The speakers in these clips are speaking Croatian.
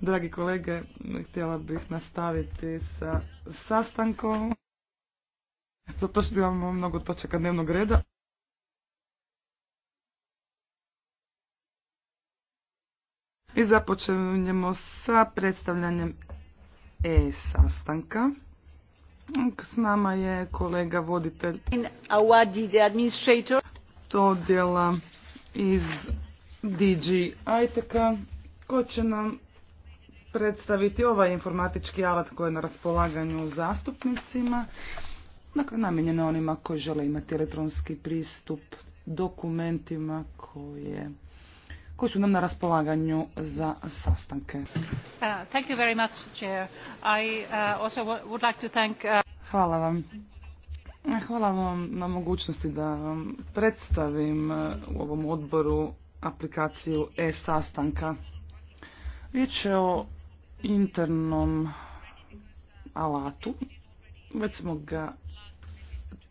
Dragi kolege, htjela bih nastaviti sa sastankom. Zato što imamo mnogo točaka dnevnog reda. I započenjemo sa predstavljanjem e-sastanka. S nama je kolega voditelj To djela iz DG Ajteka ko će nam predstaviti ovaj informatički alat koji je na raspolaganju zastupnicima, dakle namijenjeno onima koji žele imati elektronski pristup dokumentima koje koji su nam na raspolaganju za sastanke. Hvala vam. Hvala vam na mogućnosti da vam predstavim uh, u ovom odboru aplikaciju e-sastanka. Riječ je o internom alatu. Već smo ga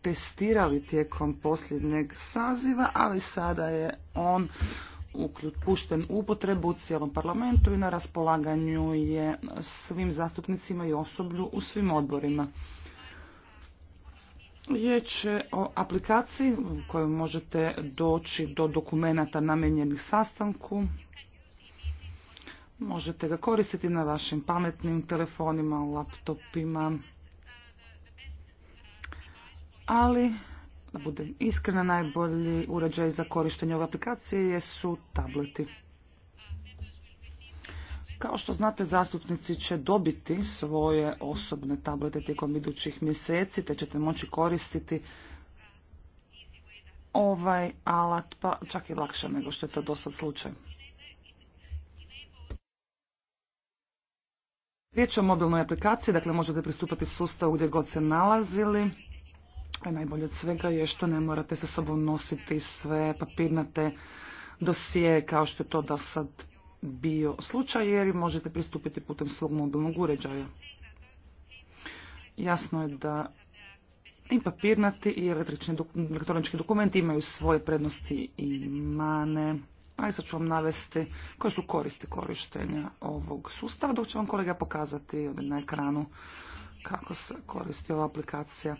testirali tijekom posljednjeg saziva, ali sada je on pušten u upotrebu u cijelom parlamentu i na raspolaganju je svim zastupnicima i osoblju u svim odborima. Riječ je o aplikaciji u kojoj možete doći do dokumenata namijenjenih sastanku. Možete ga koristiti na vašim pametnim telefonima, laptopima. Ali, da budem iskrena, najbolji uređaj za korištenje ove aplikacije jesu tableti. Kao što znate, zastupnici će dobiti svoje osobne tablete tijekom idućih mjeseci, te ćete moći koristiti ovaj alat, pa čak i lakše nego što je to do sad slučaj. Riječ je o mobilnoj aplikaciji, dakle možete pristupati sustavu gdje god se nalazili. A najbolje od svega je što ne morate sa sobom nositi sve papirnate dosije kao što je to do sad bio slučaj jer možete pristupiti putem svog mobilnog uređaja. Jasno je da i papirnati i elektronički dokumenti imaju svoje prednosti i mane. A sad ću vam navesti koje su koristi korištenja ovog sustava, dok će vam kolega pokazati na ekranu kako se koristi ova aplikacija.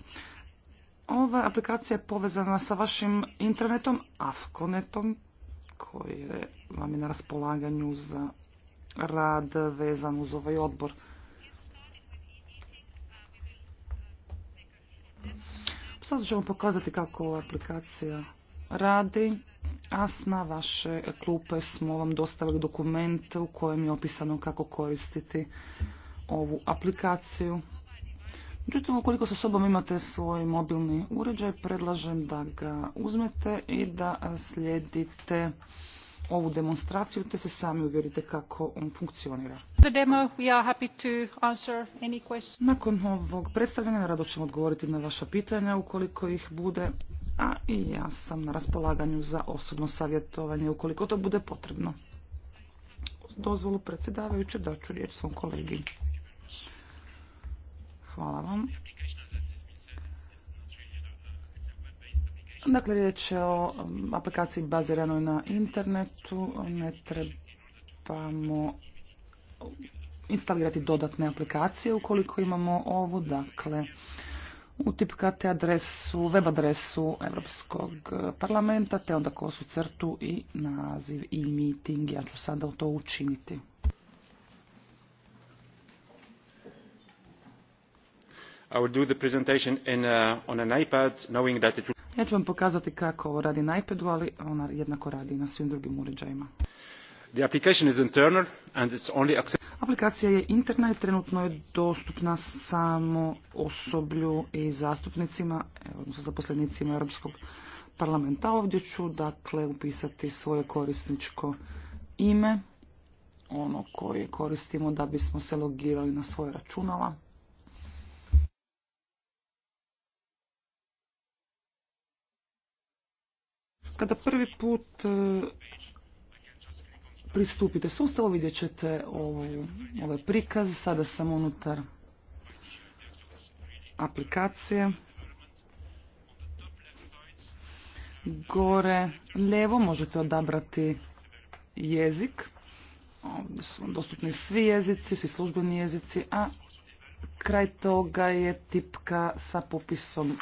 Ova aplikacija je povezana sa vašim internetom, Afkonetom, koji vam je na raspolaganju za rad vezan uz ovaj odbor. Sad ću pokazati kako ova aplikacija radi, a na vaše klupe smo vam dostavili dokument u kojem je opisano kako koristiti ovu aplikaciju. Međutim, ukoliko sa sobom imate svoj mobilni uređaj, predlažem da ga uzmete i da slijedite ovu demonstraciju te se sami uvjerite kako on funkcionira. Nakon ovog predstavljanja rado ćemo odgovoriti na vaša pitanja ukoliko ih bude, a i ja sam na raspolaganju za osobno savjetovanje ukoliko to bude potrebno. Dozvolu predsjedavajuće daću riječ svom kolegi. Hvala vam. Dakle, riječ je o um, aplikaciji baziranoj na internetu. Ne trebamo instalirati dodatne aplikacije ukoliko imamo ovu. Dakle, utipkate adresu, web adresu Europskog parlamenta, te onda kosu crtu i naziv i meeting. Ja ću sada to učiniti. I Ja ću vam pokazati kako ovo radi na iPadu, ali ona jednako radi i na svim drugim uređajima. Aplikacija je interna i trenutno je dostupna samo osoblju i zastupnicima, odnosno zaposlenicima Europskog parlamenta. Ovdje ću dakle upisati svoje korisničko ime, ono koje koristimo da bismo se logirali na svoje računala. Kada prvi put e, pristupite sustavu, vidjet ćete ovaj, ovaj, prikaz. Sada sam unutar aplikacije. Gore lijevo možete odabrati jezik. Ovdje su dostupni svi jezici, svi službeni jezici, a kraj toga je tipka sa popisom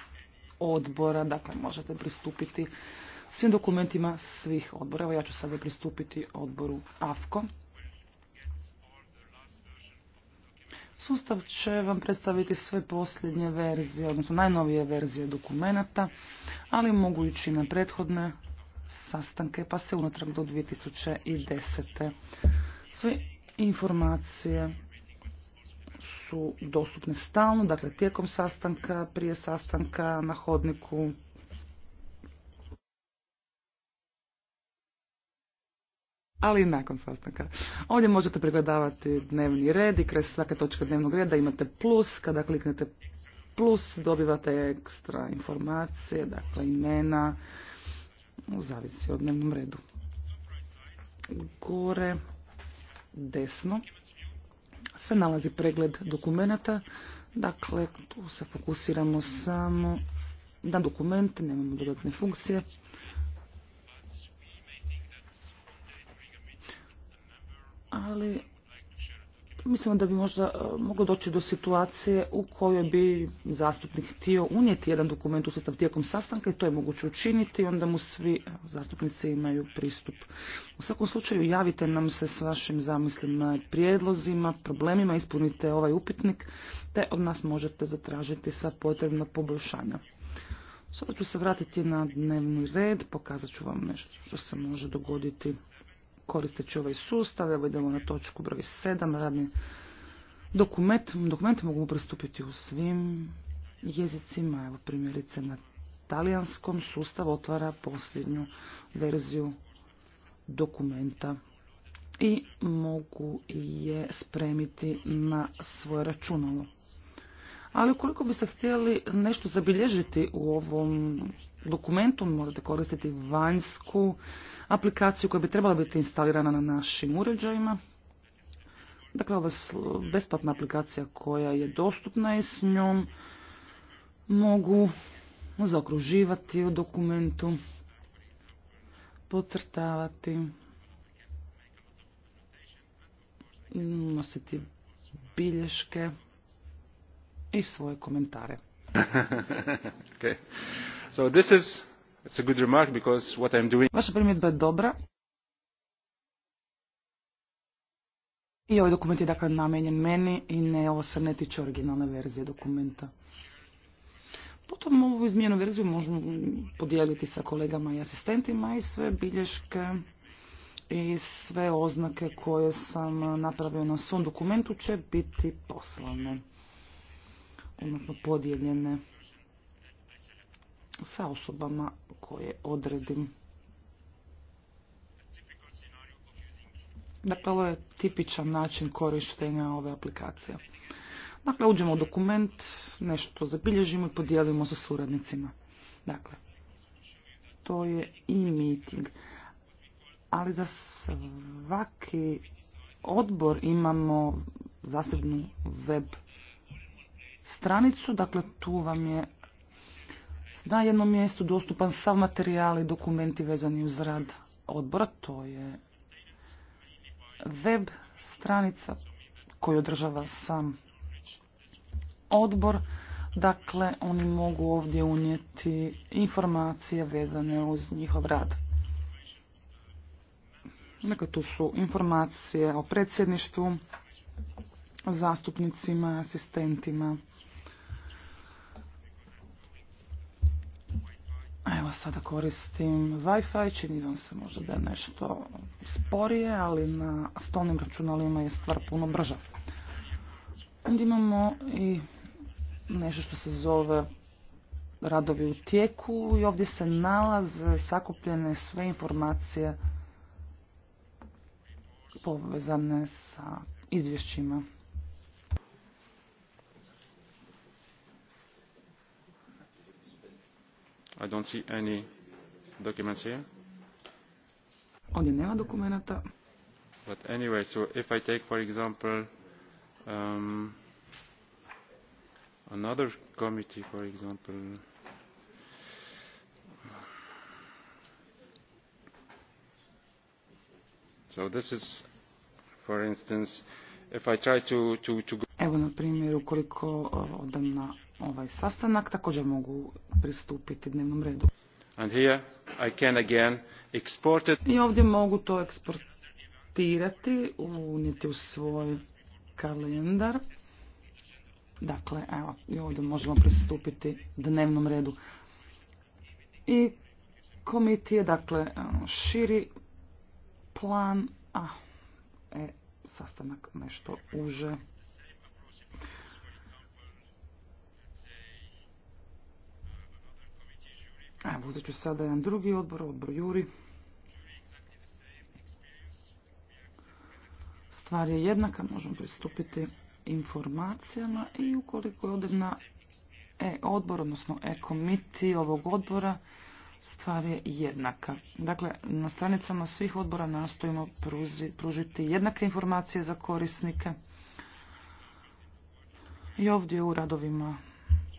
odbora, dakle možete pristupiti svim dokumentima svih odbora. ja ću sada pristupiti odboru AFKO. Sustav će vam predstaviti sve posljednje verzije, odnosno najnovije verzije dokumenata, ali mogu ići na prethodne sastanke, pa se unutra do 2010. Sve informacije su dostupne stalno, dakle tijekom sastanka, prije sastanka, na hodniku, ali i nakon sastanka. Ovdje možete pregledavati dnevni red i kraj svake točke dnevnog reda imate plus, kada kliknete plus dobivate ekstra informacije, dakle imena, zavisi od dnevnom redu. Gore, desno, se nalazi pregled dokumenata, dakle tu se fokusiramo samo na dokumente, nemamo dodatne funkcije. ali mislim da bi možda e, moglo doći do situacije u kojoj bi zastupnik htio unijeti jedan dokument u sustav tijekom sastanka i to je moguće učiniti, onda mu svi e, zastupnici imaju pristup. U svakom slučaju javite nam se s vašim zamislima, e, prijedlozima, problemima, ispunite ovaj upitnik, te od nas možete zatražiti sva potrebna poboljšanja. Sada ću se vratiti na dnevni red, pokazat ću vam nešto što se može dogoditi koristeći ovaj sustav. Evo idemo na točku broj 7, radni dokument. Dokumente mogu pristupiti u svim jezicima. Evo primjerice na talijanskom sustav otvara posljednju verziju dokumenta i mogu je spremiti na svoje računalo ali ukoliko biste htjeli nešto zabilježiti u ovom dokumentu, možete koristiti vanjsku aplikaciju koja bi trebala biti instalirana na našim uređajima. Dakle, ova besplatna aplikacija koja je dostupna i s njom mogu zaokruživati u dokumentu, podcrtavati, nositi bilješke i svoje komentare. Vaša primjedba je dobra. I ovaj dokument je dakle namenjen meni i ne, ovo se ne tiče originalne verzije dokumenta. Potom ovu izmijenu verziju možemo podijeliti sa kolegama i asistentima i sve bilješke i sve oznake koje sam napravio na svom dokumentu će biti poslane odnosno podijeljene sa osobama koje odredim. Dakle, ovo je tipičan način korištenja ove aplikacije. Dakle, uđemo u dokument, nešto zabilježimo i podijelimo sa suradnicima. Dakle, to je i e meeting. Ali za svaki odbor imamo zasebnu web stranicu, dakle tu vam je na jednom mjestu dostupan sav materijal i dokumenti vezani uz rad odbora, to je web stranica koju održava sam odbor. Dakle, oni mogu ovdje unijeti informacije vezane uz njihov rad. Dakle, tu su informacije o predsjedništvu, zastupnicima, asistentima. Evo sada koristim Wi-Fi, čini vam se možda da je nešto sporije, ali na stolnim računalima je stvar puno brža. Onda imamo i nešto što se zove radovi u tijeku i ovdje se nalaze sakupljene sve informacije povezane sa izvješćima I don't see any documents here. Ovdje nema dokumenta. But anyway, so if I take for example um, another committee, for example, so this is, for instance, if I try to to to. Evo na primjer ukoliko eh, odam na ovaj sastanak također mogu pristupiti dnevnom redu. I can again I ovdje mogu to eksportirati, unijeti u svoj kalendar. Dakle, evo, i ovdje možemo pristupiti dnevnom redu. I komitije, je, dakle, širi plan, a e, sastanak nešto uže. Evo, uzet ću sada jedan drugi odbor, odbor Juri. Stvar je jednaka, možemo pristupiti informacijama i ukoliko je na e odbor, odnosno e-komiti ovog odbora, stvar je jednaka. Dakle, na stranicama svih odbora nastojimo pružiti jednake informacije za korisnike. I ovdje u radovima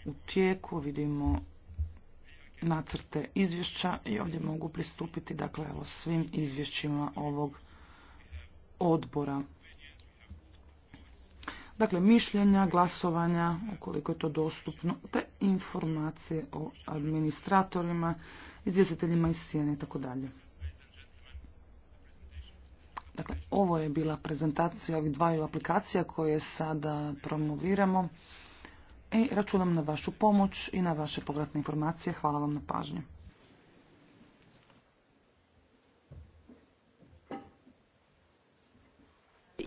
u tijeku vidimo nacrte izvješća i ovdje mogu pristupiti dakle svim izvješćima ovog odbora. Dakle, mišljenja, glasovanja, ukoliko je to dostupno, te informacije o administratorima, izvjestiteljima iz Sijene i tako dalje. Dakle, ovo je bila prezentacija ovih dvaju aplikacija koje sada promoviramo i računam na vašu pomoć i na vaše povratne informacije. Hvala vam na pažnju.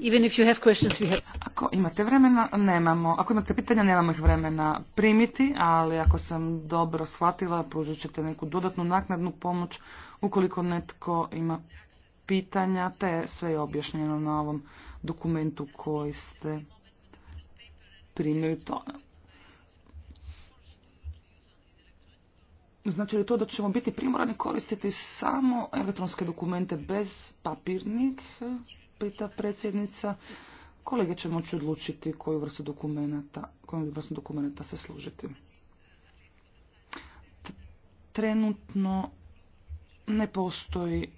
Even if you have questions, we have... Ako imate vremena, nemamo. Ako imate pitanja, nemamo ih vremena primiti, ali ako sam dobro shvatila, pružit ćete neku dodatnu naknadnu pomoć ukoliko netko ima pitanja, te sve je objašnjeno na ovom dokumentu koji ste primili. To Znači li to da ćemo biti primorani koristiti samo elektronske dokumente bez papirnih, e, pita predsjednica. Kolege će moći odlučiti koju vrstu dokumenta, koju vrstu dokumenta se služiti. Trenutno ne postoji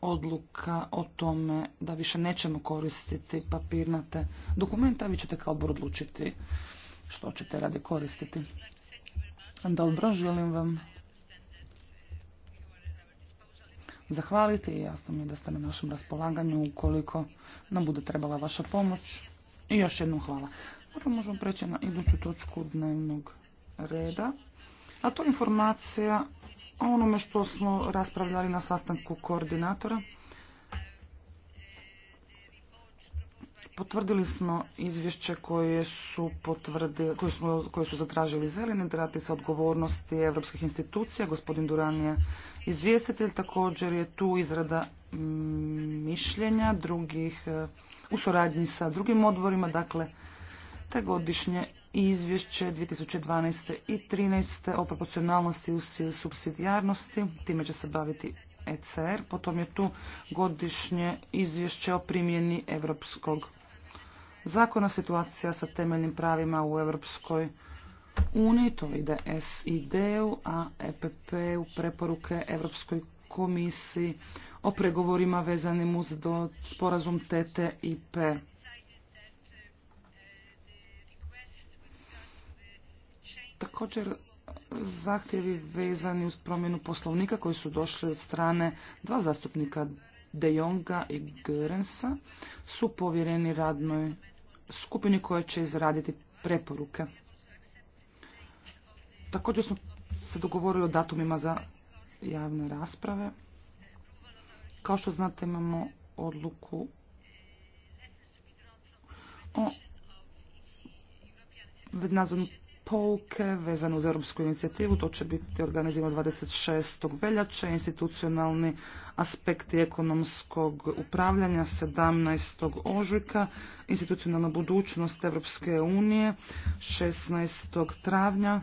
odluka o tome da više nećemo koristiti papirnate dokumenta, vi ćete kao odbor odlučiti što ćete radi koristiti. Dobro, želim vam zahvaliti i jasno mi je da ste na našem raspolaganju ukoliko nam bude trebala vaša pomoć. I još jednom hvala. možemo preći na iduću točku dnevnog reda, a to je informacija o onome što smo raspravljali na sastanku koordinatora. Potvrdili smo izvješće koje su, koje su, zatražili zeleni, drati sa odgovornosti europskih institucija. Gospodin Duran je izvjestitelj, također je tu izrada mm, mišljenja drugih eh, u suradnji sa drugim odborima, dakle te godišnje izvješće 2012. i 2013. o proporcionalnosti i subsidijarnosti. Time će se baviti ECR, potom je tu godišnje izvješće o primjeni europskog zakona, situacija sa temeljnim pravima u Europskoj uniji, to ide SID-u, a EPP-u preporuke Europskoj komisiji o pregovorima vezanim uz do sporazum TTIP. Također zahtjevi vezani uz promjenu poslovnika koji su došli od strane dva zastupnika De Jonga i Görensa su povjereni radnoj skupini koja će izraditi preporuke. Također smo se dogovorili o datumima za javne rasprave. Kao što znate imamo odluku o nadzornom pouke vezano uz europsku inicijativu. To će biti organizirano 26. veljače, institucionalni aspekti ekonomskog upravljanja 17. ožujka, institucionalna budućnost Europske unije 16. travnja.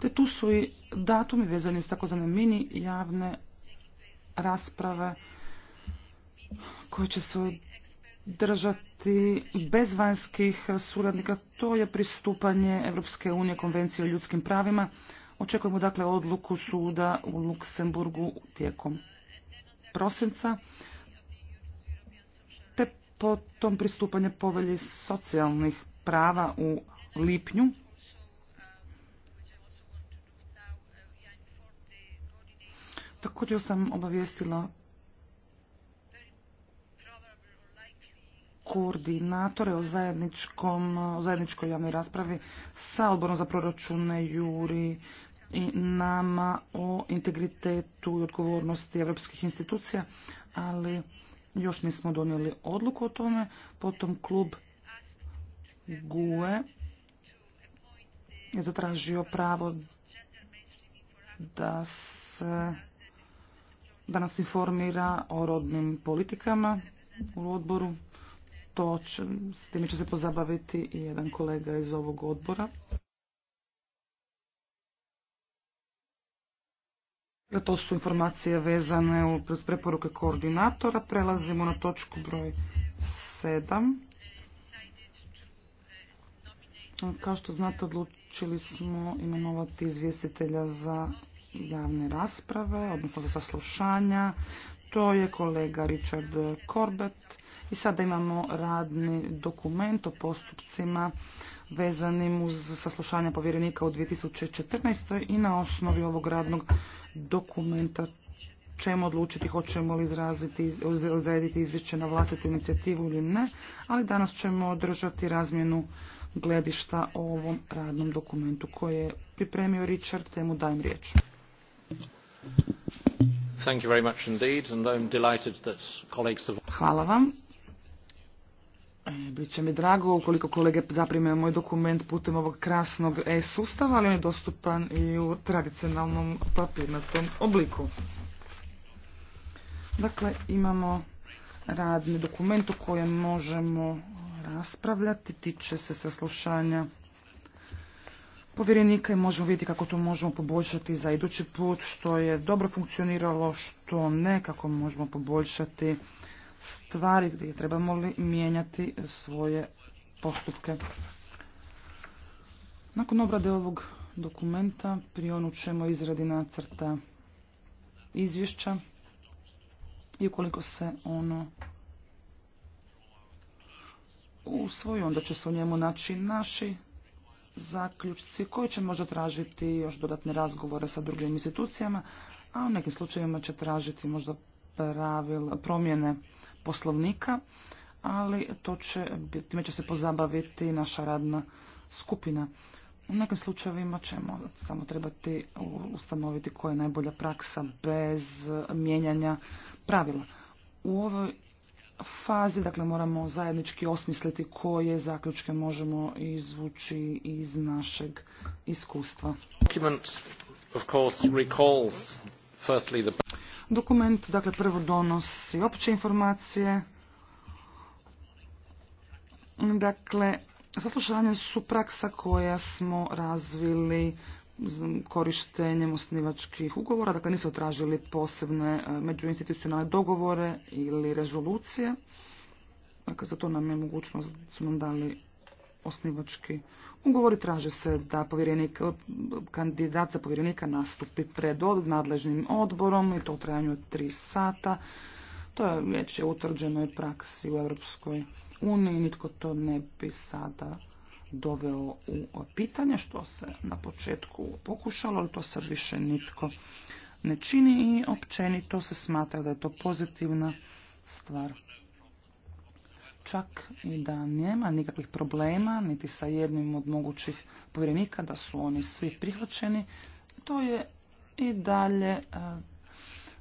Te tu su i datumi vezani uz takozvane mini javne rasprave koje će se držati bez vanjskih suradnika. To je pristupanje Europske unije konvencije o ljudskim pravima. Očekujemo dakle odluku suda u Luksemburgu tijekom prosinca te potom pristupanje povelji socijalnih prava u lipnju. Također sam obavijestila koordinatore o zajedničkom, o zajedničkoj javnoj raspravi sa odborom za proračune Juri i nama o integritetu i odgovornosti europskih institucija, ali još nismo donijeli odluku o tome. Potom klub GUE je zatražio pravo da se da nas informira o rodnim politikama u odboru to će, s time će se pozabaviti i jedan kolega iz ovog odbora. Dakle, to su informacije vezane uz preporuke koordinatora. Prelazimo na točku broj sedam. Kao što znate, odlučili smo imenovati izvjestitelja za javne rasprave, odnosno za saslušanja. To je kolega Richard Corbett i sada imamo radni dokument o postupcima vezanim uz saslušanje povjerenika u 2014. i na osnovi ovog radnog dokumenta ćemo odlučiti hoćemo li izraziti, izvješće na vlastitu inicijativu ili ne, ali danas ćemo održati razmjenu gledišta o ovom radnom dokumentu koje je pripremio Richard, te mu dajem riječ. Hvala vam. Bit mi drago ukoliko kolege zaprime moj dokument putem ovog krasnog e-sustava, ali on je dostupan i u tradicionalnom papirnatom obliku. Dakle, imamo radni dokument u kojem možemo raspravljati, tiče se saslušanja povjerenika i možemo vidjeti kako to možemo poboljšati za idući put, što je dobro funkcioniralo, što ne, kako možemo poboljšati stvari gdje trebamo li mijenjati svoje postupke. Nakon obrade ovog dokumenta prionućemo izradi nacrta izvješća i ukoliko se ono usvoji, onda će se u njemu naći naši zaključci koji će možda tražiti još dodatne razgovore sa drugim institucijama, a u nekim slučajevima će tražiti možda pravil, promjene poslovnika, ali to će, time će se pozabaviti naša radna skupina. U nekim slučajevima ćemo samo trebati ustanoviti koja je najbolja praksa bez mijenjanja pravila. U ovoj fazi, dakle, moramo zajednički osmisliti koje zaključke možemo izvući iz našeg iskustva. Dokument, dakle, prvo donosi opće informacije. Dakle, saslušanje su praksa koja smo razvili korištenjem osnivačkih ugovora, dakle nisu tražili posebne e, međuinstitucionalne dogovore ili rezolucije. Dakle, za to nam je mogućnost, su nam dali osnivački ugovori. Traže se da povjerenik, kandidat za povjerenika nastupi pred nadležnim odborom i to u trajanju od tri sata. To je već je utvrđenoj praksi u Europskoj uniji. Nitko to ne bi sada doveo u pitanje, što se na početku pokušalo, ali to se više nitko ne čini i općenito se smatra da je to pozitivna stvar čak i da nema nikakvih problema niti sa jednim od mogućih povjerenika, da su oni svi prihvaćeni, to je i dalje e,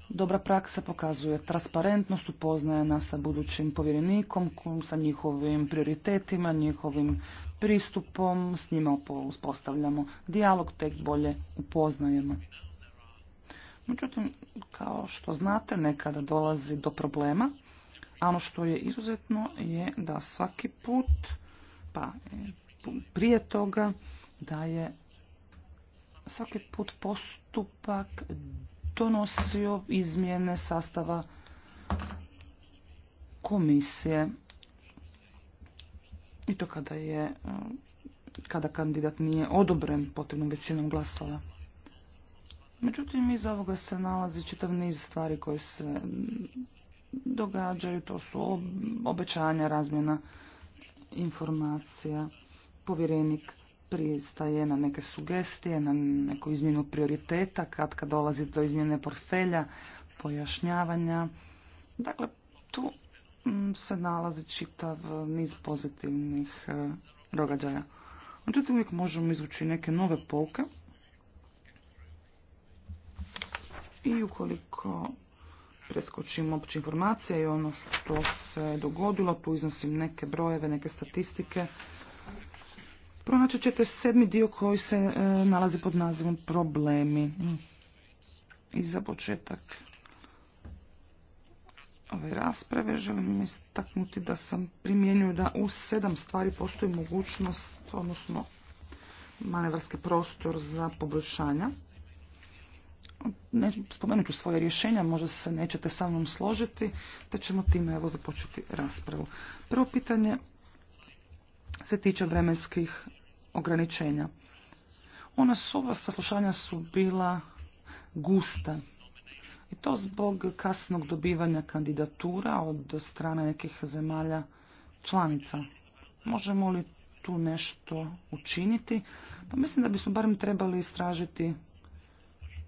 dobra praksa pokazuje transparentnost, upoznaje nas sa budućim povjerenikom, sa njihovim prioritetima, njihovim pristupom, s njima uspostavljamo dijalog, tek bolje upoznajemo. Međutim, kao što znate, nekada dolazi do problema a ono što je izuzetno je da svaki put, pa prije toga, da je svaki put postupak donosio izmjene sastava komisije. I to kada je kada kandidat nije odobren potrebnom većinom glasova. Međutim, iz ovoga se nalazi čitav niz stvari koje se događaju. To su obećanja, razmjena informacija. Povjerenik pristaje na neke sugestije, na neku izmjenu prioriteta, kad dolazi do izmjene portfelja, pojašnjavanja. Dakle, tu mm, se nalazi čitav niz pozitivnih e, događaja. Međutim, uvijek možemo izvući neke nove pouke i ukoliko preskočim opće informacije i ono što se dogodilo, tu iznosim neke brojeve, neke statistike. Pronaći ćete sedmi dio koji se e, nalazi pod nazivom problemi. Hm. I za početak ove rasprave želim istaknuti da sam primjenjuju da u sedam stvari postoji mogućnost, odnosno manevarski prostor za poboljšanja ne, spomenut ću svoje rješenja, možda se nećete sa mnom složiti, te ćemo time evo započeti raspravu. Prvo pitanje se tiče vremenskih ograničenja. Ona su, ova saslušanja su bila gusta. I to zbog kasnog dobivanja kandidatura od strane nekih zemalja članica. Možemo li tu nešto učiniti? Pa mislim da bismo barem trebali istražiti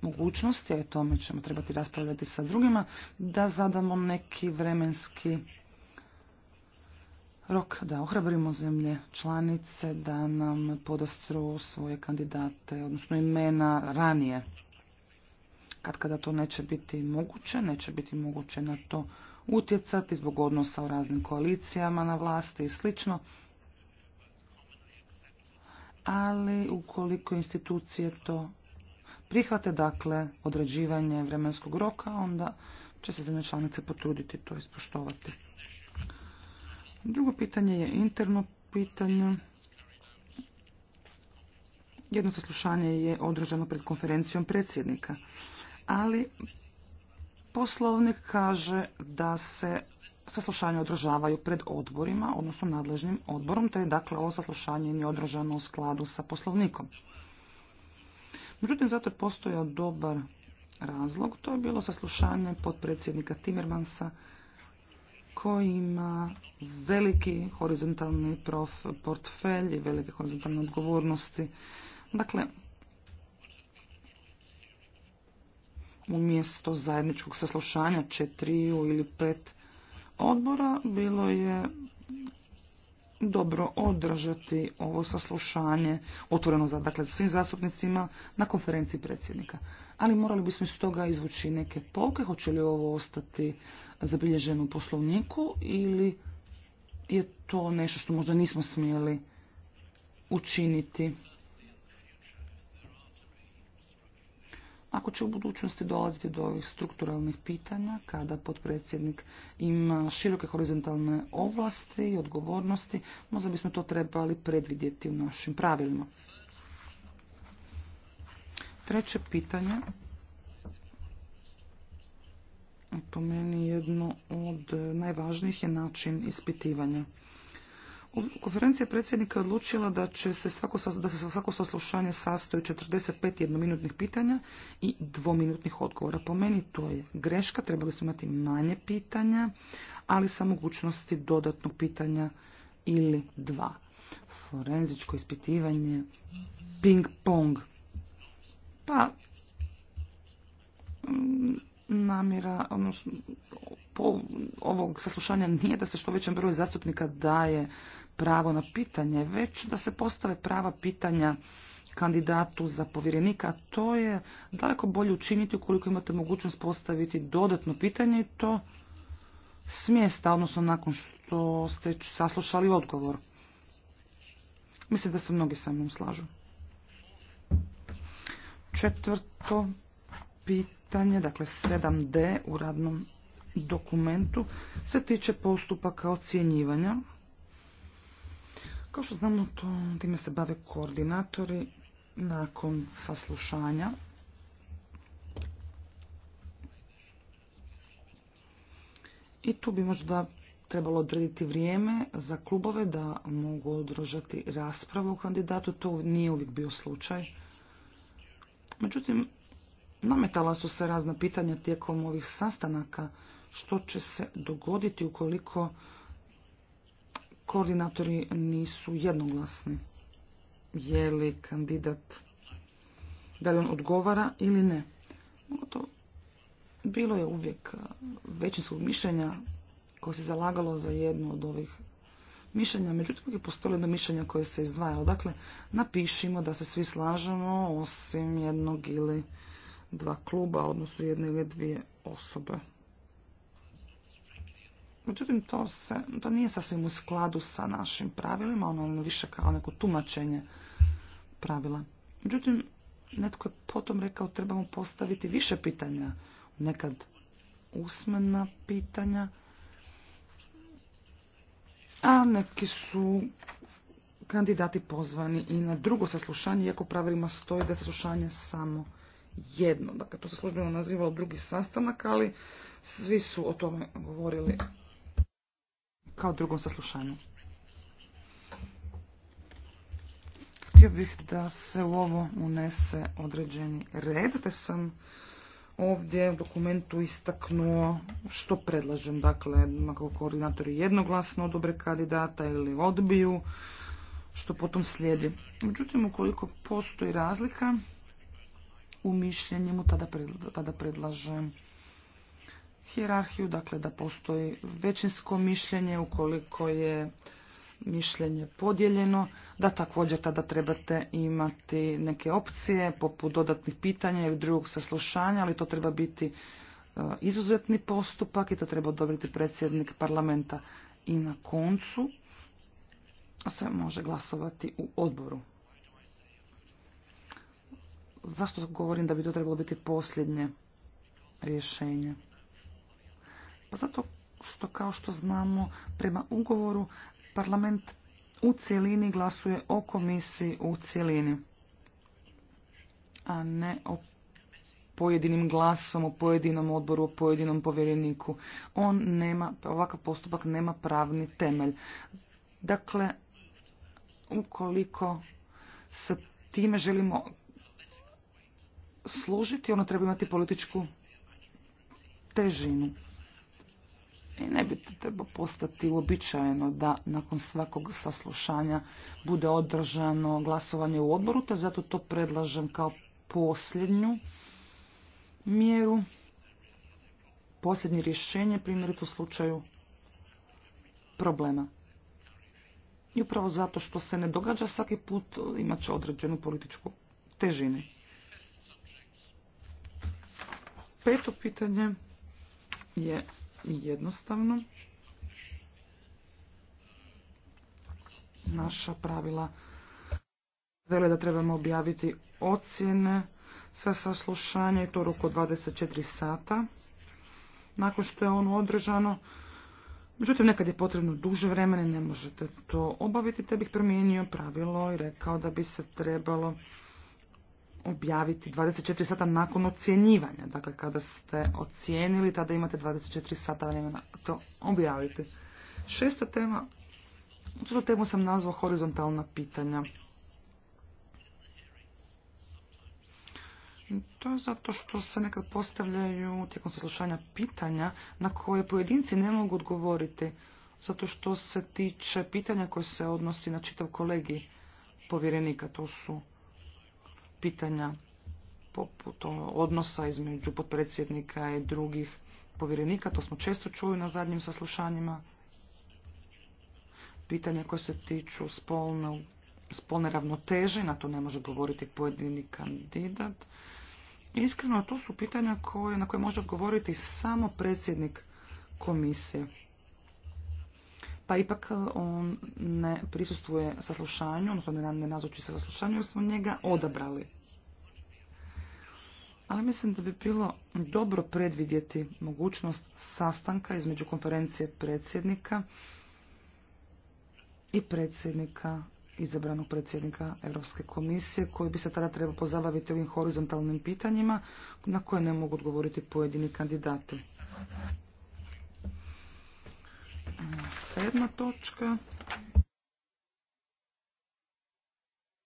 mogućnosti, a o tome ćemo trebati raspravljati sa drugima, da zadamo neki vremenski rok, da ohrabrimo zemlje članice, da nam podastru svoje kandidate, odnosno imena ranije. Kad kada to neće biti moguće, neće biti moguće na to utjecati zbog odnosa u raznim koalicijama na vlasti i slično, ali ukoliko institucije to prihvate dakle određivanje vremenskog roka, onda će se zemlje članice potruditi to ispoštovati. Drugo pitanje je interno pitanje. Jedno saslušanje je održano pred konferencijom predsjednika, ali poslovnik kaže da se saslušanje održavaju pred odborima, odnosno nadležnim odborom, te je dakle ovo saslušanje nije održano u skladu sa poslovnikom. Međutim, zato je postojao dobar razlog. To je bilo saslušanje potpredsjednika Timmermansa koji ima veliki horizontalni prof portfelj i velike horizontalne odgovornosti. Dakle, umjesto zajedničkog saslušanja četiri ili pet odbora bilo je dobro održati ovo saslušanje otvoreno za dakle, svim zastupnicima na konferenciji predsjednika. Ali morali bismo iz toga izvući neke polke, hoće li ovo ostati zabilježeno u poslovniku ili je to nešto što možda nismo smjeli učiniti. Ako će u budućnosti dolaziti do ovih strukturalnih pitanja, kada potpredsjednik ima široke horizontalne ovlasti i odgovornosti, možda bismo to trebali predvidjeti u našim pravilima. Treće pitanje, po meni jedno od najvažnijih je način ispitivanja. Konferencija predsjednika je odlučila da, će se svako, da se svako saslušanje sastoji 45 jednominutnih pitanja i dvominutnih odgovora. Po meni to je greška, trebali su imati manje pitanja, ali sa mogućnosti dodatnog pitanja ili dva. Forenzičko ispitivanje, ping-pong. Pa, mm, namjera odnosno, po ovog saslušanja nije da se što većem broju zastupnika daje pravo na pitanje, već da se postave prava pitanja kandidatu za povjerenika, a to je daleko bolje učiniti ukoliko imate mogućnost postaviti dodatno pitanje i to smjesta odnosno nakon što ste saslušali odgovor. Mislim da se mnogi sa mnom slažu. Četvrto pitanje, dakle 7D u radnom dokumentu, se tiče postupaka ocjenjivanja kao što znamo, to, time se bave koordinatori nakon saslušanja. I tu bi možda trebalo odrediti vrijeme za klubove da mogu održati raspravu o kandidatu. To nije uvijek bio slučaj. Međutim, nametala su se razna pitanja tijekom ovih sastanaka što će se dogoditi ukoliko koordinatori nisu jednoglasni. Je li kandidat, da li on odgovara ili ne. Ono to bilo je uvijek većinskog mišljenja koje se zalagalo za jedno od ovih mišljenja. Međutim, je postojilo jedno mišljenje koje se izdvaja. Dakle, napišimo da se svi slažemo osim jednog ili dva kluba, odnosno jedne ili dvije osobe. Međutim, to, se, to nije sasvim u skladu sa našim pravilima, ono, ono više kao neko tumačenje pravila. Međutim, netko je potom rekao trebamo postaviti više pitanja, nekad usmena pitanja, a neki su kandidati pozvani i na drugo saslušanje, iako pravilima stoji da je saslušanje samo jedno. Dakle, to se službeno nazivalo drugi sastanak, ali svi su o tome govorili kao drugom saslušanju. Htio bih da se u ovo unese određeni red, te sam ovdje u dokumentu istaknuo što predlažem. Dakle, ako koordinatori jednoglasno odobre kandidata ili odbiju, što potom slijedi. Međutim, ukoliko postoji razlika u mišljenjemu, tada predlažem hijerarhiju dakle da postoji većinsko mišljenje ukoliko je mišljenje podijeljeno, da također tada trebate imati neke opcije poput dodatnih pitanja ili drugog saslušanja, ali to treba biti e, izuzetni postupak i to treba odobriti predsjednik parlamenta. I na koncu se može glasovati u odboru. Zašto govorim da bi to trebalo biti posljednje rješenje? Pa zato što, kao što znamo, prema ugovoru parlament u cjelini glasuje o komisiji u cjelini, a ne o pojedinim glasom, o pojedinom odboru, o pojedinom povjereniku. On nema, ovakav postupak nema pravni temelj. Dakle, ukoliko se time želimo služiti, ono treba imati političku težinu. I ne bi to treba postati uobičajeno da nakon svakog saslušanja bude održano glasovanje u odboru, te zato to predlažem kao posljednju mjeru, posljednje rješenje, primjerice u slučaju problema. I upravo zato što se ne događa svaki put imat će određenu političku težinu. Peto pitanje je jednostavno. Naša pravila vele da trebamo objaviti ocjene sa saslušanja i to roku 24 sata nakon što je ono održano. Međutim, nekad je potrebno duže vremena ne možete to obaviti, te bih promijenio pravilo i rekao da bi se trebalo objaviti 24 sata nakon ocjenjivanja. Dakle, kada ste ocijenili, tada imate 24 sata vremena to objaviti. Šesta tema, tu temu sam nazvao horizontalna pitanja. To je zato što se nekad postavljaju tijekom saslušanja pitanja na koje pojedinci ne mogu odgovoriti, zato što se tiče pitanja koje se odnosi na čitav kolegi povjerenika. To su pitanja poput odnosa između potpredsjednika i drugih povjerenika, to smo često čuli na zadnjim saslušanjima, pitanja koje se tiču spolne, spolne ravnoteže, na to ne može govoriti pojedini kandidat. Iskreno, to su pitanja koje, na koje može odgovoriti samo predsjednik komisije pa ipak e, on ne prisustuje saslušanju, odnosno ne nazoči se saslušanju jer smo njega odabrali. Ali mislim da bi bilo dobro predvidjeti mogućnost sastanka između konferencije predsjednika i predsjednika izabranog predsjednika Europske komisije koji bi se tada trebao pozabaviti ovim horizontalnim pitanjima na koje ne mogu odgovoriti pojedini kandidati. Sedma točka.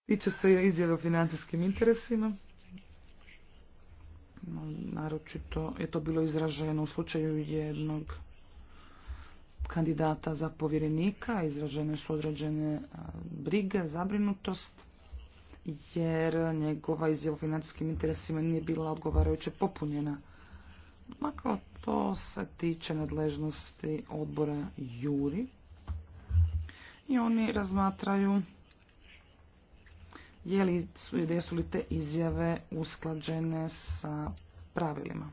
Tiče se izjave o financijskim interesima. Naročito je to bilo izraženo u slučaju jednog kandidata za povjerenika. Izražene su određene brige, zabrinutost, jer njegova izjava o financijskim interesima nije bila odgovarajuće popunjena. Dakle, to se tiče nadležnosti odbora Juri i oni razmatraju je jesu li te izjave usklađene sa pravilima.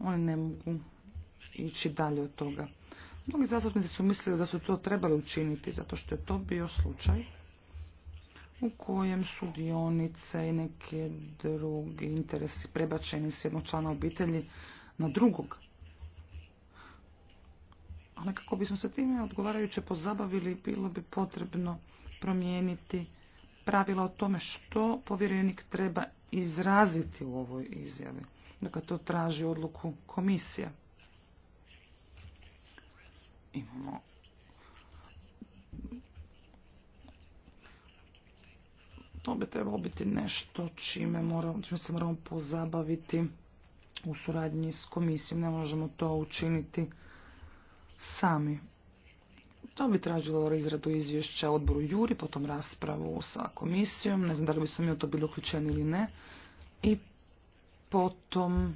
Oni ne mogu ići dalje od toga. Mnogi zastupnici su mislili da su to trebali učiniti zato što je to bio slučaj u kojem su dionice i neke drugi interesi prebačeni s jednog člana obitelji na drugog. Ali kako bismo se time odgovarajuće pozabavili, bilo bi potrebno promijeniti pravila o tome što povjerenik treba izraziti u ovoj izjavi. Dakle, to traži odluku komisija. Imamo To bi trebalo biti nešto čime, moramo, čime se moramo pozabaviti u suradnji s komisijom. Ne možemo to učiniti sami. To bi tražilo izradu izvješća odboru Juri, potom raspravu sa komisijom. Ne znam da li bi smo mi u to bili uključeni ili ne. I potom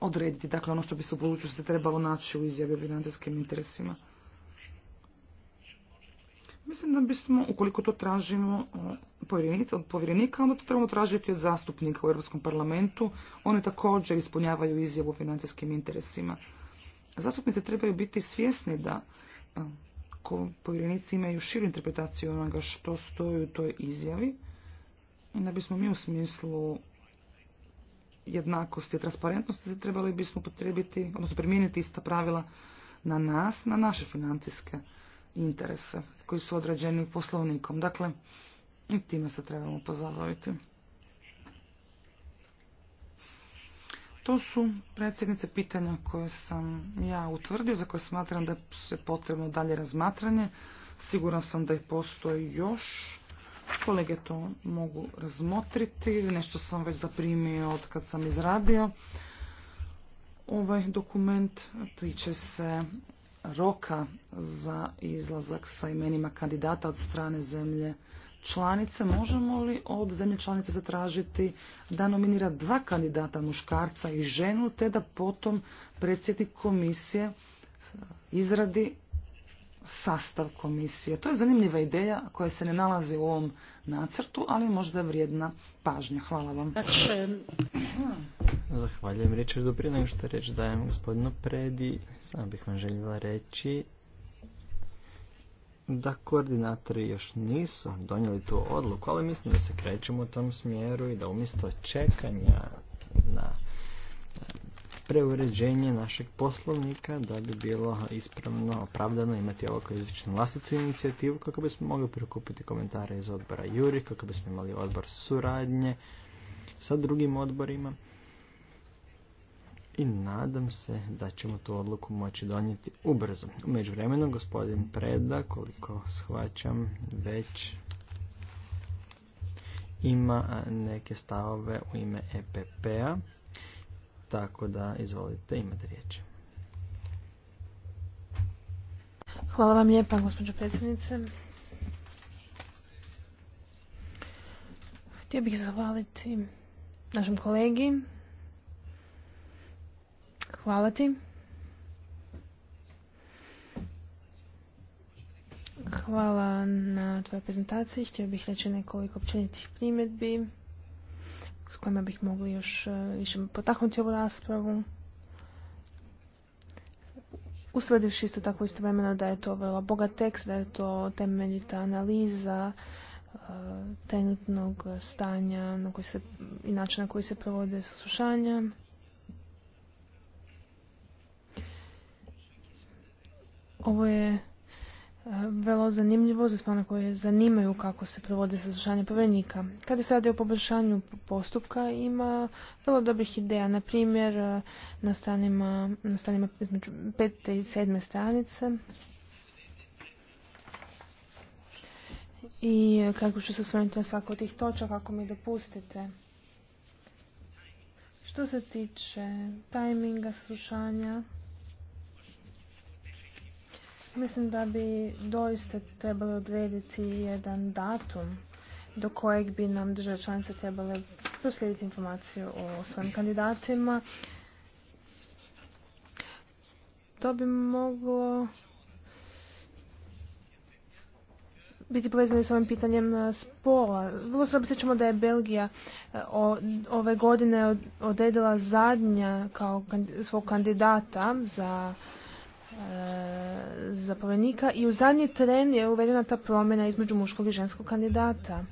odrediti dakle, ono što bi se u budućnosti trebalo naći u izjavi o financijskim interesima. Mislim da bismo, ukoliko to tražimo od povjerenika, onda to trebamo tražiti od zastupnika u Europskom parlamentu. Oni također ispunjavaju izjavu o financijskim interesima. Zastupnici trebaju biti svjesni da povjerenici imaju širu interpretaciju onoga što stoji u toj izjavi i da bismo mi u smislu jednakosti i transparentnosti trebali bismo potrebiti, odnosno primijeniti ista pravila na nas, na naše financijske Interese koji su određeni poslovnikom. Dakle, i time se trebamo pozabaviti. To su predsjednice pitanja koje sam ja utvrdio, za koje smatram da je potrebno dalje razmatranje. Siguran sam da ih postoji još. Kolege to mogu razmotriti. Nešto sam već zaprimio od kad sam izradio. Ovaj dokument tiče se roka za izlazak sa imenima kandidata od strane zemlje članice, možemo li od zemlje članice zatražiti da nominira dva kandidata, muškarca i ženu, te da potom predsjednik komisije izradi sastav komisije. To je zanimljiva ideja koja se ne nalazi u ovom nacrtu, ali možda je vrijedna pažnja. Hvala vam. Dakle, Zahvaljujem Richardu. Prije nego što reći dajem gospodinu Predi, samo bih vam željela reći da koordinatori još nisu donijeli tu odluku, ali mislim da se krećemo u tom smjeru i da umjesto čekanja na e, preuređenje našeg poslovnika da bi bilo ispravno opravdano imati ovako na vlastitu inicijativu kako bismo mogli prikupiti komentare iz odbora Juri, kako bismo imali odbor suradnje sa drugim odborima i nadam se da ćemo tu odluku moći donijeti ubrzo. U međuvremenu gospodin Preda, koliko shvaćam, već ima neke stavove u ime EPP-a, tako da izvolite, imate riječ. Hvala vam lijepa, gospođo predsjednice. Htio bih zahvaliti našem kolegi Hvala ti. Hvala na tvojoj prezentaciji. Htio bih reći nekoliko općenitih primjedbi s kojima bih mogli još e, više potaknuti ovu raspravu. Usvrdivši isto tako istovremeno da je to vrlo bogat tekst, da je to temeljita analiza e, trenutnog stanja na se, i načina na koji se provode saslušanja. Ovo je e, vrlo zanimljivo za sve one koje zanimaju kako se provode saslušanje povjerenika. Kada se radi o poboljšanju postupka ima velo dobrih ideja. Na primjer, e, na stanima, na pete i sedme stranice i e, kako ću se osvrnuti na svaku od tih točaka ako mi dopustite. Što se tiče tajminga saslušanja, Mislim da bi doista trebali odrediti jedan datum do kojeg bi nam države članice trebale proslijediti informaciju o svojim kandidatima. To bi moglo biti povezani s ovim pitanjem e, spola. Vrlo se sjećamo da je Belgija e, ove godine odredila zadnja kao svog kandidata za E, zapovjednika i u zadnji tren je uvedena ta promjena između muškog i ženskog kandidata.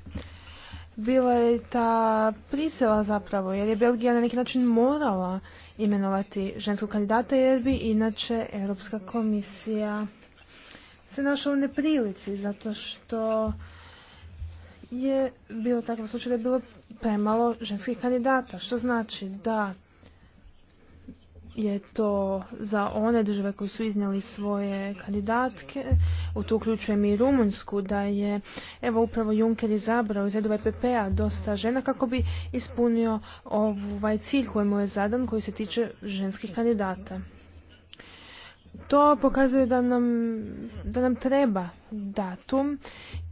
Bila je ta prisela zapravo, jer je Belgija na neki način morala imenovati ženskog kandidata, jer bi inače Europska komisija se našla u neprilici, zato što je bilo takav slučaj da je bilo premalo ženskih kandidata, što znači da je to za one države koje su iznijeli svoje kandidatke, u to uključujem i Rumunjsku, da je evo upravo Juncker izabrao iz redova EPP-a dosta žena kako bi ispunio ovaj cilj kojemu je zadan koji se tiče ženskih kandidata. To pokazuje da nam, da nam treba datum.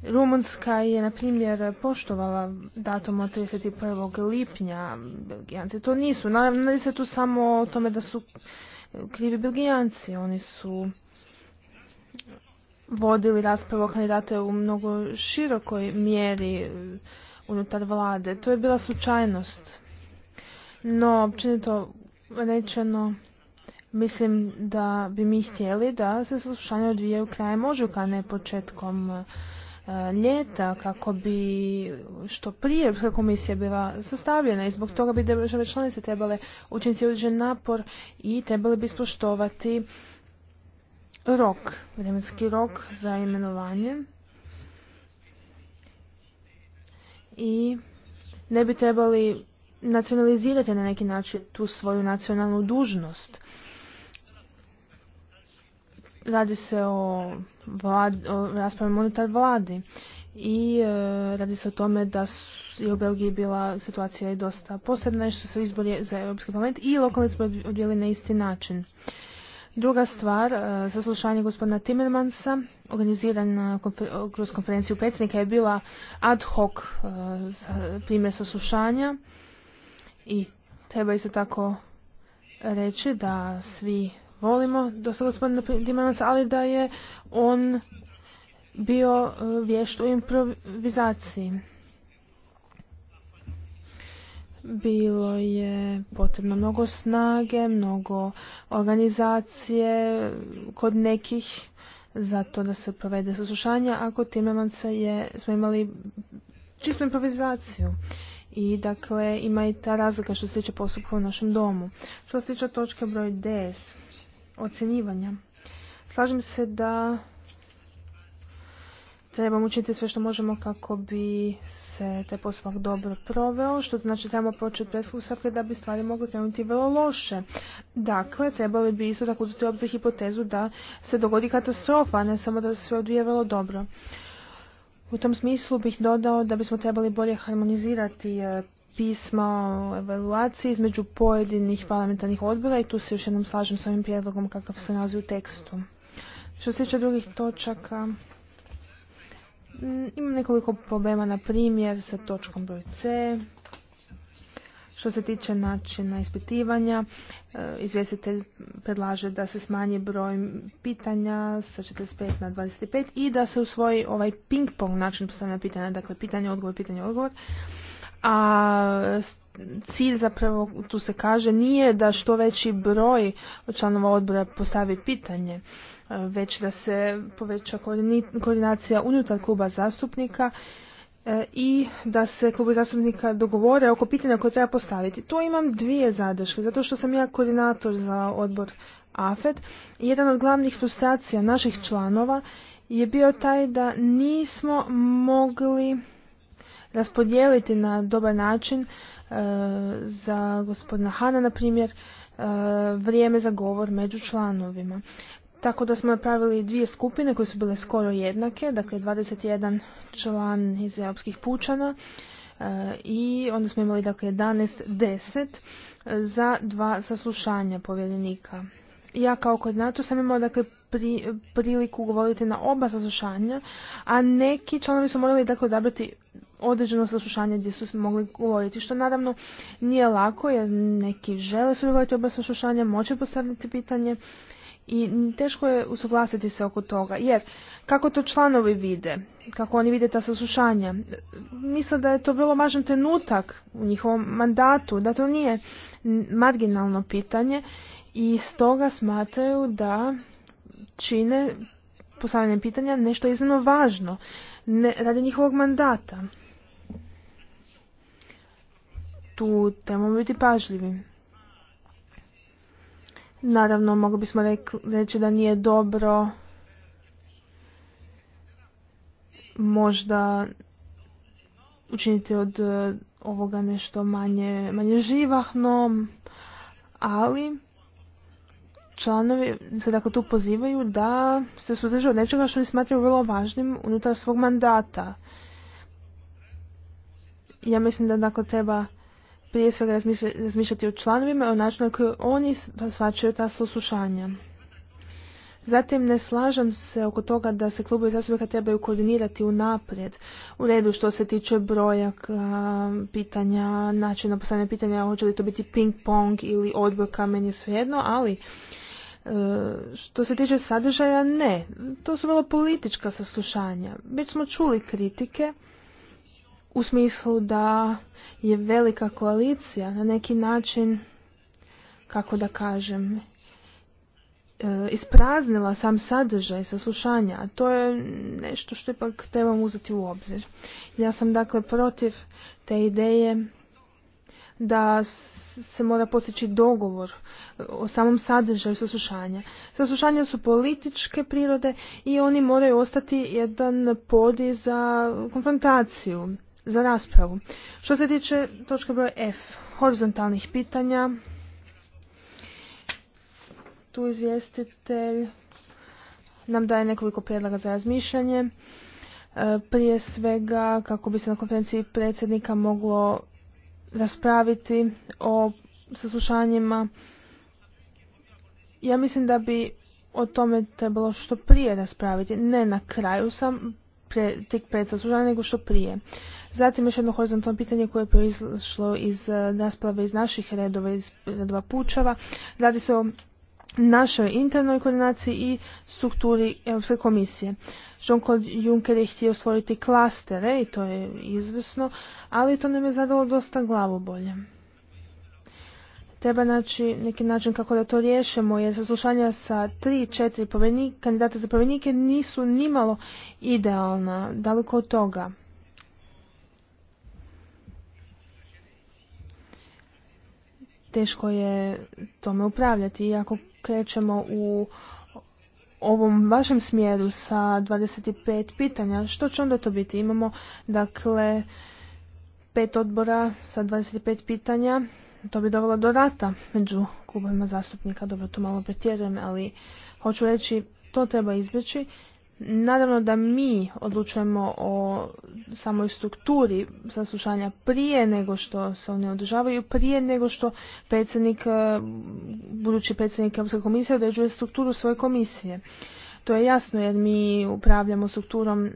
Rumunska je, na primjer, poštovala datum od 31. lipnja. Belgijanci to nisu. Naravno, se tu samo o tome da su krivi Belgijanci. Oni su vodili raspravu o kandidate u mnogo širokoj mjeri unutar vlade. To je bila slučajnost. No, općenito rečeno, Mislim da bi mi htjeli da se slušanje odvijaju krajem ožujka, ne početkom e, ljeta kako bi što prije komisija bila sastavljena i zbog toga bi države članice trebale učiniti određen napor i trebali bi spoštovati rok, vremenski rok za imenovanje i ne bi trebali nacionalizirati na neki način tu svoju nacionalnu dužnost Radi se o, vlad, o raspravi monetar vladi i e, radi se o tome da je u Belgiji bila situacija i dosta posebna i što se izbori za Europski parlament i lokalni izbori odvijeli na isti način. Druga stvar, e, saslušanje gospodina Timmermansa, organiziran e, kroz konferenciju predsjednika, je bila ad hoc primjer saslušanja i treba isto tako reći da svi volimo dosta gospodina Dimanaca, ali da je on bio e, vješt u improvizaciji. Bilo je potrebno mnogo snage, mnogo organizacije kod nekih za to da se provede saslušanje, a kod Timemanca je, smo imali čistu improvizaciju. I dakle, ima i ta razlika što se tiče postupka u našem domu. Što se tiče točke broj 10, ocjenjivanja. Slažem se da trebamo učiniti sve što možemo kako bi se taj postupak dobro proveo, što znači trebamo početi da bi stvari mogle krenuti vrlo loše. Dakle, trebali bi isto tako uzeti u obzir hipotezu da se dogodi katastrofa, a ne samo da se sve odvije vrlo dobro. U tom smislu bih dodao da bismo trebali bolje harmonizirati e, pisma o evaluaciji između pojedinih parlamentarnih odbora i tu se još jednom slažem s ovim prijedlogom kakav se nalazi u tekstu. Što se tiče drugih točaka, mm, imam nekoliko problema, na primjer, sa točkom broj C, što se tiče načina ispitivanja, e, izvjestitelj predlaže da se smanji broj pitanja sa 45 na 25 i da se usvoji ovaj ping-pong način postavljanja pitanja, dakle pitanje, odgovor, pitanje, odgovor a cilj zapravo tu se kaže nije da što veći broj članova odbora postavi pitanje e, već da se poveća koordinacija unutar kluba zastupnika e, i da se klubu zastupnika dogovore oko pitanja koje treba postaviti. To imam dvije zadrške, zato što sam ja koordinator za odbor AFED. Jedan od glavnih frustracija naših članova je bio taj da nismo mogli raspodijeliti na dobar način e, za gospodina Hana, na primjer, e, vrijeme za govor među članovima. Tako da smo napravili dvije skupine koje su bile skoro jednake, dakle 21 član iz europskih pučana e, i onda smo imali dakle 11-10 za dva saslušanja povjerenika ja kao koordinator sam imala dakle priliku govoriti na oba saslušanja, a neki članovi su morali dakle odabrati određeno saslušanje gdje su mogli govoriti, što naravno nije lako jer neki žele sudjelovati oba saslušanja, moće postaviti pitanje i teško je usuglasiti se oko toga, jer kako to članovi vide, kako oni vide ta saslušanja, misle da je to vrlo važan trenutak u njihovom mandatu, da to nije marginalno pitanje i stoga smatraju da čine postavljanje pitanja nešto iznimno važno ne, radi njihovog mandata. Tu trebamo biti pažljivi. Naravno, mogli bismo reći da nije dobro možda učiniti od e, ovoga nešto manje, manje živahno, ali članovi se dakle tu pozivaju da se suzdrže od nečega što oni smatraju vrlo važnim unutar svog mandata. Ja mislim da dakle treba prije svega razmišljati o članovima, o načinu na koji oni svačaju ta slušanja. Zatim ne slažem se oko toga da se klubovi zastupnika trebaju koordinirati unaprijed u redu što se tiče broja pitanja, načina postavljanja pitanja, hoće li to biti ping pong ili odbor kamen je svejedno, ali što se tiče sadržaja, ne. To su vrlo politička saslušanja. Već smo čuli kritike u smislu da je velika koalicija na neki način, kako da kažem, e, ispraznila sam sadržaj saslušanja, a to je nešto što ipak trebam uzeti u obzir. Ja sam dakle protiv te ideje da se mora postići dogovor o samom sadržaju saslušanja. Saslušanja su političke prirode i oni moraju ostati jedan podi za konfrontaciju, za raspravu. Što se tiče točke broj F, horizontalnih pitanja, tu izvjestitelj nam daje nekoliko prijedloga za razmišljanje e, prije svega kako bi se na konferenciji predsjednika moglo raspraviti o saslušanjima. Ja mislim da bi o tome trebalo što prije raspraviti, ne na kraju sam pre, tek pred saslušanjem, nego što prije. Zatim još jedno horizontalno pitanje koje je proizlašlo iz eh, rasprave iz naših redova, iz redova pučava. Radi se o našoj internoj koordinaciji i strukturi Europske komisije. Jean-Claude Juncker je htio stvoriti klastere i to je izvrsno, ali to nam je zadalo dosta glavu bolje. Treba naći neki način kako da to riješimo, jer saslušanja sa tri, četiri kandidata za povjerenike nisu nimalo idealna, daleko od toga. teško je tome upravljati. iako krećemo u ovom vašem smjeru sa 25 pitanja, što će onda to biti? Imamo dakle pet odbora sa 25 pitanja, to bi dovelo do rata među klubovima zastupnika, dobro to malo pretjerujem, ali hoću reći to treba izbjeći Naravno da mi odlučujemo o samoj strukturi saslušanja prije nego što se one održavaju, prije nego što predsjednik, e, budući predsjednik Europske komisije određuje strukturu svoje komisije. To je jasno jer mi upravljamo strukturom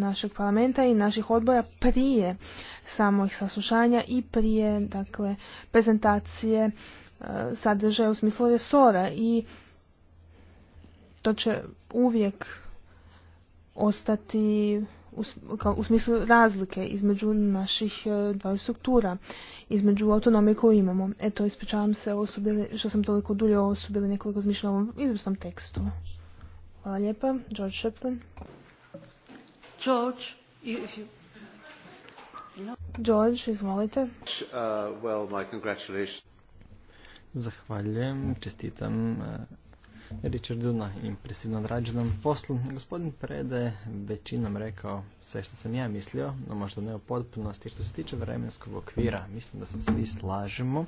našeg parlamenta i naših odbora prije samih saslušanja i prije dakle, prezentacije e, sadržaja u smislu resora i to će uvijek ostati u smislu razlike između naših e, dvaju struktura, između autonomije koju imamo. Eto, ispričavam se osobi, što sam toliko dulje osubili nekoliko o ovom izvrsnom tekstu. Hvala lijepa. George Shepton. George, if you... George, izvolite. Uh, Zahvaljujem, čestitam uh, Richarduna na impresivno odrađenom poslu. Gospodin Prede je većinom rekao sve što sam ja mislio, no možda ne u potpunosti. Što se tiče vremenskog okvira, mislim da se svi slažemo.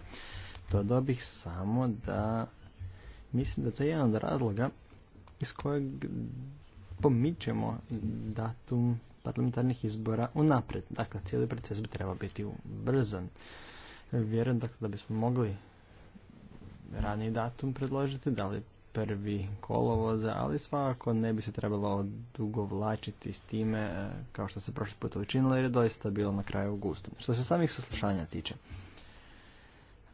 To dobih samo da mislim da to je jedan od razloga iz kojeg pomičemo datum parlamentarnih izbora unaprijed. Dakle, cijeli proces bi trebao biti ubrzan. Vjerujem dakle, da bismo mogli raniji datum predložiti, da li prvi kolovoza, ali svakako ne bi se trebalo dugo vlačiti s time e, kao što se prošli put učinilo jer je doista bilo na kraju gusto. Što se samih saslušanja tiče,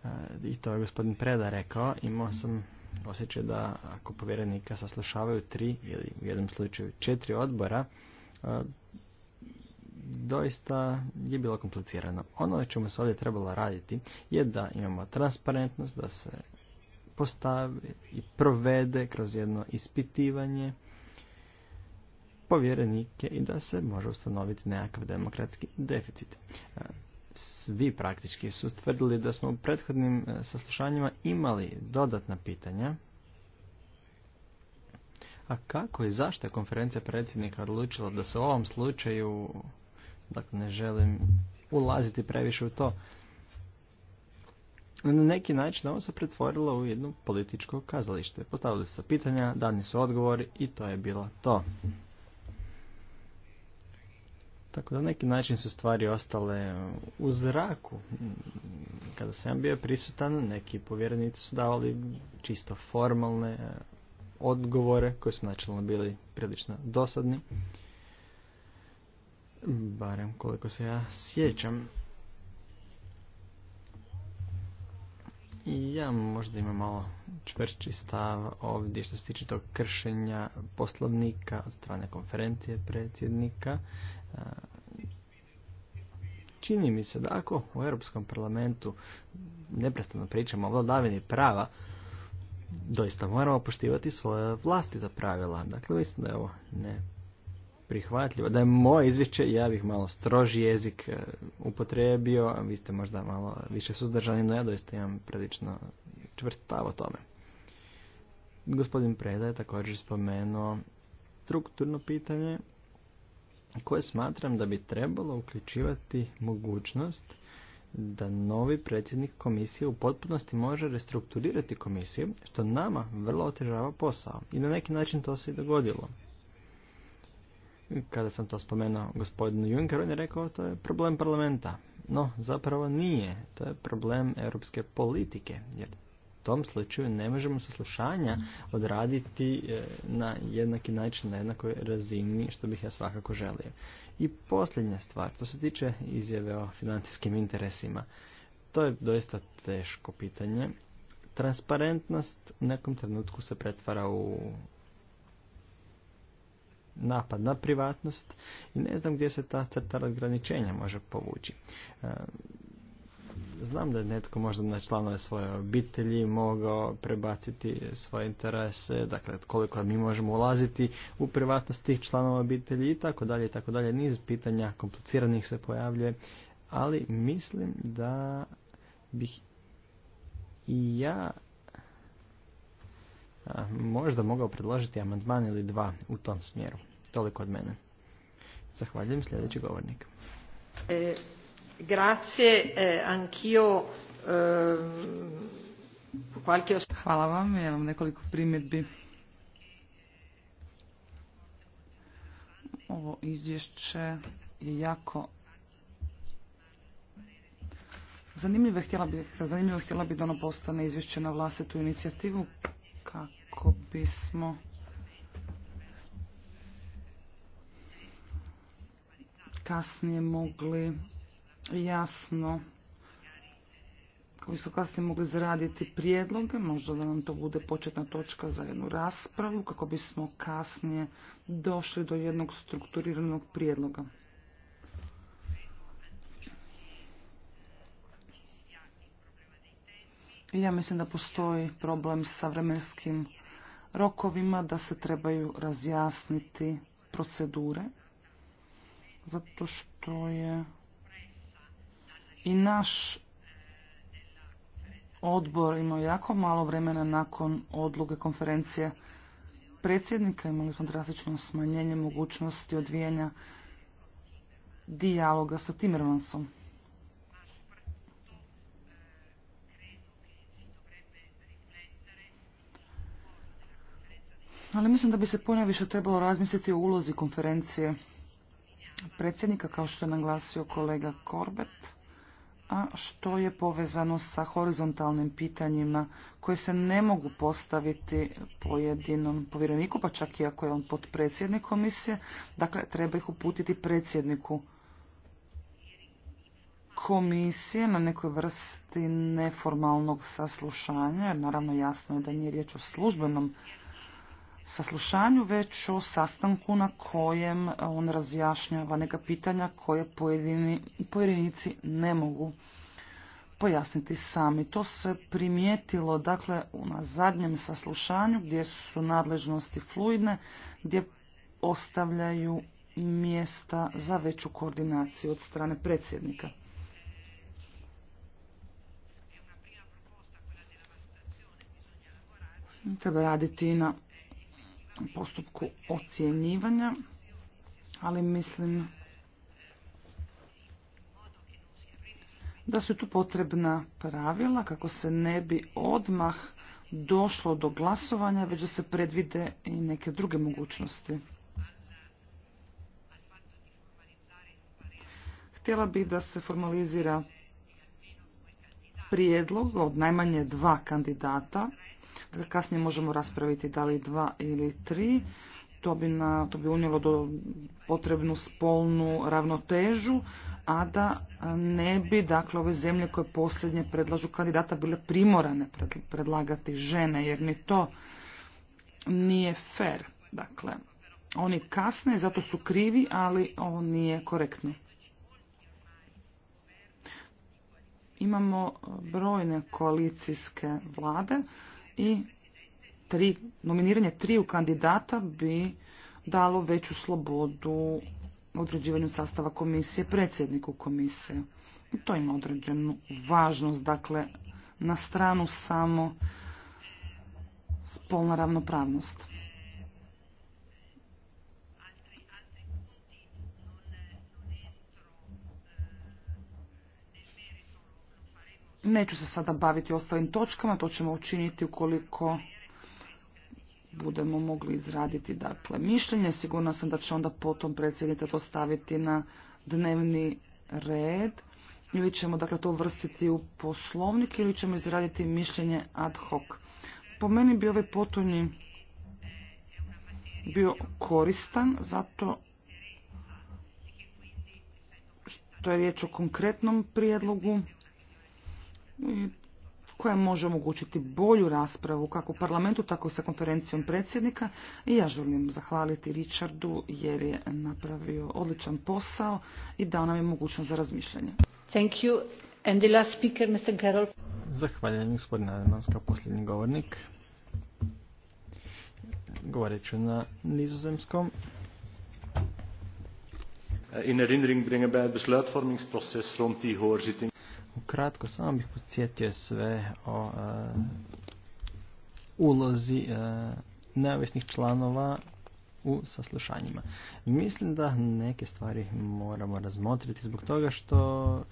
e, i to je gospodin Preda rekao, imao sam osjećaj da ako povjerenika saslušavaju tri ili u jednom slučaju četiri odbora, e, doista je bilo komplicirano. Ono o čemu se ovdje trebalo raditi je da imamo transparentnost, da se postavi i provede kroz jedno ispitivanje povjerenike i da se može ustanoviti nekakav demokratski deficit. E, svi praktički su stvrdili da smo u prethodnim e, saslušanjima imali dodatna pitanja. A kako i zašto je konferencija predsjednika odlučila da se u ovom slučaju, dakle ne želim ulaziti previše u to, na neki način ovo se pretvorilo u jedno političko kazalište. Postavili su se pitanja, dani su odgovori i to je bilo to. Tako da na neki način su stvari ostale u zraku. Kada sam bio prisutan, neki povjerenici su davali čisto formalne e, odgovore koji su načelno bili prilično dosadni. Barem koliko se ja sjećam. I ja možda imam malo čvrći stav ovdje što se tiče tog kršenja poslovnika od strane konferencije predsjednika. Čini mi se da ako u Europskom parlamentu neprestano pričamo o vladavini prava, doista moramo poštivati svoje vlastita pravila. Dakle, mislim da je ovo ne prihvatljivo. Da je moje izvješće, ja bih malo stroži jezik e, upotrijebio, a vi ste možda malo više suzdržani, no ja doista imam prilično čvrst o tome. Gospodin Preda je također spomenuo strukturno pitanje koje smatram da bi trebalo uključivati mogućnost da novi predsjednik komisije u potpunosti može restrukturirati komisiju, što nama vrlo otežava posao. I na neki način to se i dogodilo. Kada sam to spomenuo gospodinu Juncker, on je rekao to je problem parlamenta. No, zapravo nije. To je problem europske politike. Jer u tom slučaju ne možemo saslušanja odraditi e, na jednaki način, na jednakoj razini, što bih ja svakako želio. I posljednja stvar, to se tiče izjave o financijskim interesima. To je doista teško pitanje. Transparentnost u nekom trenutku se pretvara u napad na privatnost i ne znam gdje se ta crta razgraničenja može povući. E, znam da je netko možda na članove svoje obitelji mogao prebaciti svoje interese, dakle koliko mi možemo ulaziti u privatnost tih članova obitelji i tako dalje i tako dalje. Niz pitanja kompliciranih se pojavljuje, ali mislim da bih i ja možda mogao predložiti amandman ili dva u tom smjeru. Toliko od mene. Zahvaljujem sljedeći govornik. E, e, ehm, Hvala vam, ja imam nekoliko primjedbi. Ovo izvješće je jako zanimljivo. Htjela bih, zanimljivo htjela bih da ono postane izvješće na vlastitu inicijativu kako bismo kasnije mogli jasno koji su kasnije mogli zaraditi prijedloge, možda da nam to bude početna točka za jednu raspravu, kako bismo kasnije došli do jednog strukturiranog prijedloga. ja mislim da postoji problem sa vremenskim rokovima, da se trebaju razjasniti procedure zato što je i naš odbor imao jako malo vremena nakon odluke konferencije predsjednika. Imali smo drastično smanjenje mogućnosti odvijanja dijaloga sa Timmermansom. Ali mislim da bi se više trebalo razmisliti o ulozi konferencije predsjednika, kao što je naglasio kolega Korbet, a što je povezano sa horizontalnim pitanjima koje se ne mogu postaviti pojedinom povjereniku, pa čak i ako je on potpredsjednik komisije, dakle treba ih uputiti predsjedniku komisije na nekoj vrsti neformalnog saslušanja, jer naravno jasno je da nije riječ o službenom saslušanju, već o sastanku na kojem on razjašnjava neka pitanja koje pojedini, pojedinici ne mogu pojasniti sami. To se primijetilo dakle na zadnjem saslušanju gdje su nadležnosti fluidne, gdje ostavljaju mjesta za veću koordinaciju od strane predsjednika. Treba raditi i na postupku ocjenjivanja, ali mislim da su tu potrebna pravila kako se ne bi odmah došlo do glasovanja, već da se predvide i neke druge mogućnosti. Htjela bih da se formalizira prijedlog od najmanje dva kandidata kasnije možemo raspraviti da li dva ili tri. To bi, na, to bi unijelo do potrebnu spolnu ravnotežu, a da ne bi dakle, ove zemlje koje posljednje predlažu kandidata bile primorane predlagati žene, jer ni to nije fair. Dakle, oni kasne, zato su krivi, ali ovo nije korektno. Imamo brojne koalicijske vlade i tri, nominiranje triju kandidata bi dalo veću slobodu određivanju sastava komisije predsjedniku komisije. I to ima određenu važnost, dakle, na stranu samo spolna ravnopravnost. Neću se sada baviti ostalim točkama, to ćemo učiniti ukoliko budemo mogli izraditi dakle mišljenje. Sigurna sam da će onda potom predsjednica to staviti na dnevni red ili ćemo dakle to vrstiti u poslovnik ili ćemo izraditi mišljenje ad hoc. Po meni bi ovaj potonji bio koristan zato što je riječ o konkretnom prijedlogu koja može omogućiti bolju raspravu kako u parlamentu, tako i sa konferencijom predsjednika. I ja želim zahvaliti Richardu jer je napravio odličan posao i dao nam je mogućnost za razmišljanje. Thank you. And the last speaker, Mr. Zahvaljujem gospodin Ademans kao posljednji govornik. Govorit ću na nizozemskom. In herinnering brengen bij het besluitvormingsproces rond die hoorzitting. Kratko, samo bih podsjetio sve o e, ulozi e, neovisnih članova u saslušanjima. Mislim da neke stvari moramo razmotriti zbog toga što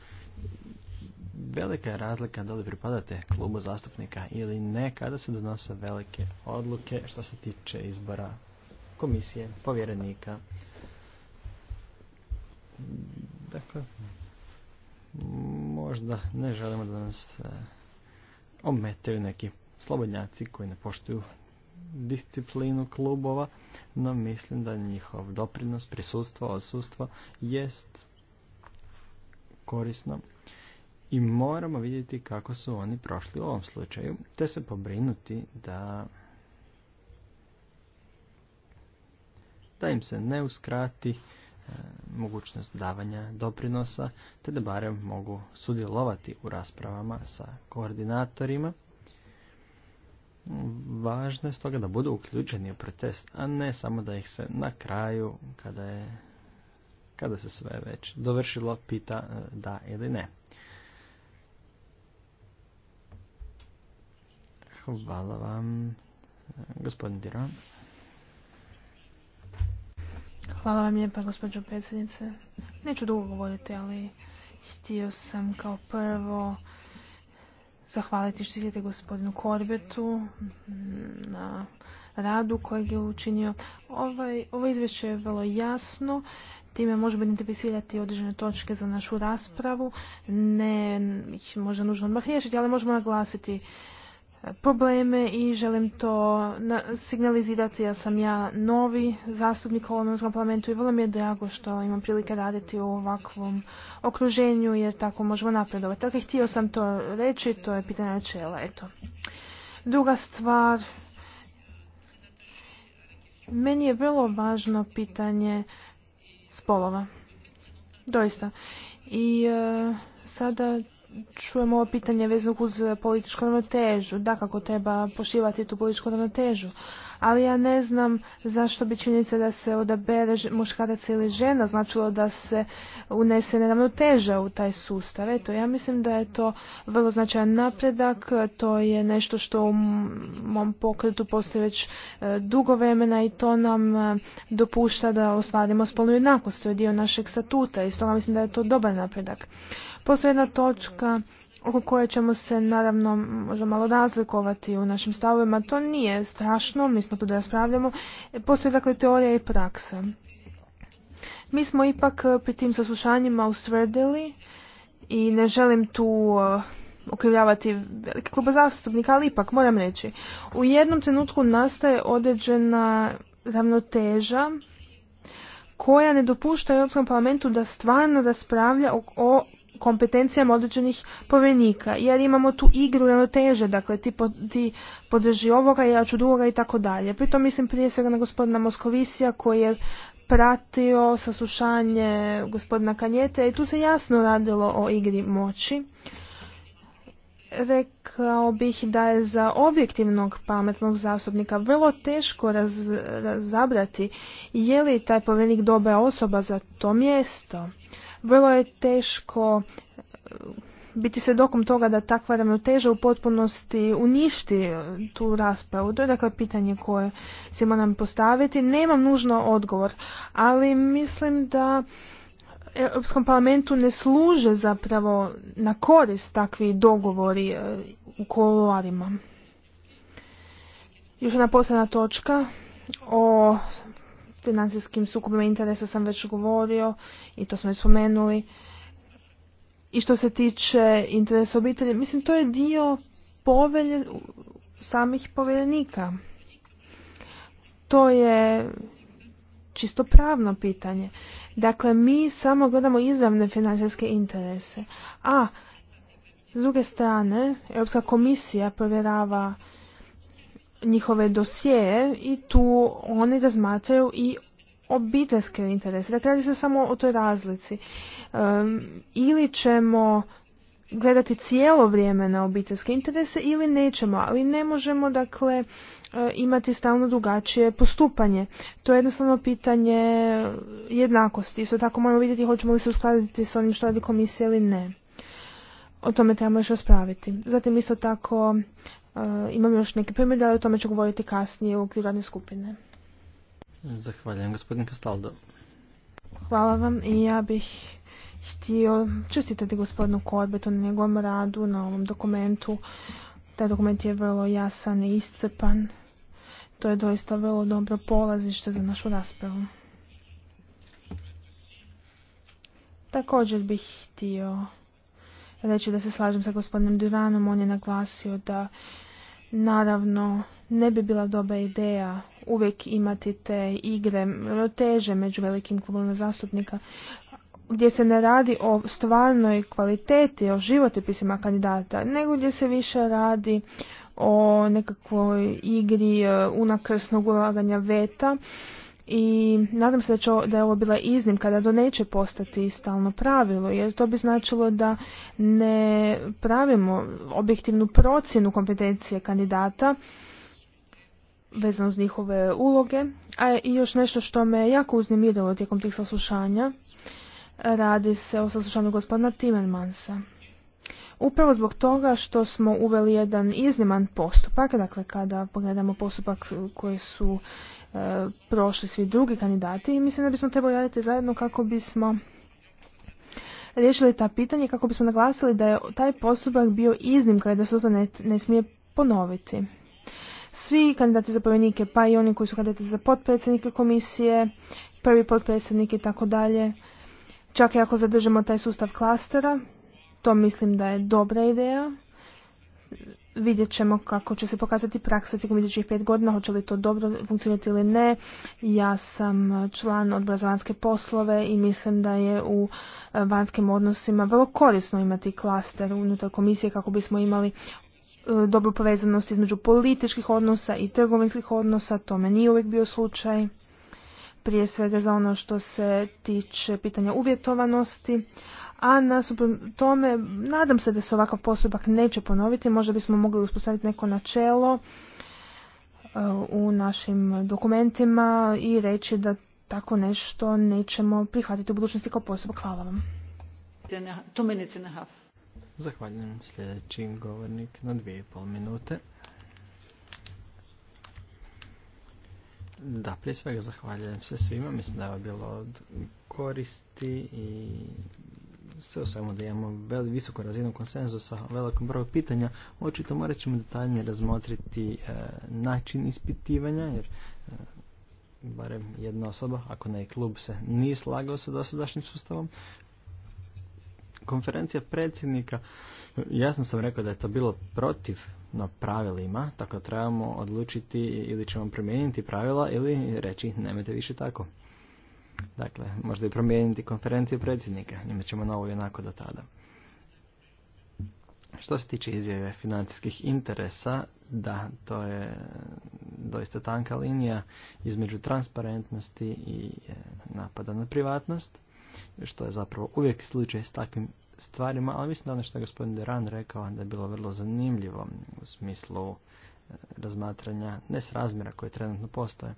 velika je razlika da li pripadate klubu zastupnika ili ne kada se donose velike odluke što se tiče izbora komisije, povjerenika. Dakle, možda ne želimo da nas e, ometaju neki slobodnjaci koji ne poštuju disciplinu klubova, no mislim da njihov doprinos, prisustvo, odsustvo jest korisno i moramo vidjeti kako su oni prošli u ovom slučaju, te se pobrinuti da da im se ne uskrati E, mogućnost davanja doprinosa, te da barem mogu sudjelovati u raspravama sa koordinatorima. Važno je stoga da budu uključeni u proces, a ne samo da ih se na kraju, kada, je, kada se sve već dovršilo, pita e, da ili ne. Hvala vam, e, gospodin Diron. Hvala vam lijepa, gospođo predsjednice. Neću dugo govoriti, ali htio sam kao prvo zahvaliti štitite gospodinu Korbetu na radu kojeg je učinio. Ovaj, ovo izvješće je vrlo jasno, time možemo identificirati određene točke za našu raspravu, ne ih možda nužno odmah riješiti, ali možemo naglasiti probleme i želim to signalizirati. jer sam ja novi zastupnik u ovom parlamentu i vrlo mi je drago što imam prilike raditi u ovakvom okruženju jer tako možemo napredovati. Dakle, htio sam to reći, to je pitanje načela. Eto. Druga stvar, meni je vrlo važno pitanje spolova. Doista. I e, sada čujemo ovo pitanje vezano uz političku ravnotežu. Da, kako treba poštivati tu političku ravnotežu. Ali ja ne znam zašto bi činjenica da se odabere muškarac ili žena značilo da se unese neravnoteža u taj sustav. Eto, ja mislim da je to vrlo značajan napredak. To je nešto što u mom pokretu postoji već e, dugo vremena i to nam e, dopušta da ostvarimo spolnu jednakost. To je dio našeg statuta i stoga mislim da je to dobar napredak. Postoji jedna točka oko koje ćemo se naravno možda malo razlikovati u našim stavovima. To nije strašno, mi smo tu da raspravljamo. Postoji dakle teorija i praksa. Mi smo ipak eh, pri tim saslušanjima ustvrdili i ne želim tu eh, okrivljavati velike kluba zastupnika, ali ipak moram reći. U jednom trenutku nastaje određena ravnoteža koja ne dopušta Europskom parlamentu da stvarno raspravlja o kompetencijama određenih povjerenika, jer imamo tu igru ravnoteže, dakle ti, ti podrži ovoga, ja ću drugoga i tako dalje. Pritom mislim prije svega na gospodina Moskovisija koji je pratio saslušanje gospodina Kanjete i tu se jasno radilo o igri moći. Rekao bih da je za objektivnog pametnog zastupnika vrlo teško razabrati je li taj povjerenik dobra osoba za to mjesto vrlo je teško e, biti svjedokom toga da takva ravnoteža u potpunosti uništi e, tu raspravu. To je dakle pitanje koje se nam postaviti. Nemam nužno odgovor, ali mislim da Europskom parlamentu ne služe zapravo na korist takvi dogovori e, u koloarima. Još jedna posljedna točka o financijskim sukobima interesa sam već govorio i to smo i spomenuli. I što se tiče interesa obitelji, mislim to je dio povelje samih povjerenika. To je čisto pravno pitanje. Dakle, mi samo gledamo izravne financijske interese. A, s druge strane, Europska komisija povjerava njihove dosjeje i tu oni razmatraju i obiteljske interese. Dakle, radi se samo o toj razlici. ili ćemo gledati cijelo vrijeme na obiteljske interese ili nećemo, ali ne možemo dakle e, imati stalno drugačije postupanje. To je jednostavno pitanje jednakosti. Isto tako moramo vidjeti hoćemo li se uskladiti s onim što radi komisija ili ne. O tome trebamo još raspraviti. Zatim isto tako E, imam još neke primjere, ali o tome ću govoriti kasnije u okviru radne skupine. Zahvaljujem gospodin Kastaldo. Hvala vam i ja bih htio čestitati gospodinu Korbetu na njegovom radu, na ovom dokumentu. Taj dokument je vrlo jasan i iscrpan. To je doista vrlo dobro polazište za našu raspravu. Također bih htio reći da se slažem sa gospodinom Duranom. On je naglasio da Naravno, ne bi bila dobra ideja uvijek imati te igre roteže među velikim klubovima zastupnika gdje se ne radi o stvarnoj kvaliteti, o životopisima kandidata, nego gdje se više radi o nekakvoj igri e, unakrsnog ulaganja veta i nadam se da, će, da je ovo bila iznimka, da to neće postati stalno pravilo, jer to bi značilo da ne pravimo objektivnu procjenu kompetencije kandidata vezano uz njihove uloge. A i još nešto što me jako uznemirilo tijekom tih saslušanja, radi se o saslušanju gospodina Timmermansa. Upravo zbog toga što smo uveli jedan izniman postupak, dakle kada pogledamo postupak koji su E, prošli svi drugi kandidati i mislim da bismo trebali raditi zajedno kako bismo riješili ta pitanja kako bismo naglasili da je taj postupak bio iznimka i da se to ne, smije ponoviti. Svi kandidati za povjenike, pa i oni koji su kandidati za potpredsjednike komisije, prvi potpredsjednik i tako dalje, čak i ako zadržimo taj sustav klastera, to mislim da je dobra ideja vidjet ćemo kako će se pokazati praksa tijekom idućih pet godina, hoće li to dobro funkcionirati ili ne. Ja sam član odbora za vanjske poslove i mislim da je u e, vanjskim odnosima vrlo korisno imati klaster unutar komisije kako bismo imali e, dobru povezanost između političkih odnosa i trgovinskih odnosa. Tome nije uvijek bio slučaj. Prije svega za ono što se tiče pitanja uvjetovanosti, a nasuprot tome nadam se da se ovakav postupak neće ponoviti, možda bismo mogli uspostaviti neko načelo e, u našim dokumentima i reći da tako nešto nećemo prihvatiti u budućnosti kao postupak. Hvala vam. Zahvaljujem sljedeći govornik na dvije i pol minute. Da, prije svega zahvaljujem se svima. Mislim da je bilo od koristi i sve u svemu da imamo visoku razinu konsenzusa o velikom broju pitanja, očito morat ćemo detaljnije razmotriti e, način ispitivanja, jer e, barem jedna osoba, ako ne i klub, se nije slagao sa dosadašnjim sustavom. Konferencija predsjednika, jasno sam rekao da je to bilo protiv na pravilima, tako trebamo odlučiti ili ćemo promijeniti pravila ili reći nemojte više tako. Dakle, možda i promijeniti konferenciju predsjednika. Imat ćemo novo jednako do tada. Što se tiče izjave financijskih interesa, da, to je doista tanka linija između transparentnosti i e, napada na privatnost, što je zapravo uvijek slučaj s takvim stvarima, ali mislim da ono što je gospodin Duran rekao da je bilo vrlo zanimljivo u smislu e, razmatranja nesrazmjera koje trenutno postoje.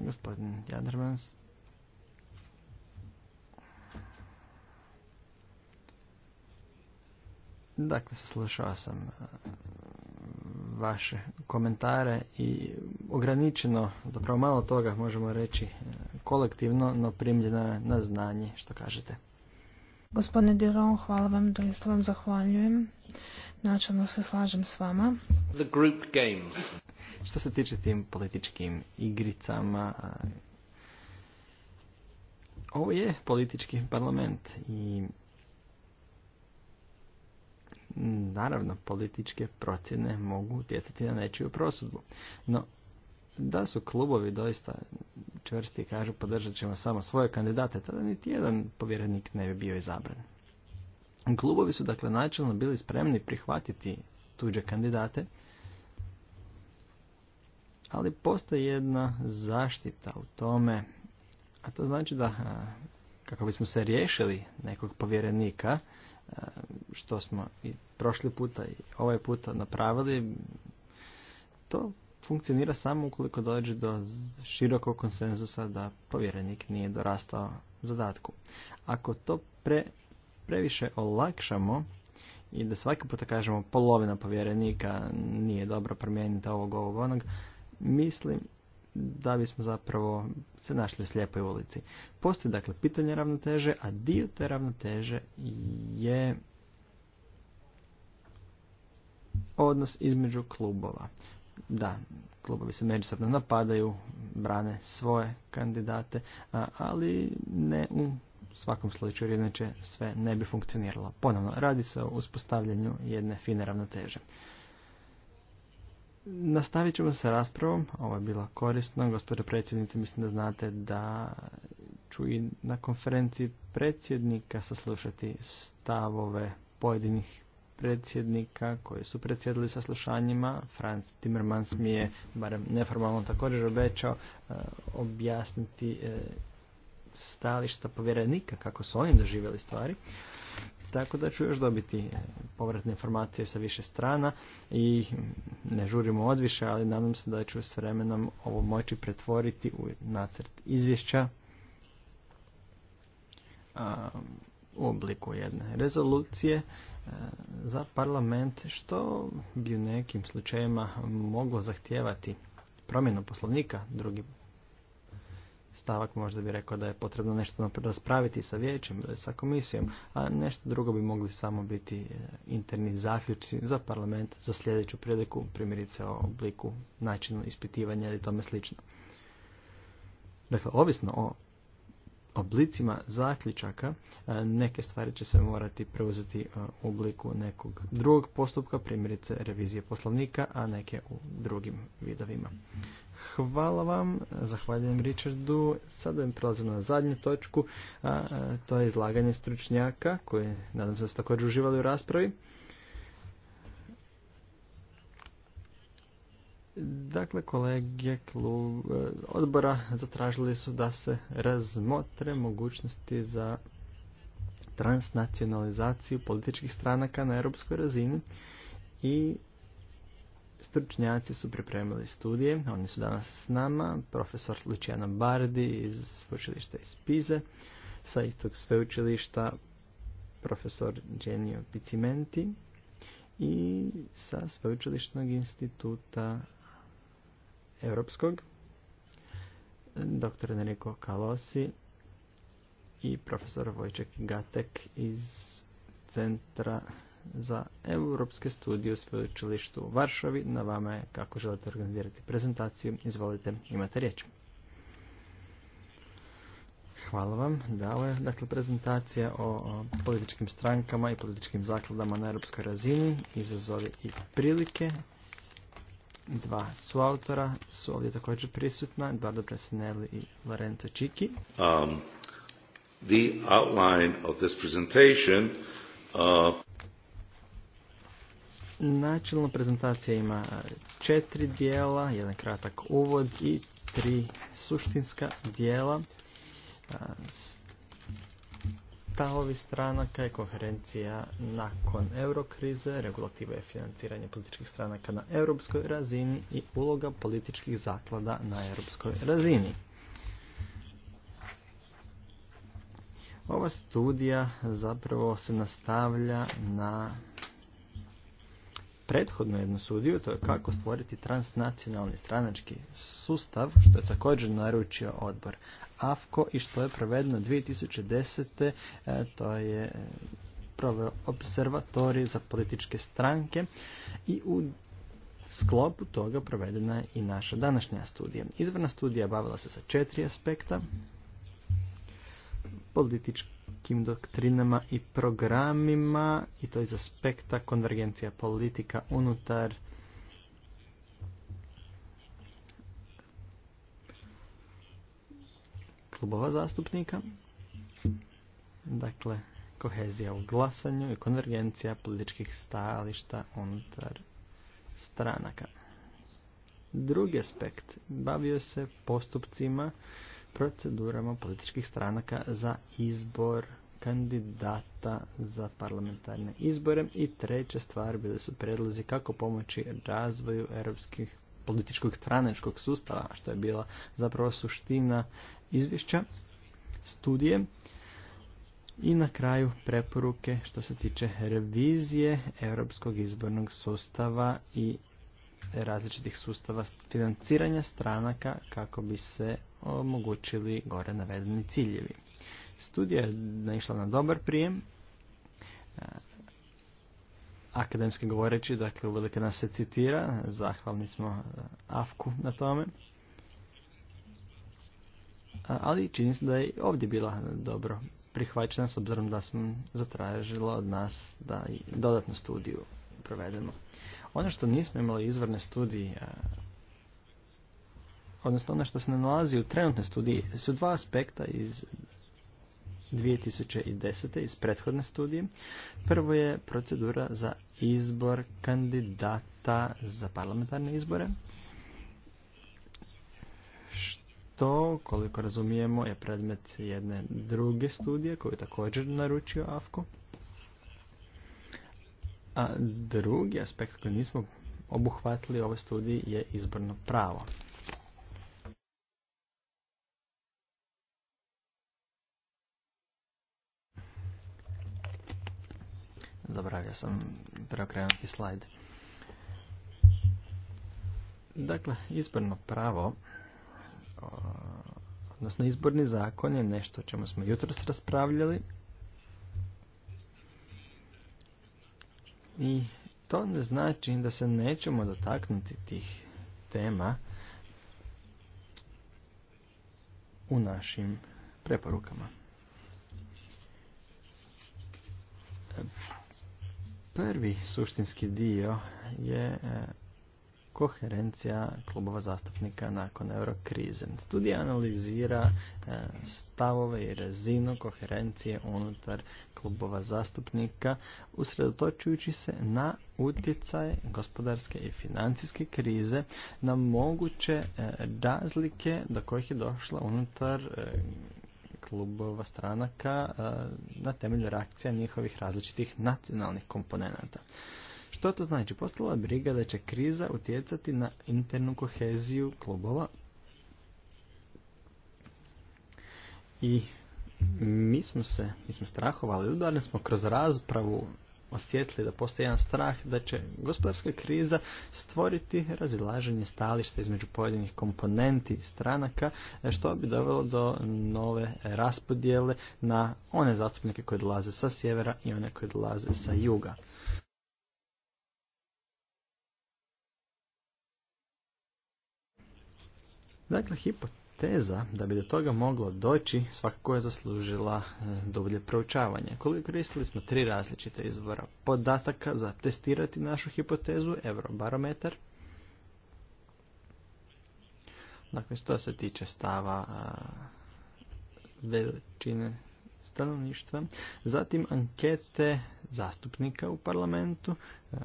Gospodin Jadrmans. Dakle, saslušao sam e, vaše komentare i ograničeno, zapravo malo toga možemo reći e, kolektivno, no primljeno na znanje što kažete. Gospodine Diron, hvala vam, doista vam zahvaljujem. Načalno se slažem s vama. The group što se tiče tim političkim igricama, ovo je politički parlament i naravno političke procjene mogu utjecati na nečiju prosudbu. No, da su klubovi doista čvrsti i kažu podržat ćemo samo svoje kandidate, tada niti jedan povjerenik ne bi bio izabran. Klubovi su dakle načelno bili spremni prihvatiti tuđe kandidate, ali postoji jedna zaštita u tome, a to znači da kako bismo se riješili nekog povjerenika, što smo i prošli puta i ovaj puta napravili, to funkcionira samo ukoliko dođe do širokog konsenzusa da povjerenik nije dorastao zadatku. Ako to pre, previše olakšamo i da svaki puta kažemo polovina povjerenika nije dobro promijeniti ovog, ovog, onog, mislim da bismo zapravo se našli u slijepoj ulici. Postoji dakle pitanje ravnoteže, a dio te ravnoteže je odnos između klubova. Da, klubovi se međusobno napadaju, brane svoje kandidate, ali ne u svakom slučaju, jer inače sve ne bi funkcioniralo. Ponovno, radi se o uspostavljanju jedne fine ravnoteže. Nastavit ćemo sa raspravom. Ovo je bila korisno. Gospođo predsjednice, mislim da znate da ću i na konferenciji predsjednika saslušati stavove pojedinih predsjednika koji su predsjedili saslušanjima. Franz Timmermans mi je, barem neformalno također obećao, eh, objasniti eh, stališta povjerenika, kako su oni doživjeli stvari tako da ću još dobiti povratne informacije sa više strana i ne žurimo odviše, ali nadam se da ću s vremenom ovo moći pretvoriti u nacrt izvješća u obliku jedne rezolucije e, za parlament, što bi u nekim slučajevima moglo zahtijevati promjenu poslovnika, drugi stavak možda bi rekao da je potrebno nešto raspraviti sa vijećem ili sa komisijom, a nešto drugo bi mogli samo biti e, interni zaključci za parlament za sljedeću priliku, primjerice o obliku, načinu ispitivanja ili tome slično. Dakle, ovisno o oblicima zaključaka e, neke stvari će se morati preuzeti e, u obliku nekog drugog postupka, primjerice revizije poslovnika, a neke u drugim vidovima. Hvala vam, zahvaljujem Richardu. Sada im prelazimo na zadnju točku, a to je izlaganje stručnjaka koje nadam se da ste također uživali u raspravi. Dakle, kolege klub, e, odbora zatražili su da se razmotre mogućnosti za transnacionalizaciju političkih stranaka na europskoj razini i stručnjaci su pripremili studije, oni su danas s nama, profesor Luciano Bardi iz sveučilišta iz Pize, sa istog sveučilišta profesor Genio Picimenti i sa sveučilišnog instituta europskog, dr. Enrico Kalosi i profesor Vojček Gatek iz Centra za europske studije u sveučilištu u Varšavi. Na vama je kako želite organizirati prezentaciju. Izvolite, imate riječ. Hvala vam. je dakle, prezentacija o, o političkim strankama i političkim zakladama na europskoj razini, izazovi i prilike, dva su autora su ovdje također prisutna, Eduardo Presinelli i Lorenzo Čiki. Um, the outline of this presentation uh... Načelno prezentacija ima uh, četiri dijela, jedan kratak uvod i tri suštinska dijela. Uh, stavovi stranaka je koherencija nakon eurokrize, regulative je financiranje političkih stranaka na europskoj razini i uloga političkih zaklada na europskoj razini. Ova studija zapravo se nastavlja na prethodnu jednu studiju, to je kako stvoriti transnacionalni stranački sustav, što je također naručio odbor i što je provedeno 2010. E, to je e, proveo observatorij za političke stranke i u sklopu toga provedena i naša današnja studija. Izvrna studija bavila se sa četiri aspekta, političkim doktrinama i programima i to iz aspekta konvergencija politika unutar klubova zastupnika. Dakle, kohezija u glasanju i konvergencija političkih stajališta unutar stranaka. Drugi aspekt bavio se postupcima, procedurama političkih stranaka za izbor kandidata za parlamentarne izbore i treća stvar bili su predlozi kako pomoći razvoju europskih političkog stranačkog sustava, što je bila zapravo suština izvješća, studije. I na kraju preporuke što se tiče revizije europskog izbornog sustava i različitih sustava financiranja stranaka kako bi se omogućili gore navedeni ciljevi. Studija je naišla na dobar prijem, akademski govoreći, dakle uvelike nas se citira, zahvalni smo e, Afku na tome. Ali čini se da je ovdje bila dobro prihvaćena s obzirom da smo zatražila od nas da i dodatnu studiju provedemo. Ono što nismo imali izvorne studije, e, odnosno ono što se ne nalazi u trenutnoj studiji, su dva aspekta iz 2010. iz prethodne studije. Prvo je procedura za izbor kandidata za parlamentarne izbore. Što, koliko razumijemo, je predmet jedne druge studije koju je također naručio AFKO. A drugi aspekt koji nismo obuhvatili ovoj studiji je izborno pravo. Zabravio sam preokrenuti slajd. Dakle, izborno pravo, odnosno izborni zakon je nešto o čemu smo jutros raspravljali. I to ne znači da se nećemo dotaknuti tih tema u našim preporukama. Prvi suštinski dio je e, koherencija klubova zastupnika nakon eurokrize. Studija analizira e, stavove i razinu koherencije unutar klubova zastupnika usredotočujući se na utjecaj gospodarske i financijske krize na moguće e, razlike do kojih je došla unutar klubova stranaka e, na temelju reakcija njihovih različitih nacionalnih komponenata. Što to znači? Postala je briga da će kriza utjecati na internu koheziju klubova i mi smo se, mi smo strahovali, udarili smo kroz raspravu osjetili da postoji jedan strah da će gospodarska kriza stvoriti razilaženje stališta između pojedinih komponenti stranaka što bi dovelo do nove raspodjele na one zastupnike koji dolaze sa sjevera i one koji dolaze sa juga. Dakle, teza da bi do toga moglo doći svakako je zaslužila e, dublje proučavanje. Koliko koristili smo tri različite izvora podataka za testirati našu hipotezu, eurobarometar, dakle što se tiče stava veličine stanovništva, zatim ankete zastupnika u parlamentu e,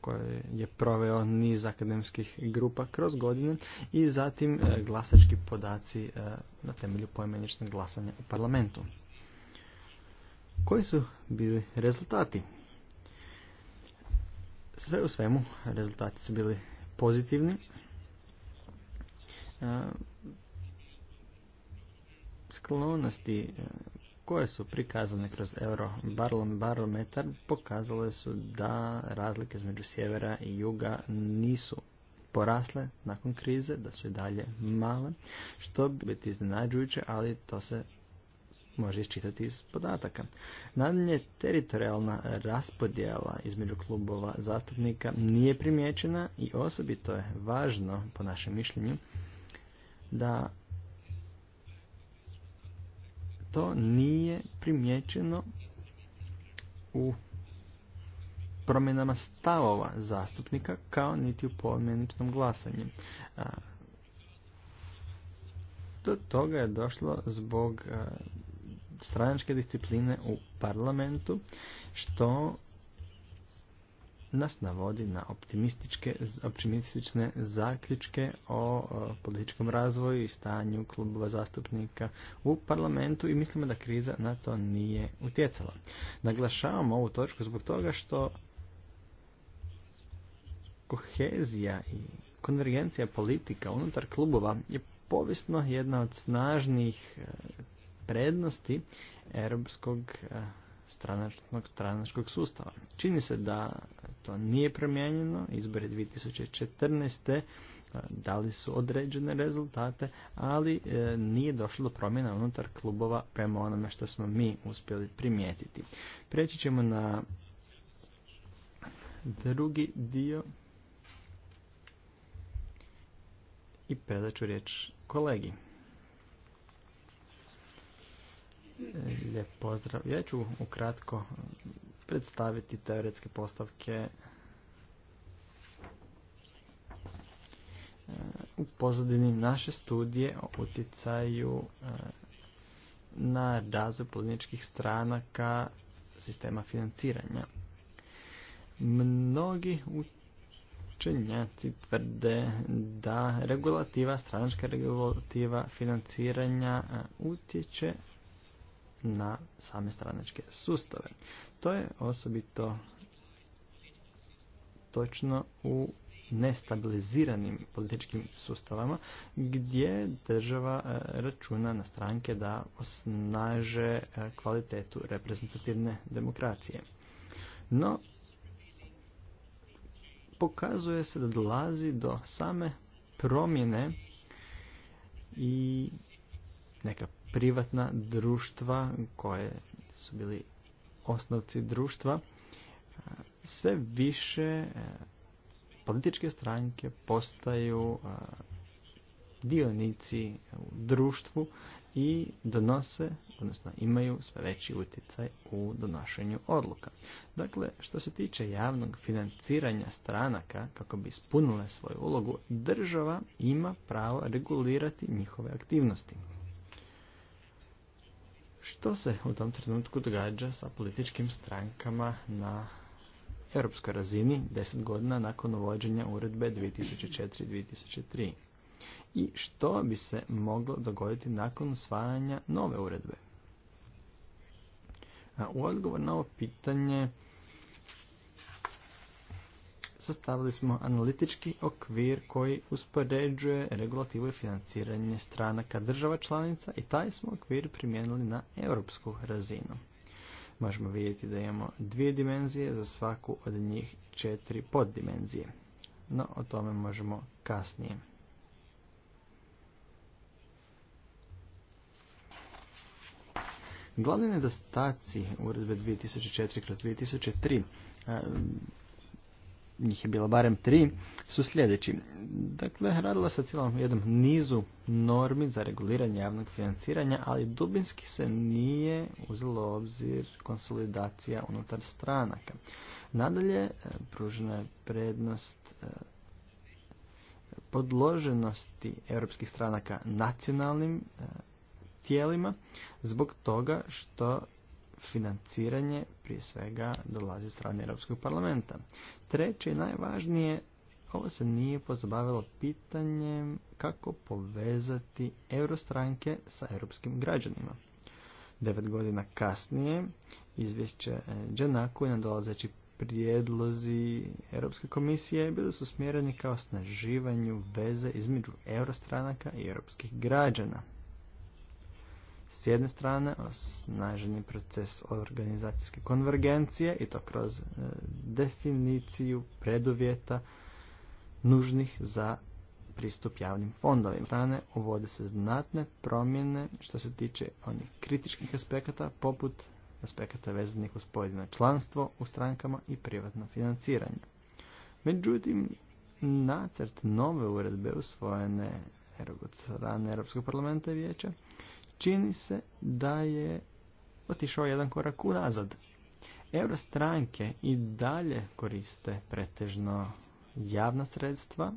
koje je proveo niz akademskih grupa kroz godine i zatim e, glasački podaci e, na temelju pojmeničnog glasanja u parlamentu. Koji su bili rezultati? Sve u svemu rezultati su bili pozitivni. Sklonosti koje su prikazane kroz euro pokazale su da razlike između sjevera i juga nisu porasle nakon krize, da su i dalje male, što bi biti iznenađujuće, ali to se može iščitati iz podataka. Nadalje, teritorijalna raspodjela između klubova zastupnika nije primijećena i osobito je važno, po našem mišljenju, da to nije primjećeno u promjenama stavova zastupnika kao niti u pomjeničnom glasanju. Do toga je došlo zbog stranačke discipline u parlamentu što nas navodi na optimističke, optimistične zaključke o, političkom razvoju i stanju klubova zastupnika u parlamentu i mislimo da kriza na to nije utjecala. Naglašavamo ovu točku zbog toga što kohezija i konvergencija politika unutar klubova je povisno jedna od snažnih e, prednosti europskog e, stranačnog stranačkog sustava. Čini se da to nije promijenjeno, izbore 2014. E, dali su određene rezultate, ali e, nije došlo do promjena unutar klubova prema onome što smo mi uspjeli primijetiti. Preći ćemo na drugi dio i predat ću riječ kolegi. E, lijep pozdrav. Ja ću ukratko predstaviti teoretske postavke e, u pozadini naše studije o utjecaju e, na razvoj političkih stranaka sistema financiranja. Mnogi učenjaci tvrde da regulativa, stranačka regulativa financiranja e, utječe na same stranačke sustave. To je osobito točno u nestabiliziranim političkim sustavama gdje država e, računa na stranke da osnaže e, kvalitetu reprezentativne demokracije. No, pokazuje se da dolazi do same promjene i neka privatna društva koje su bili osnovci društva, sve više e, političke stranke postaju dionici u društvu i donose, odnosno imaju sve veći utjecaj u donošenju odluka. Dakle, što se tiče javnog financiranja stranaka kako bi ispunile svoju ulogu, država ima pravo regulirati njihove aktivnosti što se u tom trenutku događa sa političkim strankama na europskoj razini 10 godina nakon uvođenja uredbe 2004-2003 i što bi se moglo dogoditi nakon usvajanja nove uredbe. U odgovor na ovo pitanje sastavili smo analitički okvir koji uspoređuje regulativu i financiranje stranaka država članica i taj smo okvir primijenili na europsku razinu. Možemo vidjeti da imamo dvije dimenzije, za svaku od njih četiri poddimenzije. No, o tome možemo kasnije. Glavni nedostaci uredbe 2004 kroz 2003 njih je bilo barem tri, su sljedeći. Dakle, radilo se cijelom jednom nizu normi za reguliranje javnog financiranja, ali dubinski se nije uzelo obzir konsolidacija unutar stranaka. Nadalje, e, pružena je prednost e, podloženosti europskih stranaka nacionalnim e, tijelima zbog toga što financiranje prije svega dolazi strane Europskog parlamenta. Treće i najvažnije, ovo se nije pozabavilo pitanjem kako povezati eurostranke sa europskim građanima. Devet godina kasnije izvješće Đanaku i nadolazeći prijedlozi Europske komisije bili su smjereni kao snaživanju veze između eurostranaka i europskih građana s jedne strane osnaženi proces organizacijske konvergencije i to kroz e, definiciju preduvjeta nužnih za pristup javnim fondovima. Strane uvode se znatne promjene što se tiče onih kritičkih aspekata poput aspekata vezanih uz pojedino članstvo u strankama i privatno financiranje. Međutim, nacrt nove uredbe usvojene od strane Europskog parlamenta i vijeća čini se da je otišao jedan korak unazad. Eurostranke i dalje koriste pretežno javna sredstva.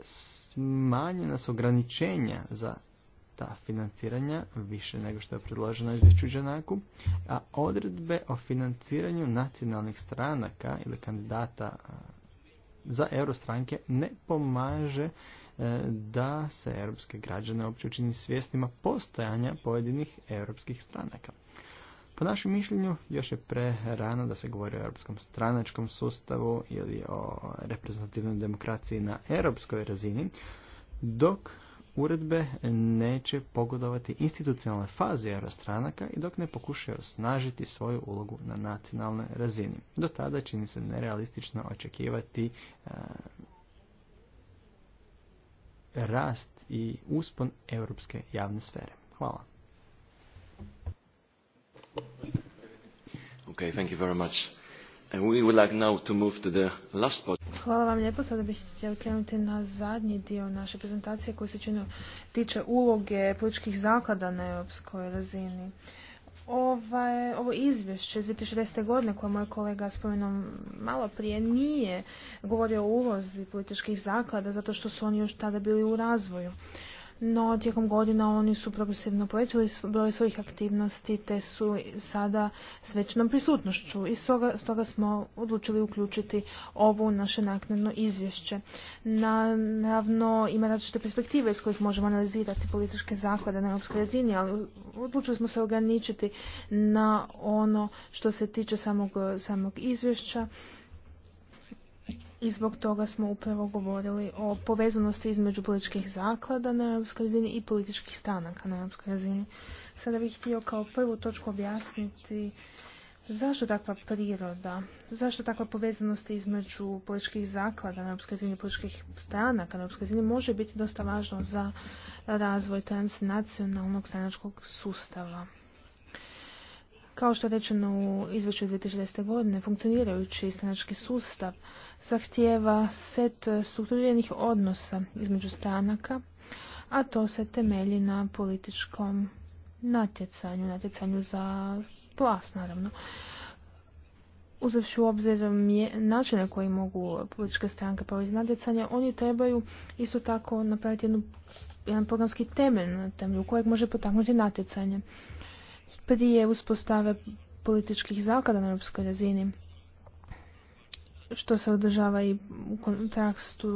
Smanjena su ograničenja za ta financiranja više nego što je predloženo izvješću Đanaku, a odredbe o financiranju nacionalnih stranaka ili kandidata za eurostranke ne pomaže E, da se europske građane uopće učini svjesnima postojanja pojedinih europskih stranaka. Po našem mišljenju još je pre rano da se govori o europskom stranačkom sustavu ili o reprezentativnoj demokraciji na europskoj razini, dok uredbe neće pogodovati institucionalne faze eurostranaka i dok ne pokušaju osnažiti svoju ulogu na nacionalnoj razini. Do tada čini se nerealistično očekivati e, rast i uspon europske javne sfere. Hvala. Okay, thank you very much. And we would like now to move to the last part. Hvala vam lijepo. Sada bih htjela krenuti na zadnji dio naše prezentacije koji se čini tiče uloge političkih zaklada na europskoj razini ovaj, ovo izvješće iz 2010. godine koje moj kolega spomenuo malo prije nije govorio o ulozi političkih zaklada zato što su oni još tada bili u razvoju no tijekom godina oni su progresivno povećali broj svojih aktivnosti te su sada s većnom prisutnošću i stoga, smo odlučili uključiti ovo naše naknadno izvješće. Naravno ima različite perspektive iz kojih možemo analizirati političke zaklade na europskoj razini, ali odlučili smo se ograničiti na ono što se tiče samog, samog izvješća i zbog toga smo upravo govorili o povezanosti između političkih zaklada na europskoj razini i političkih stanaka na europskoj razini. Sada bih htio kao prvu točku objasniti zašto takva priroda, zašto takva povezanost između političkih zaklada na europskoj razini i političkih stranaka na europskoj razini može biti dosta važno za razvoj transnacionalnog stranačkog sustava. Kao što je rečeno u izvješću 2010. godine, funkcionirajući stranački sustav zahtjeva set strukturiranih odnosa između stranaka, a to se temelji na političkom natjecanju, natjecanju za plas, naravno. Uzevši u obzir načine koji mogu političke stranke provoditi natjecanje, oni trebaju isto tako napraviti jedan programski temelj na temelju kojeg može potaknuti natjecanje prije uspostave političkih zaklada na europskoj razini što se održava i u kontekstu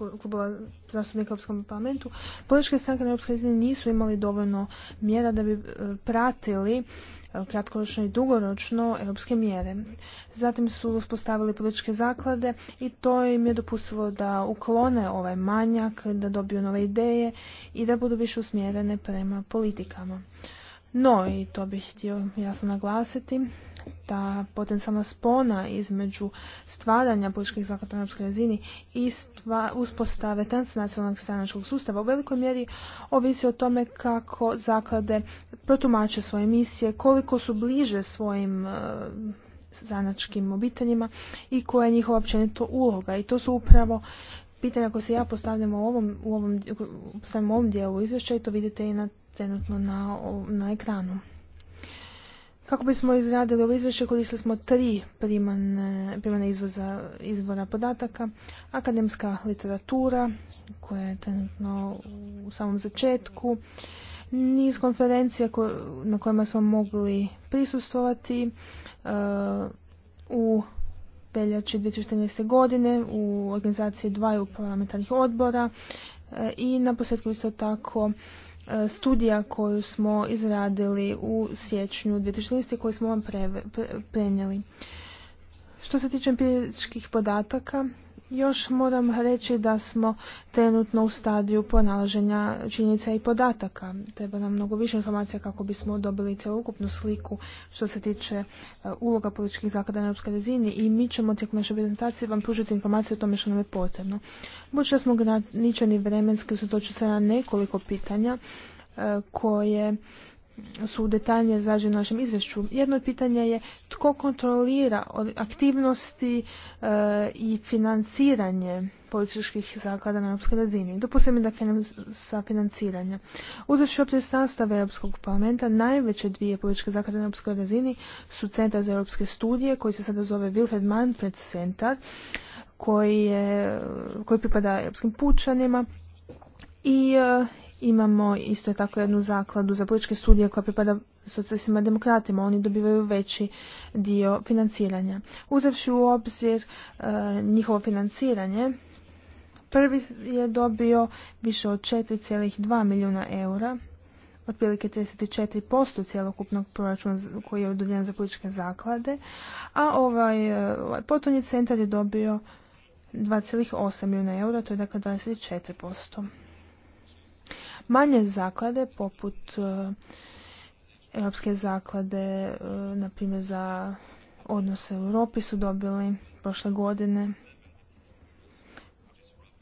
eh, klubova zastupnika u Europskom parlamentu, političke stranke na Europskoj razini nisu imali dovoljno mjera da bi eh, pratili eh, kratkoročno i dugoročno europske mjere. Zatim su uspostavili političke zaklade i to im je dopustilo da uklone ovaj manjak, da dobiju nove ideje i da budu više usmjerene prema politikama. No, i to bih htio jasno naglasiti, da potencijalna spona između stvaranja političkih zaklada na europskoj razini i uspostave transnacionalnog stranačkog sustava u velikoj mjeri ovisi o tome kako zaklade protumače svoje misije, koliko su bliže svojim značkim e, zanačkim obiteljima i koja je njihova općenito uloga. I to su upravo pitanja koje se ja postavljam u ovom, u ovom, u ovom dijelu izvješća i to vidite i na, trenutno na, ekranu. Kako bismo izradili ovo izvješće, koristili smo tri primane, primane izvoza, izvora podataka. Akademska literatura, koja je trenutno u samom začetku, niz konferencija na kojima smo mogli prisustovati e, u veljače 2014. godine u organizaciji dvaju parlamentarnih odbora e, i na posljedku isto tako e, studija koju smo izradili u siječnju 2014. koju smo vam prenijeli. Što se tiče empiričkih podataka, još moram reći da smo trenutno u stadiju ponalaženja činjenica i podataka. Treba nam mnogo više informacija kako bismo dobili cjelokupnu sliku što se tiče e, uloga političkih zaklada na europskoj razini i mi ćemo tijekom naše prezentacije vam pružiti informacije o tome što nam je potrebno. Budući da smo ograničeni vremenski, usredoću se na nekoliko pitanja e, koje su detaljnije za u našem izvješću. Jedno pitanje pitanja je tko kontrolira aktivnosti e, i financiranje političkih zaklada na europskoj razini. Dopustite mi da krenem sa financiranja. Uzevši opće sastave Europskog parlamenta, najveće dvije političke zaklade na europskoj razini su Centar za europske studije, koji se sada zove Wilfred Manfred Centar, koji, je, koji pripada europskim pučanima, i e, Imamo isto tako jednu zakladu za političke studije koja pripada socijalistima demokratima. Oni dobivaju veći dio financiranja. Uzevši u obzir e, njihovo financiranje, prvi je dobio više od 4,2 milijuna eura, otprilike 34% cjelokupnog proračuna koji je udoljen za političke zaklade, a ovaj, e, ovaj potonji centar je dobio 2,8 milijuna eura, to je dakle 24%. Manje zaklade poput e, Europske zaklade, e, na primjer za odnose u Europi su dobili prošle godine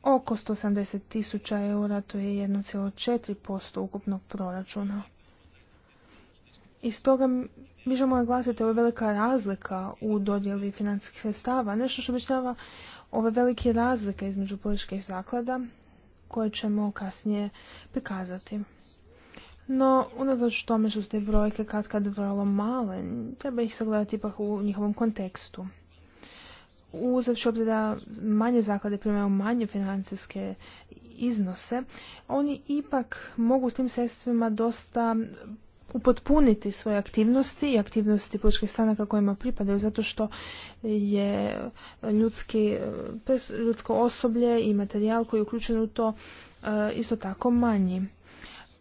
oko 180 tisuća eura, to je 1,4% ukupnog proračuna. I toga mi želimo naglasiti ova velika razlika u dodjeli financijskih sredstava, nešto što objašnjava ove velike razlike između političkih zaklada koje ćemo kasnije prikazati. No, unatoč tome su te brojke kad kad vrlo male, treba ih sagledati ipak u njihovom kontekstu. Uzavši obzir da manje zaklade primaju manje financijske iznose, oni ipak mogu s tim sredstvima dosta upotpuniti svoje aktivnosti i aktivnosti političkih stranaka kojima pripadaju zato što je ljudski, ljudsko osoblje i materijal koji je uključen u to e, isto tako manji.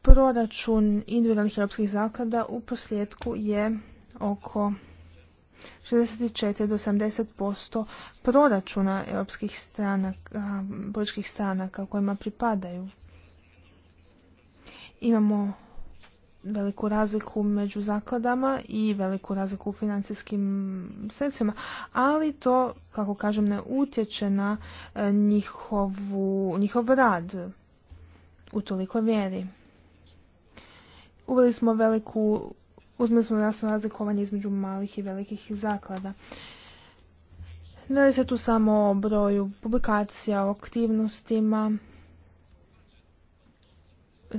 Proračun individualnih europskih zaklada u posljedku je oko 64 do 70% proračuna europskih stranaka, političkih stranaka kojima pripadaju. Imamo veliku razliku među zakladama i veliku razliku u financijskim sredstvima, ali to, kako kažem, ne utječe na e, njihovu, njihov rad u toliko vjeri. Uveli smo veliku, uzmeli smo jasno razlikovanje između malih i velikih zaklada. Ne li se tu samo o broju publikacija, o aktivnostima,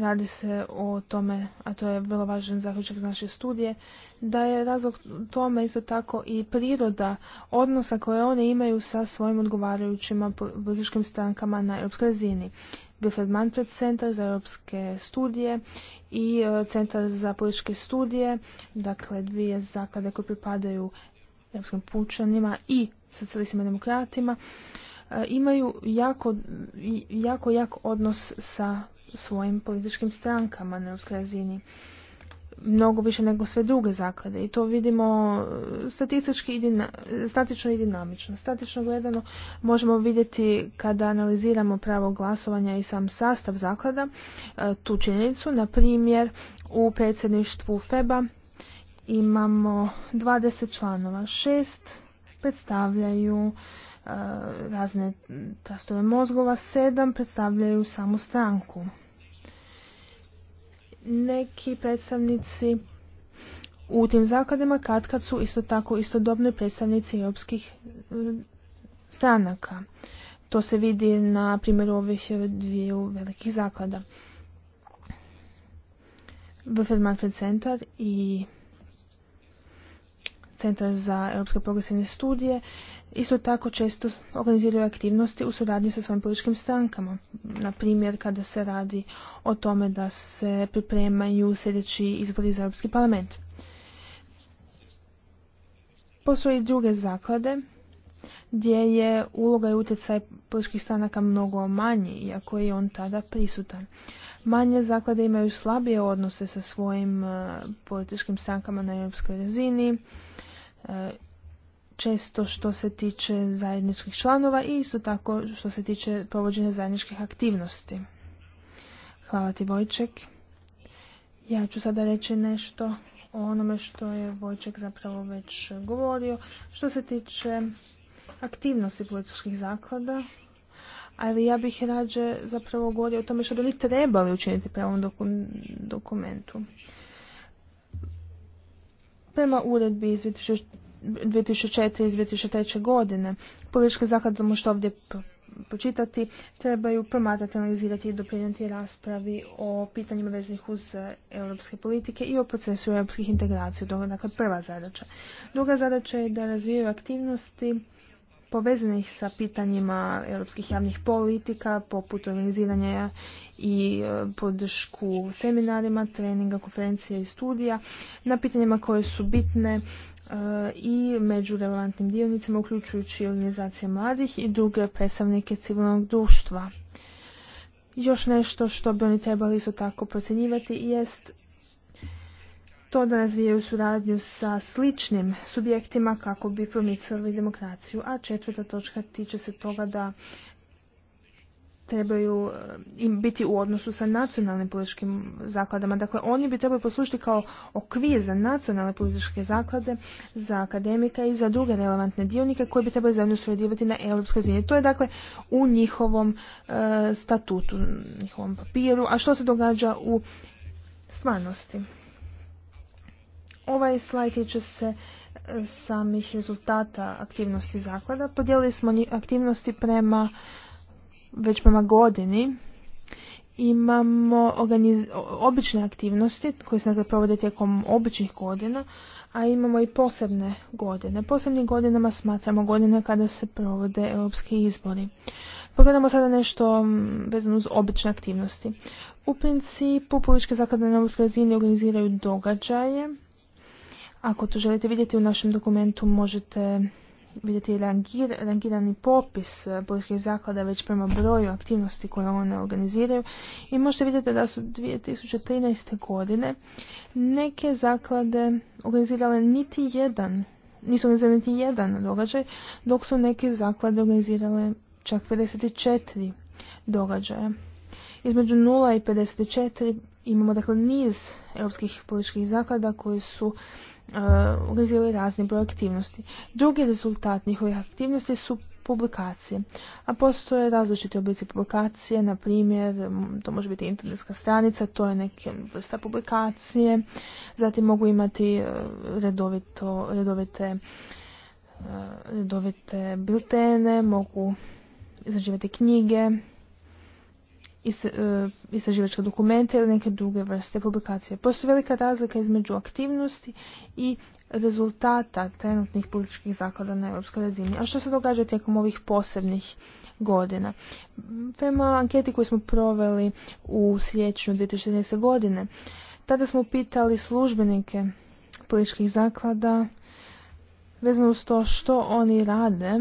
radi se o tome, a to je vrlo važan zaključak naše studije, da je razlog tome isto tako i priroda odnosa koje one imaju sa svojim odgovarajućim političkim strankama na europskoj razini. Wilfred Manfred Centar za europske studije i e, Centar za političke studije, dakle dvije zaklade koje pripadaju europskim pučanima i socijalistima i demokratima. E, imaju jako, jako jak odnos sa svojim političkim strankama na europskoj razini mnogo više nego sve druge zaklade i to vidimo e, statistički i statično i dinamično. Statično gledano možemo vidjeti kada analiziramo pravo glasovanja i sam sastav zaklada e, tu činjenicu. Na primjer u predsjedništvu FEBA imamo 20 članova, šest predstavljaju E, razne trastove mozgova, sedam predstavljaju samu stranku. Neki predstavnici u tim zakladama kad su isto tako istodobni predstavnici europskih e, stranaka. To se vidi na primjeru ovih dviju velikih zaklada. Wilfred Manfred Centar i Centar za europske progresivne studije Isto tako često organiziraju aktivnosti u suradnji sa svojim političkim strankama. Na primjer, kada se radi o tome da se pripremaju sljedeći izbori za Europski parlament. Postoje i druge zaklade gdje je uloga i utjecaj političkih stranaka mnogo manji, iako je on tada prisutan. Manje zaklade imaju slabije odnose sa svojim eh, političkim strankama na europskoj razini, eh, često što se tiče zajedničkih članova i isto tako što se tiče provođenja zajedničkih aktivnosti. Hvala ti Vojček. Ja ću sada reći nešto o onome što je Vojček zapravo već govorio. Što se tiče aktivnosti političkih zaklada, ali ja bih rađe zapravo govorio o tome što bi oni trebali učiniti prema ovom dokumentu. Prema uredbi iz 2004 iz 2003. godine. Političke zaklade možete ovdje počitati, trebaju promatrati, analizirati i doprinijeti raspravi o pitanjima veznih uz e, europske politike i o procesu europskih integracija. Dakle, prva zadaća. Druga zadaća je da razvijaju aktivnosti povezanih sa pitanjima europskih javnih politika, poput organiziranja i e, podršku seminarima, treninga, konferencija i studija, na pitanjima koje su bitne E, i među relevantnim dionicima, uključujući organizacije mladih i druge predstavnike civilnog društva. Još nešto što bi oni trebali isto tako procjenjivati jest to da razvijaju suradnju sa sličnim subjektima kako bi promicali demokraciju. A četvrta točka tiče se toga da trebaju e, im biti u odnosu sa nacionalnim političkim zakladama. Dakle, oni bi trebali poslušati kao okvir za nacionalne političke zaklade, za akademika i za druge relevantne dionike koje bi trebali zajedno sredivati na europskoj razini. To je dakle u njihovom e, statutu, njihovom papiru, a što se događa u stvarnosti. Ovaj slajd će se e, samih rezultata aktivnosti zaklada. Podijelili smo aktivnosti prema već prema godini imamo obične aktivnosti koje se provode tijekom običnih godina, a imamo i posebne godine. Posebnim godinama smatramo godine kada se provode europski izbori. Pogledamo sada nešto vezano uz obične aktivnosti. U principu političke zaklade na europskoj razini organiziraju događaje. Ako to želite vidjeti u našem dokumentu možete vidjeti rangir, rangirani popis eh, političkih zaklada već prema broju aktivnosti koje one organiziraju i možete vidjeti da su 2013. godine neke zaklade organizirale niti jedan nisu organizirali niti jedan događaj, dok su neke zaklade organizirale čak 54 događaja. Između 0 i 54 imamo dakle niz europskih političkih zaklada koji su e, razni broj aktivnosti. Drugi rezultat njihovih aktivnosti su publikacije. A postoje različite oblici publikacije, na primjer, to može biti internetska stranica, to je neka vrsta publikacije, zatim mogu imati e, redovito, redovite, e, redovite biltene, mogu izrađivati knjige, E, istraživačke dokumente ili neke druge vrste publikacije. Postoji velika razlika između aktivnosti i rezultata trenutnih političkih zaklada na europskoj razini. A što se događa tijekom ovih posebnih godina? Prema anketi koju smo proveli u siječnju 2014. godine, tada smo pitali službenike političkih zaklada vezano uz to što oni rade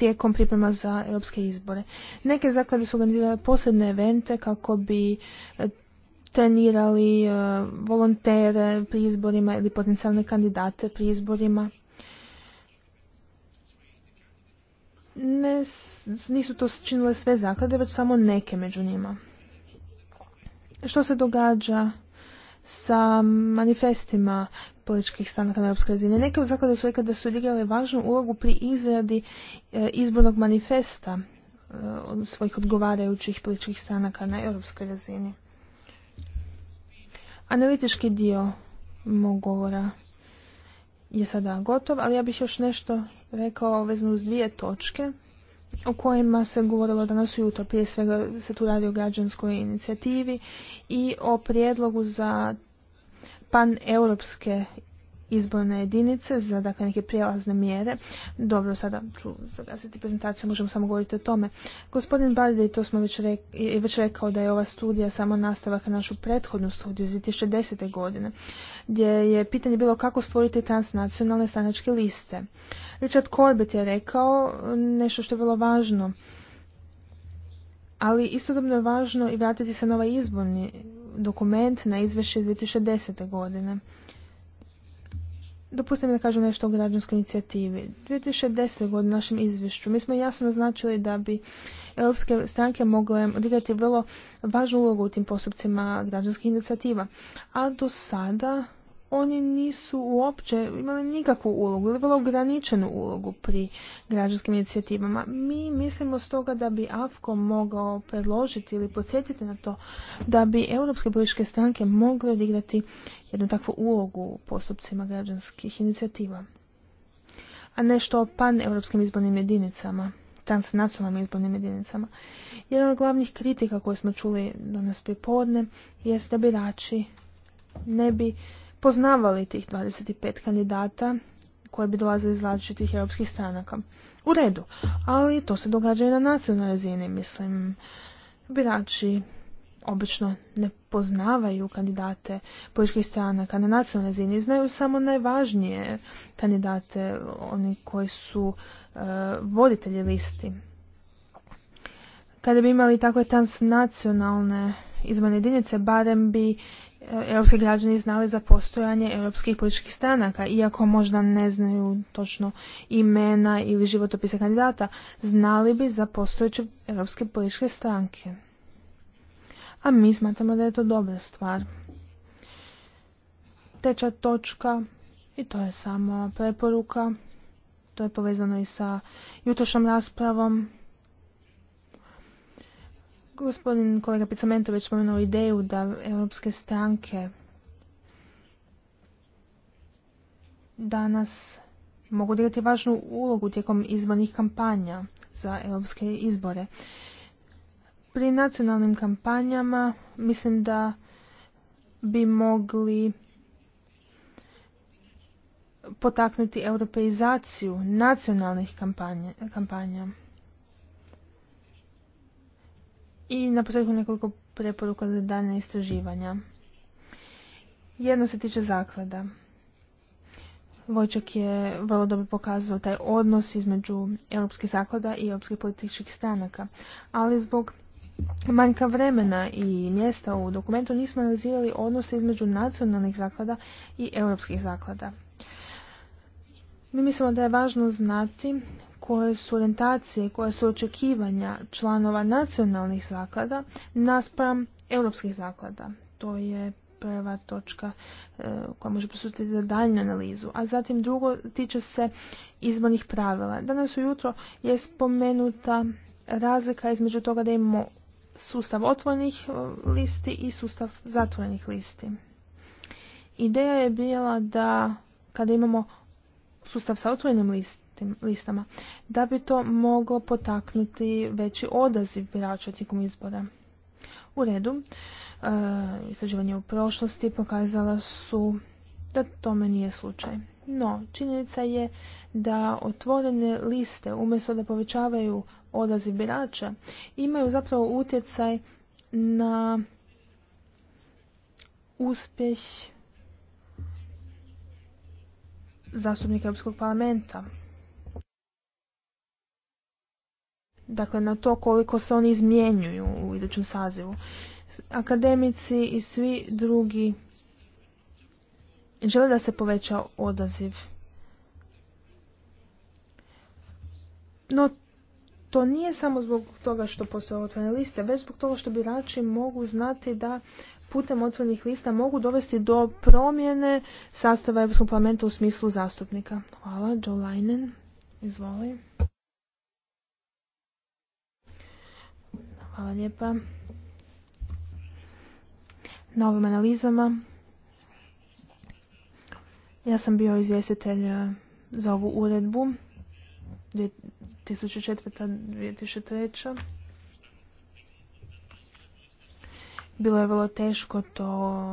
tijekom priprema za europske izbore. Neke zaklade su organizirale posebne evente kako bi e, trenirali e, volontere pri izborima ili potencijalne kandidate pri izborima. Ne, nisu to činile sve zaklade, već samo neke među njima. Što se događa sa manifestima političkih stanaka na europskoj razini. Neke od zaklade su rekli su odigrale važnu ulogu pri izradi e, izbornog manifesta e, od svojih odgovarajućih političkih stanaka na europskoj razini. Analitički dio mog govora je sada gotov, ali ja bih još nešto rekao vezano uz dvije točke o kojima se govorilo danas ujutro. Prije svega se tu radi o građanskoj inicijativi i o prijedlogu za pan-europske izborne jedinice za dakle, neke prijelazne mjere. Dobro, sada ću zagasiti prezentaciju, možemo samo govoriti o tome. Gospodin Bardi, to smo već, re, već rekao da je ova studija samo nastavak na našu prethodnu studiju iz 2010. godine, gdje je pitanje bilo kako stvoriti transnacionalne stanačke liste. Richard Corbett je rekao nešto što je bilo važno, ali istodobno je važno i vratiti se na ovaj izborni dokument na izvješće iz 2010. godine. Dopustite mi da kažem nešto o građanskoj inicijativi. 2010. godine u našem izvješću mi smo jasno naznačili da bi europske stranke mogle odigrati vrlo važnu ulogu u tim postupcima građanskih inicijativa. A do sada oni nisu uopće imali nikakvu ulogu ili vrlo ograničenu ulogu pri građanskim inicijativama. Mi mislimo stoga da bi AFKO mogao predložiti ili podsjetiti na to da bi europske političke stranke mogle odigrati jednu takvu ulogu u postupcima građanskih inicijativa. A nešto o pan-europskim izbornim jedinicama transnacionalnim izbornim jedinicama. Jedan od glavnih kritika koje smo čuli danas podne jest da birači ne bi poznavali tih 25 kandidata koje bi dolazili iz različitih europskih stranaka. U redu, ali to se događa i na nacionalnoj razini, mislim. Birači obično ne poznavaju kandidate političkih stranaka na nacionalnoj razini, znaju samo najvažnije kandidate, oni koji su e, voditelji listi. Kada bi imali takve transnacionalne izvan jedinice, barem bi europski građani znali za postojanje europskih političkih stranaka, iako možda ne znaju točno imena ili životopise kandidata, znali bi za postojeće europske političke stranke. A mi smatramo da je to dobra stvar. Teča točka, i to je samo preporuka, to je povezano i sa jutrošnjom raspravom Gospodin kolega Picamento već spomenuo ideju da europske stranke danas mogu dirati važnu ulogu tijekom izbornih kampanja za europske izbore. Pri nacionalnim kampanjama mislim da bi mogli potaknuti europeizaciju nacionalnih kampanja. kampanja. I na nekoliko preporuka za daljne istraživanja. Jedno se tiče zaklada. Vojčak je vrlo dobro pokazao taj odnos između europskih zaklada i europskih političkih stranaka. Ali zbog manjka vremena i mjesta u dokumentu nismo analizirali odnose između nacionalnih zaklada i europskih zaklada. Mi mislimo da je važno znati koje su orientacije, koje su očekivanja članova nacionalnih zaklada naspram europskih zaklada. To je prva točka e, koja može posutiti za daljnju analizu. A zatim drugo tiče se izbornih pravila. Danas ujutro je spomenuta razlika između toga da imamo sustav otvorenih e, listi i sustav zatvorenih listi. Ideja je bila da kada imamo sustav sa otvorenim listom, listama, da bi to moglo potaknuti veći odaziv birača tijekom izbora. U redu, e, istraživanje u prošlosti pokazala su da tome nije slučaj. No, činjenica je da otvorene liste, umjesto da povećavaju odaziv birača, imaju zapravo utjecaj na uspjeh zastupnika Europskog parlamenta. dakle na to koliko se oni izmjenjuju u idućem sazivu. Akademici i svi drugi žele da se poveća odaziv. No, to nije samo zbog toga što postoje otvorene liste, već zbog toga što birači mogu znati da putem otvorenih lista mogu dovesti do promjene sastava Europskog parlamenta u smislu zastupnika. Hvala, Joe Leinen. Izvoli. Hvala lijepa. Na ovim analizama ja sam bio izvjestitelj eh, za ovu uredbu 2004-2003. Bilo je vrlo teško to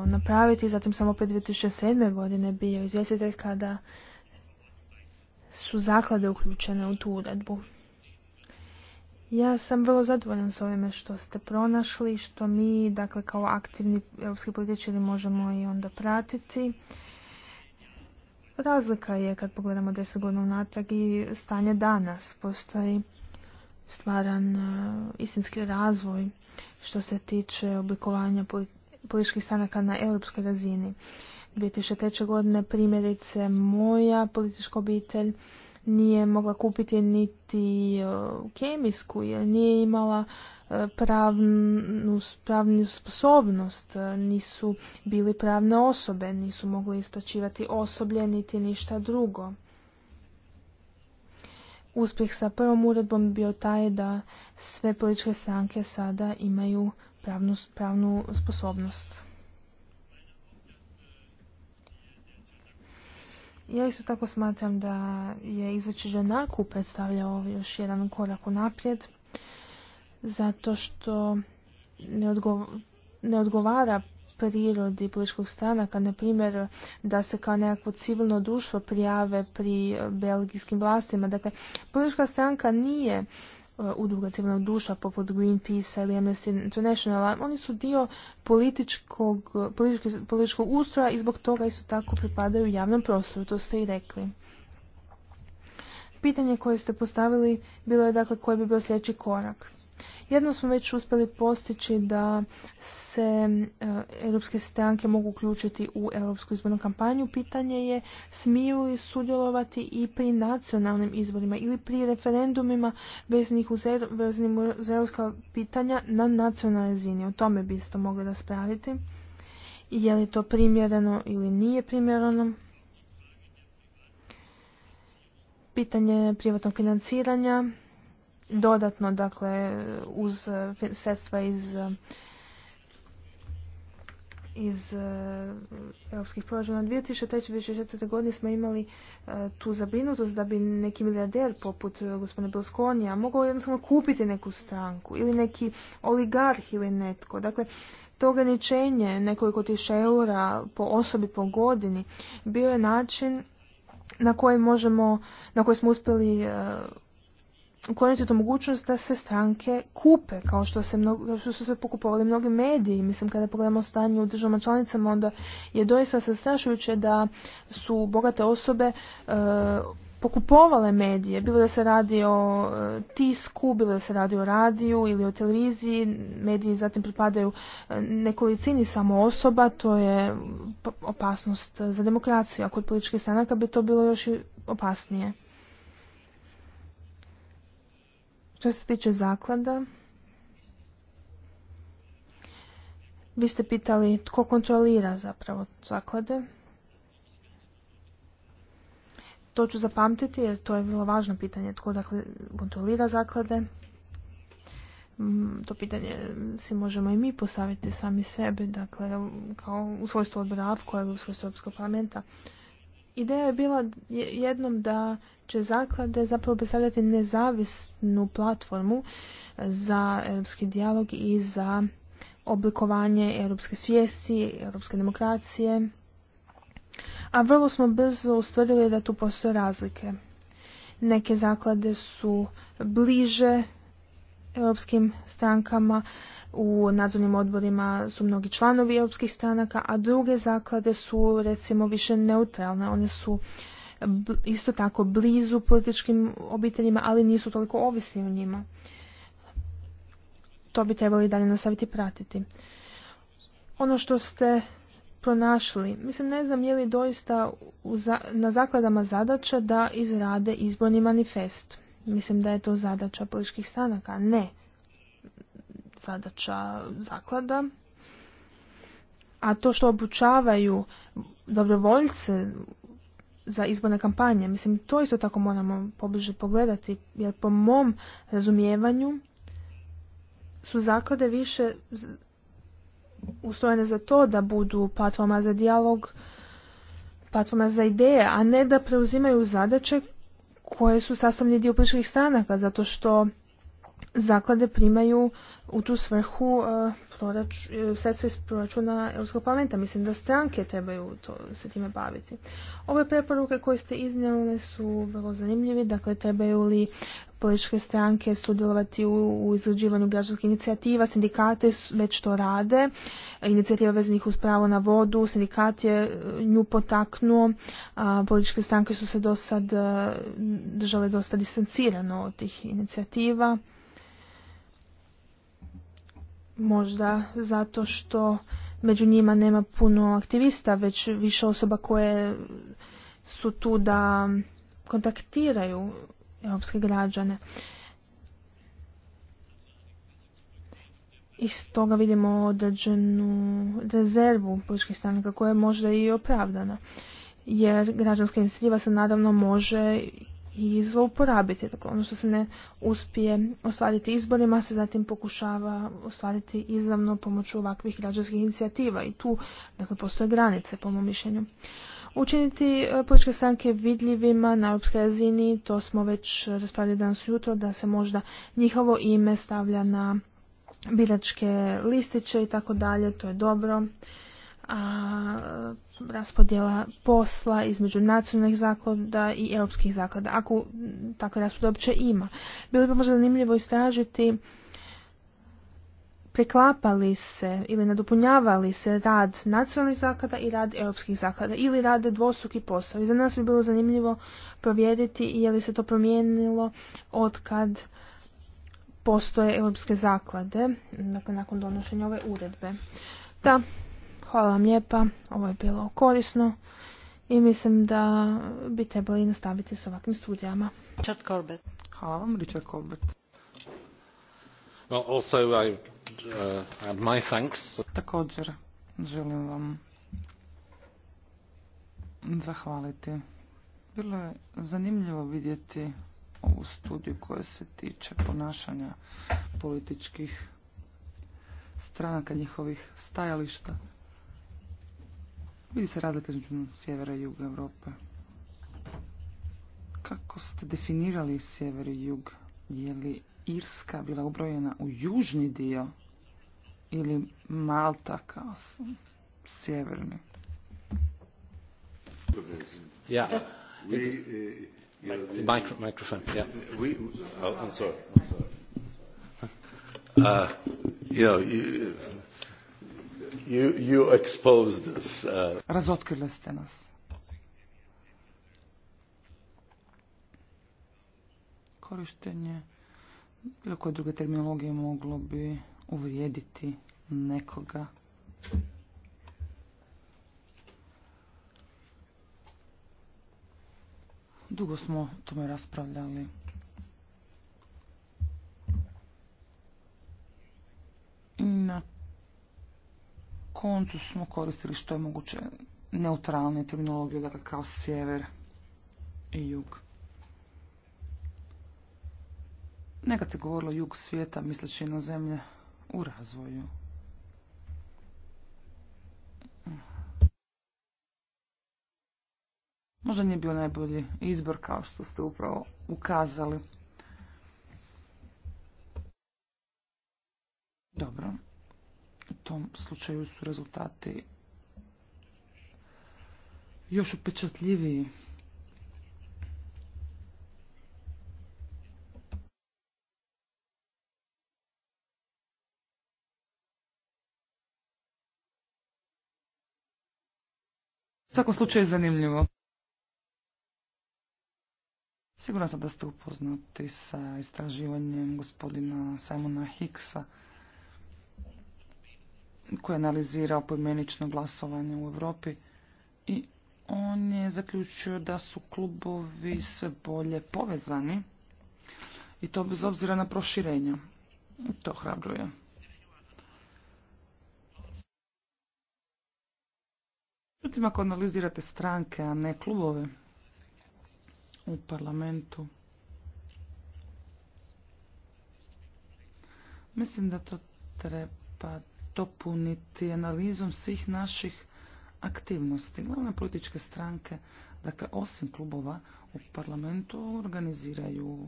napraviti, zatim sam opet 2007. godine bio izvjestitelj kada su zaklade uključene u tu uredbu. Ja sam vrlo zadovoljan s ovime što ste pronašli, što mi dakle, kao aktivni europski političari možemo i onda pratiti. Razlika je kad pogledamo deset godina unatrag i stanje danas. Postoji stvaran e, istinski razvoj što se tiče oblikovanja političkih stranaka na europskoj razini. 2003. godine primjerice moja politička obitelj nije mogla kupiti niti e, kemijsku jer nije imala e, pravnu, pravnu sposobnost, e, nisu bili pravne osobe, nisu mogli isplaćivati osoblje niti ništa drugo. Uspjeh sa prvom uredbom bio taj da sve političke stranke sada imaju pravnu, pravnu sposobnost. Ja isto tako smatram da je izveće ženaku predstavljao još jedan korak u naprijed, zato što ne, odgovara prirodi političkog stranaka, na primjer da se kao nekakvo civilno društvo prijave pri belgijskim vlastima. Dakle, politička stranka nije Uh, udruga civilnog duša poput Greenpeace ili Amnesty International, oni su dio političkog, političkog, političkog ustroja i zbog toga isto tako pripadaju javnom prostoru, to ste i rekli. Pitanje koje ste postavili bilo je dakle koji bi bio sljedeći korak. Jedno smo već uspjeli postići da se e, europske stranke mogu uključiti u europsku izbornu kampanju. Pitanje je smiju li sudjelovati i pri nacionalnim izborima ili pri referendumima veznih uz, europska pitanja na nacionalnoj razini. O tome bi isto mogli raspraviti. Je li to primjereno ili nije primjereno? Pitanje privatnog financiranja dodatno, dakle, uz e, sredstva iz e, iz e, europskih proračuna. 2003-2004. godine smo imali tu zabrinutost da bi neki milijarder poput gospodina Belskonija mogao jednostavno kupiti neku stranku ili neki oligarh ili netko. Dakle, to ograničenje nekoliko tisuća eura po osobi po godini bio je način na koji možemo, na koji smo uspjeli ukloniti tu mogućnost da se stranke kupe, kao što, se su se pokupovali mnogi mediji. Mislim, kada pogledamo stanje u državama članicama, onda je doista zastrašujuće da su bogate osobe e, pokupovale medije, bilo da se radi o e, tisku, bilo da se radi o radiju ili o televiziji, mediji zatim pripadaju e, nekolicini samo osoba, to je opasnost za demokraciju, a kod političkih stranaka bi to bilo još opasnije. Što se tiče zaklada, vi ste pitali tko kontrolira zapravo zaklade. To ću zapamtiti jer to je bilo važno pitanje tko dakle kontrolira zaklade. Mm, to pitanje si možemo i mi postaviti sami sebi, dakle kao u svojstvu odbora AFKO ili u svojstvu Europskog parlamenta. Ideja je bila jednom da će zaklade zapravo predstavljati nezavisnu platformu za europski dijalog i za oblikovanje europske svijesti, europske demokracije. A vrlo smo brzo ustvrdili da tu postoje razlike. Neke zaklade su bliže europskim strankama, u nadzornim odborima su mnogi članovi europskih stranaka, a druge zaklade su recimo više neutralne, one su isto tako blizu političkim obiteljima, ali nisu toliko ovisni o njima. To bi trebali dalje nastaviti pratiti. Ono što ste pronašli, mislim ne znam je li doista na zakladama zadaća da izrade izborni manifest. Mislim da je to zadaća političkih stranaka, ne zadaća zaklada. A to što obučavaju dobrovoljce za izborne kampanje, mislim to isto tako moramo pobliže pogledati, jer po mom razumijevanju su zaklade više ustrojene za to da budu platforma za dijalog, platforma za ideje, a ne da preuzimaju zadaće koje su sastavni dio političkih stranaka, zato što zaklade primaju u tu svrhu e, e, sredstva iz proračuna Europskog parlamenta. Mislim da stranke trebaju to, se time baviti. Ove preporuke koje ste iznijeli su vrlo zanimljivi. dakle trebaju li političke stranke sudjelovati u, u izrađivanju građanskih inicijativa, sindikate već to rade, inicijativa vezanih uz pravo na vodu, sindikat je eh, nju potaknuo, političke stranke su se do sad eh, držale dosta distancirano od tih inicijativa. Možda zato što među njima nema puno aktivista, već više osoba koje su tu da kontaktiraju europske građane. I stoga vidimo određenu rezervu političkih stranaka koja je možda i opravdana. Jer građanska inicijativa se naravno može i zlouporabiti. Dakle, ono što se ne uspije ostvariti izborima se zatim pokušava ostvariti izravno pomoću ovakvih građanskih inicijativa i tu dakle, postoje granice po mom mišljenju učiniti e, političke stranke vidljivima na europskoj razini, to smo već raspravljali danas jutro, da se možda njihovo ime stavlja na biračke listiće i tako dalje, to je dobro. A, raspodjela posla između nacionalnih zaklada i europskih zaklada, ako takve raspodjela uopće ima. Bilo bi možda zanimljivo istražiti preklapali se ili nadopunjavali se rad nacionalnih zaklada i rad europskih zaklada ili rade dvostruki posao. I za nas bi bilo zanimljivo provjeriti je li se to promijenilo od kad postoje europske zaklade, dakle, nakon donošenja ove uredbe. Da, hvala vam lijepa, ovo je bilo korisno i mislim da bi trebali nastaviti s ovakvim studijama. Richard Corbett. Hvala vam, Richard Corbett. Well, also I Uh, Također želim vam zahvaliti. Bilo je zanimljivo vidjeti ovu studiju koja se tiče ponašanja političkih stranaka njihovih stajališta. Vidi se razlika između sjevera i juga Europe. Kako ste definirali sjever i jug? Je li Irska bila ubrojena u južni dio ili Malta kao sjeverni. Ja. Uh, Mikrofon, ja. Oh, I'm sorry. Uh, you know, you, you, you exposed us. Uh... Razotkrili ste nas. Korištenje bilo koje druge terminologije moglo bi uvrijediti nekoga. Dugo smo o tome raspravljali. I na koncu smo koristili što je moguće neutralne terminologije dakle kao sjever i jug. Nekad se govorilo jug svijeta, misleći na zemlje u razvoju. Možda nije bio najbolji izbor, kao što ste upravo ukazali. Dobro. U tom slučaju su rezultati još upečatljiviji. svakom slučaju zanimljivo. Sigurno sam da ste upoznati sa istraživanjem gospodina Simona Hicksa koji je analizirao poimenično glasovanje u Europi i on je zaključio da su klubovi sve bolje povezani i to bez obzira na proširenje. To hrabruje. Međutim, ako analizirate stranke, a ne klubove u parlamentu, mislim da to treba dopuniti analizom svih naših aktivnosti. Glavne političke stranke, dakle osim klubova u parlamentu, organiziraju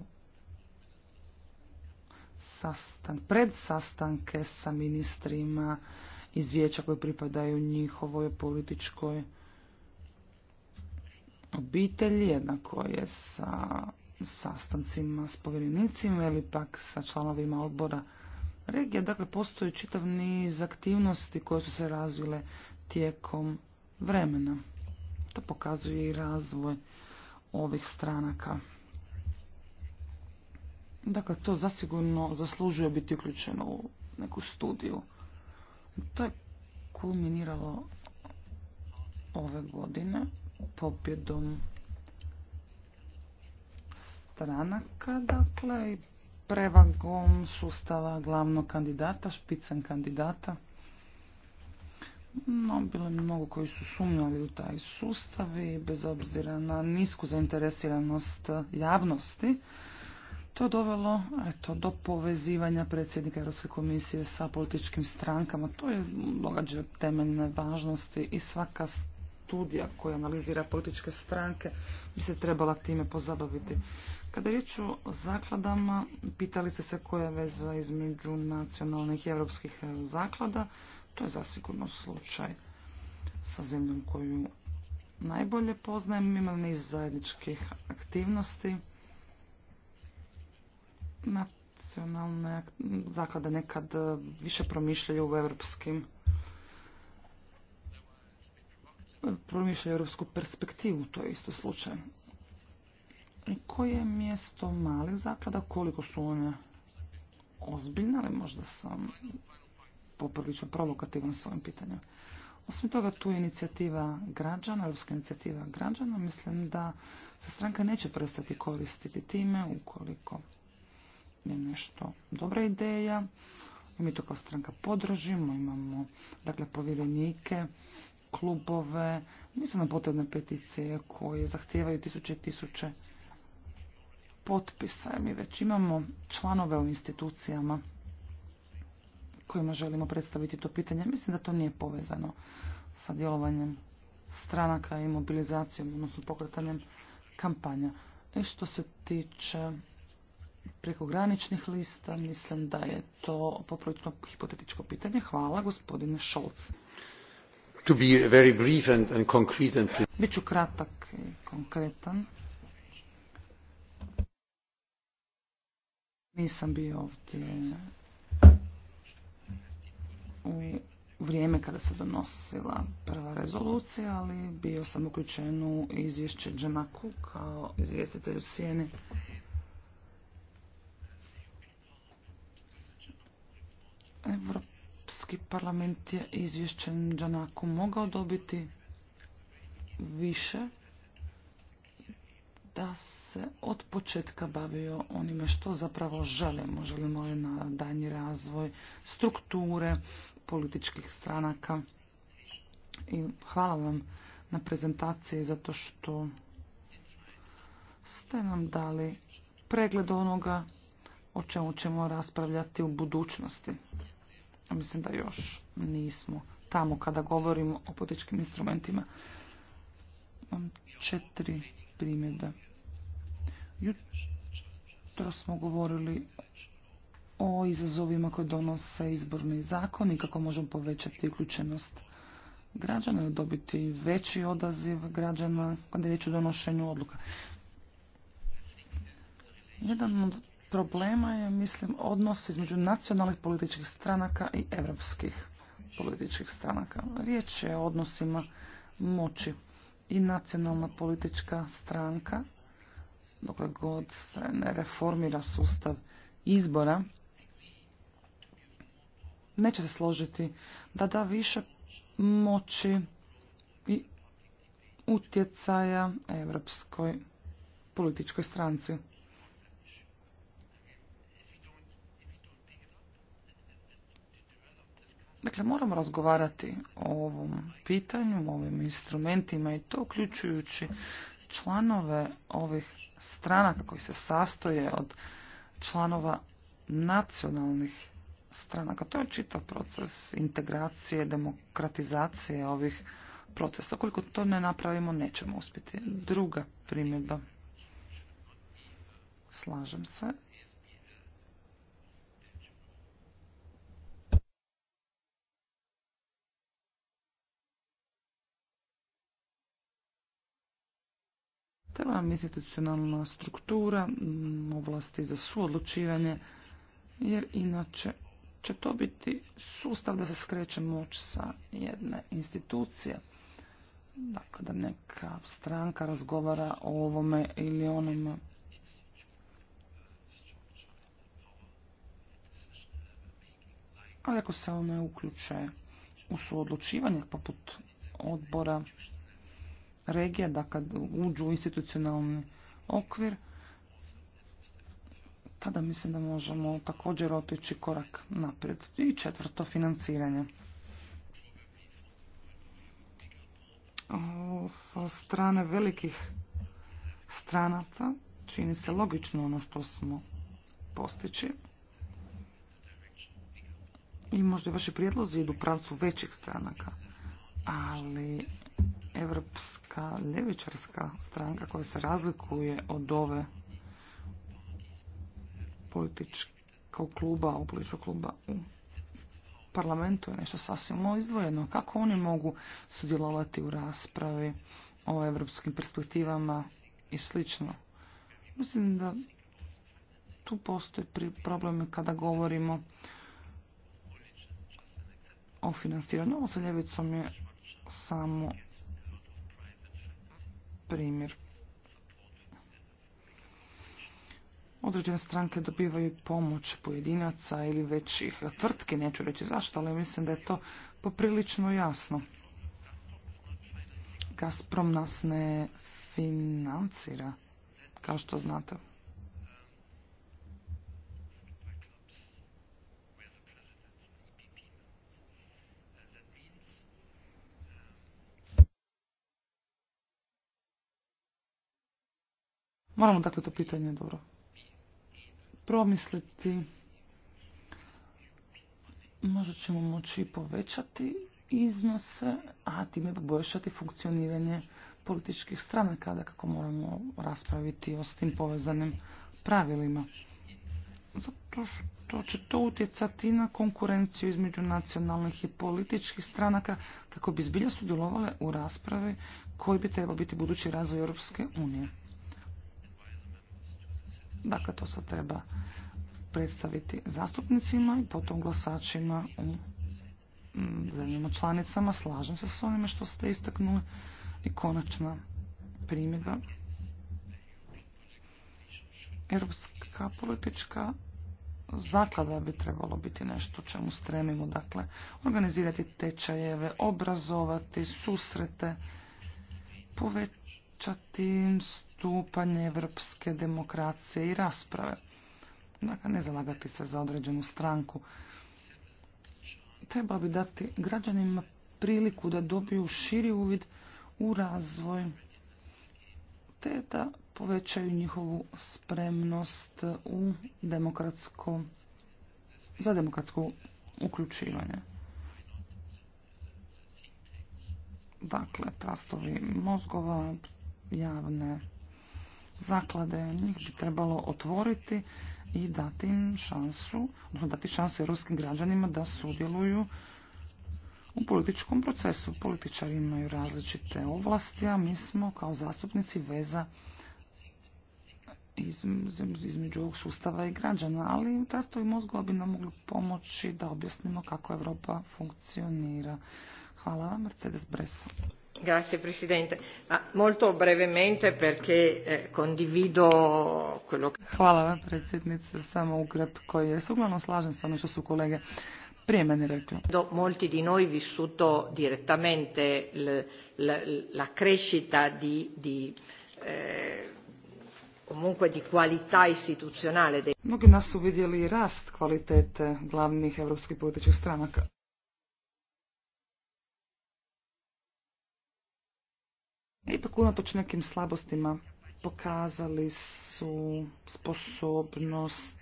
pred sastanke sa ministrima, izvijeća koje pripadaju njihovoj političkoj obitelji, jednako je sa sastancima s povjerenicima ili pak sa članovima odbora regije. Dakle, postoji čitav niz aktivnosti koje su se razvile tijekom vremena. To pokazuje i razvoj ovih stranaka. Dakle, to zasigurno zaslužuje biti uključeno u neku studiju. To je kulminiralo ove godine pobjedom stranaka, dakle, i prevagom sustava glavnog kandidata, špicen kandidata. No, bilo je mnogo koji su sumnjali u taj sustav i bez obzira na nisku zainteresiranost javnosti, to je dovelo eto, do povezivanja predsjednika Europske komisije sa političkim strankama. To je događaj temeljne važnosti i svaka studija koja analizira političke stranke bi se trebala time pozabaviti. Kada je riječ o zakladama, pitali ste se koja je veza između nacionalnih i europskih zaklada. To je zasigurno slučaj sa zemljom koju najbolje poznajem. Imam niz zajedničkih aktivnosti nacionalne zaklade nekad e, više promišljaju u europskim promišljaju europsku perspektivu, to je isto slučaj. Koje je mjesto malih zaklada, koliko su one ozbiljne, ali možda sam poprilično provokativan s ovim pitanjem. Osim toga, tu je inicijativa građana, europska inicijativa građana. Mislim da se stranka neće prestati koristiti time ukoliko je nešto dobra ideja. I mi to kao stranka podržimo, imamo dakle povjerenike, klubove, nisu nam potrebne peticije koje zahtijevaju tisuće i tisuće potpisa. Mi već imamo članove u institucijama kojima želimo predstaviti to pitanje. Mislim da to nije povezano sa djelovanjem stranaka i mobilizacijom, odnosno pokretanjem kampanja. I e, što se tiče prekograničnih lista, mislim da je to poprilično hipotetičko pitanje. Hvala, gospodine Šolc. To be very brief and, concrete Biću kratak i konkretan. Nisam bio ovdje u vrijeme kada se donosila prva rezolucija, ali bio sam uključen u izvješće Džemaku kao izvjestitelj u Sijeni. Europski parlament je izvješćen džanaku mogao dobiti više da se od početka bavio onime što zapravo želimo. Želimo je na danji razvoj strukture političkih stranaka. I hvala vam na prezentaciji zato što ste nam dali pregled onoga o čemu ćemo raspravljati u budućnosti. Ja mislim da još nismo tamo kada govorimo o političkim instrumentima. Imam četiri primjedbe. Jutro smo govorili o izazovima koje donose izborni zakon i kako možemo povećati uključenost građana, dobiti veći odaziv građana kada je riječ o donošenju odluka. Jedan od problema je, mislim, odnos između nacionalnih političkih stranaka i evropskih političkih stranaka. Riječ je o odnosima moći i nacionalna politička stranka, dok god se ne reformira sustav izbora, neće se složiti da da više moći i utjecaja evropskoj političkoj stranci. Dakle, moramo razgovarati o ovom pitanju, o ovim instrumentima i to uključujući članove ovih stranaka koji se sastoje od članova nacionalnih stranaka. To je čitav proces integracije, demokratizacije ovih procesa. Koliko to ne napravimo, nećemo uspjeti. Druga primjedba. Slažem se te vam institucionalna struktura, mm, ovlasti za suodlučivanje, jer inače će to biti sustav da se skreće moć sa jedne institucije. Dakle, da neka stranka razgovara o ovome ili onome. Ali ako se one uključe u suodlučivanje, poput odbora regija, da kad uđu u institucionalni okvir, tada mislim da možemo također otići korak naprijed. I četvrto, financiranje. Sa strane velikih stranaca čini se logično ono što smo postići. I možda vaši prijedlozi idu u pravcu većih stranaka. Ali Evropska ljevičarska stranka koja se razlikuje od ove političkog kluba, u kluba u parlamentu je nešto sasvim izdvojeno. Kako oni mogu sudjelovati u raspravi o evropskim perspektivama i slično? Mislim da tu postoji problem kada govorimo o financiranju. Ovo sa ljevicom je samo primjer. Određene stranke dobivaju pomoć pojedinaca ili većih tvrtki, neću reći zašto, ali mislim da je to poprilično jasno. Gazprom nas ne financira, kao što znate. Moramo dakle to pitanje dobro promisliti. Možda ćemo moći povećati iznose, a time poboljšati funkcioniranje političkih stranaka, da kako moramo raspraviti o s tim povezanim pravilima. Zato što će to utjecati na konkurenciju između nacionalnih i političkih stranaka kako bi zbilja sudjelovale u raspravi koji bi trebao biti budući razvoj Europske unije. Dakle, to se treba predstaviti zastupnicima i potom glasačima u mm, zemljama članicama. Slažem se s onime što ste istaknuli i konačna primjedba. Europska politička zaklada bi trebalo biti nešto čemu stremimo, dakle, organizirati tečajeve, obrazovati susrete, povećati stupanj evropske demokracije i rasprave. Dakle, ne zalagati se za određenu stranku. Treba bi dati građanima priliku da dobiju širi uvid u razvoj te da povećaju njihovu spremnost u za demokratsko uključivanje. Dakle, trastovi mozgova, javne zaklade njih trebalo otvoriti i dati im šansu, odnosno dati šansu europskim građanima da sudjeluju u političkom procesu. Političari imaju različite ovlasti, a mi smo kao zastupnici veza između ovog sustava i građana, ali testovi mozgova bi nam mogli pomoći da objasnimo kako Europa funkcionira. Hvala vam, Mercedes Bresa. Grazie Presidente. Ma molto brevemente perché eh, condivido quello che... Hvala vam predsjednice, samo ukratko je. uglavnom slažem s onim što su kolege prije mene rekli. Do molti di noi vissuto direttamente l, l, la crescita di, di eh, comunque di qualità istituzionale. Mnogi nas su vidjeli rast kvalitete glavnih europskih političkih stranaka. ipak unatoč nekim slabostima pokazali su sposobnost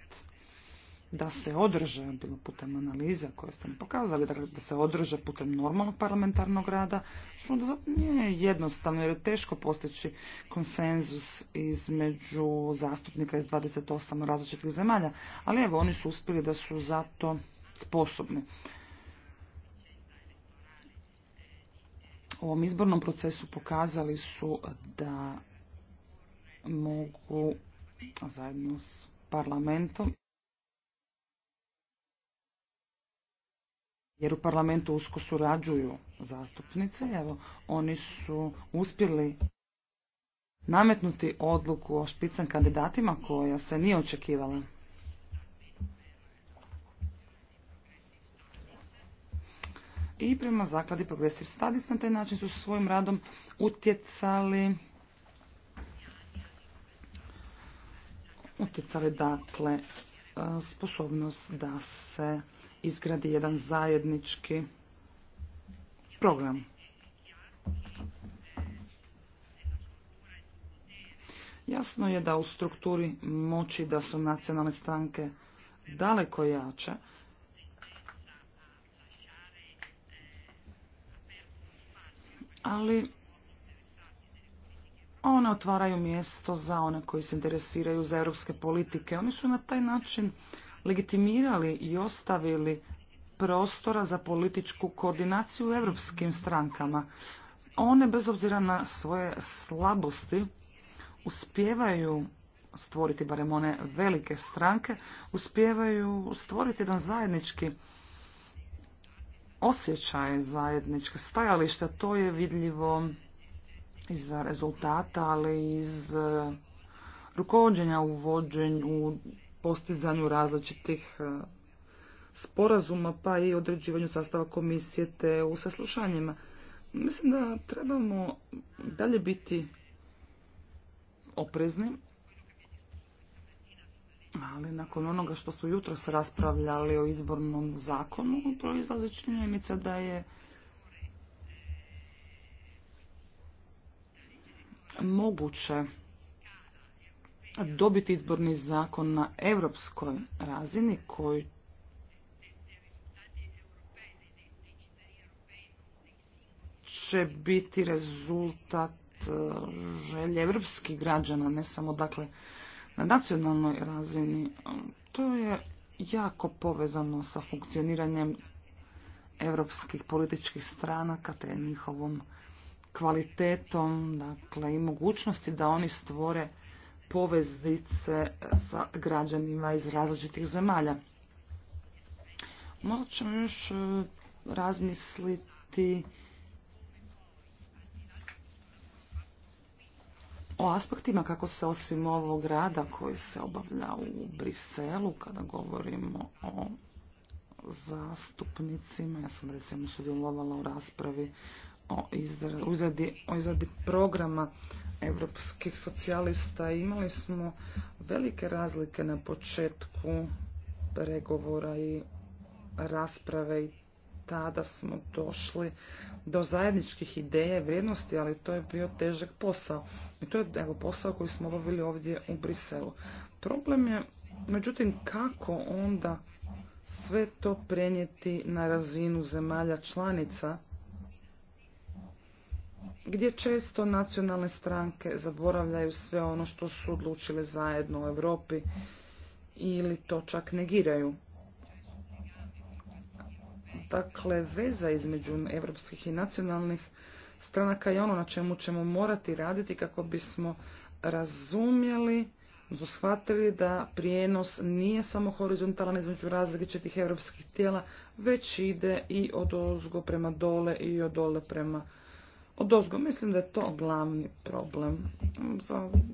da se održe, bilo putem analiza koje ste mi pokazali, dakle da se održe putem normalnog parlamentarnog rada, što nije jednostavno jer je teško postići konsenzus između zastupnika iz 28 različitih zemalja, ali evo oni su uspjeli da su zato sposobni. ovom izbornom procesu pokazali su da mogu zajedno s parlamentom jer u parlamentu usko surađuju zastupnice, evo oni su uspjeli nametnuti odluku o špican kandidatima koja se nije očekivala. i prema zakladi Progressive Studies na taj način su svojim radom utjecali utjecali dakle e, sposobnost da se izgradi jedan zajednički program. Jasno je da u strukturi moći da su nacionalne stranke daleko jače, ali one otvaraju mjesto za one koji se interesiraju za europske politike. Oni su na taj način legitimirali i ostavili prostora za političku koordinaciju u europskim strankama. One, bez obzira na svoje slabosti, uspijevaju stvoriti, barem one velike stranke, uspijevaju stvoriti jedan zajednički osjećaj zajedničke stajališta, to je vidljivo iz rezultata, ali iz eh, rukovodđenja u vođenju, u postizanju različitih eh, sporazuma, pa i određivanju sastava komisije te u saslušanjima. Mislim da trebamo dalje biti oprezni ali nakon onoga što su jutro se raspravljali o izbornom zakonu, proizlazi činjenica da je moguće dobiti izborni zakon na europskoj razini koji će biti rezultat eh, želje evropskih građana, ne samo dakle na nacionalnoj razini, to je jako povezano sa funkcioniranjem europskih političkih stranaka te njihovom kvalitetom dakle, i mogućnosti da oni stvore poveznice sa građanima iz različitih zemalja. Možda još e, razmisliti o aspektima kako se osim ovog rada koji se obavlja u Briselu, kada govorimo o zastupnicima, ja sam recimo sudjelovala u raspravi o izradi, o programa evropskih socijalista imali smo velike razlike na početku pregovora i rasprave i tada smo došli do zajedničkih ideja i vrijednosti, ali to je bio težak posao. I to je evo, posao koji smo obavili ovdje u Briselu. Problem je, međutim, kako onda sve to prenijeti na razinu zemalja članica, gdje često nacionalne stranke zaboravljaju sve ono što su odlučile zajedno u Europi ili to čak negiraju dakle veza između europskih i nacionalnih stranaka je ono na čemu ćemo morati raditi kako bismo razumjeli shvatili da prijenos nije samo horizontalan između različitih europskih tijela, već ide i od ozgo prema dole i od dole prema od ozgo. Mislim da je to glavni problem.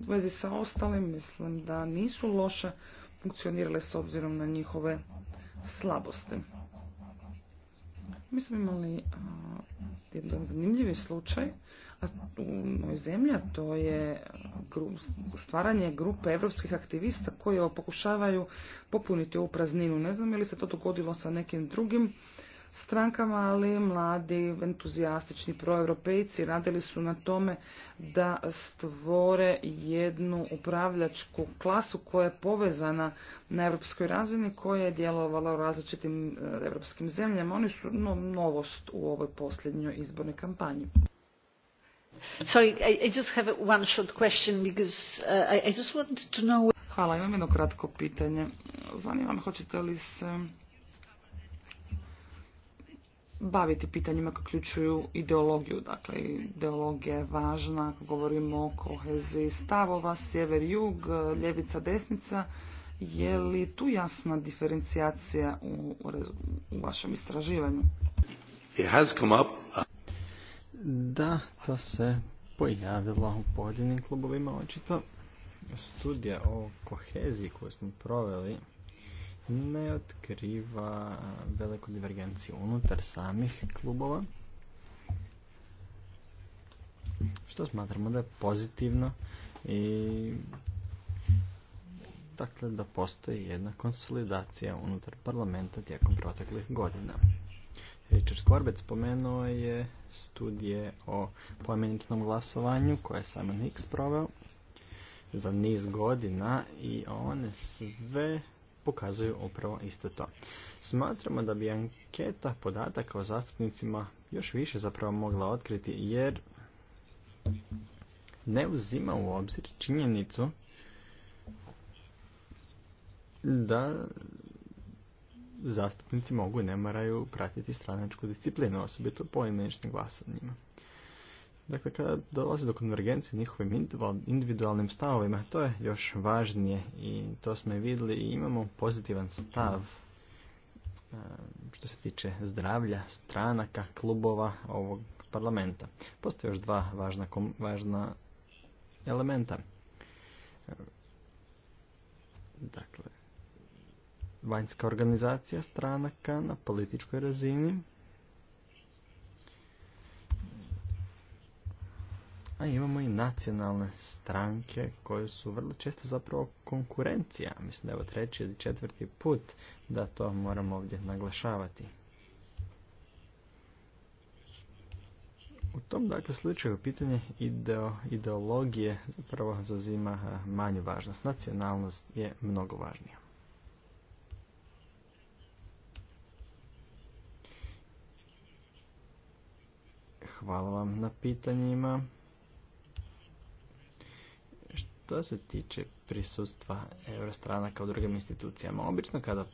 U vezi sa ostalim mislim da nisu loše funkcionirale s obzirom na njihove slabosti. Mi smo imali jedan zanimljivi slučaj a u mojoj zemlji, a to je stvaranje grupe evropskih aktivista koje pokušavaju popuniti ovu prazninu. Ne znam je li se to dogodilo sa nekim drugim strankama, ali mladi, entuzijastični proeuropejci radili su na tome da stvore jednu upravljačku klasu koja je povezana na europskoj razini, koja je djelovala u različitim europskim zemljama. Oni su novost u ovoj posljednjoj izbornoj kampanji. Sorry, I, Hvala, imam jedno kratko pitanje. Zanima hoćete li se baviti pitanjima koje ključuju ideologiju. Dakle, ideologija je važna, ako govorimo o koheziji stavova, sjever-jug, ljevica-desnica. Je li tu jasna diferencijacija u, u vašem istraživanju? Uh, da, to se pojavilo u pojedinim klubovima, očito. Studija o koheziji koju smo proveli ne otkriva veliku divergenciju unutar samih klubova, što smatramo da je pozitivno i dakle da postoji jedna konsolidacija unutar parlamenta tijekom proteklih godina. Richard Corbett spomenuo je studije o pojmeničnom glasovanju koje je Simon Hicks proveo za niz godina i one sve pokazuju upravo isto to. Smatramo da bi anketa podataka o zastupnicima još više zapravo mogla otkriti jer ne uzima u obzir činjenicu da zastupnici mogu i ne moraju pratiti stranačku disciplinu, osobito po imeničnim glasanjima. Dakle, kada dolazi do konvergencije njihovim individualnim stavovima, to je još važnije i to smo i vidjeli i imamo pozitivan stav što se tiče zdravlja, stranaka, klubova ovog parlamenta. Postoje još dva važna, važna elementa. Dakle, vanjska organizacija stranaka na političkoj razini a imamo i nacionalne stranke koje su vrlo često zapravo konkurencija. Mislim da je ovo treći ili četvrti put da to moramo ovdje naglašavati. U tom dakle slučaju pitanje ideo, ideologije zapravo zauzima manju važnost. Nacionalnost je mnogo važnija. Hvala vam na pitanjima. To se tiče prisustva eurostranaka u drugim institucijama. Obično kada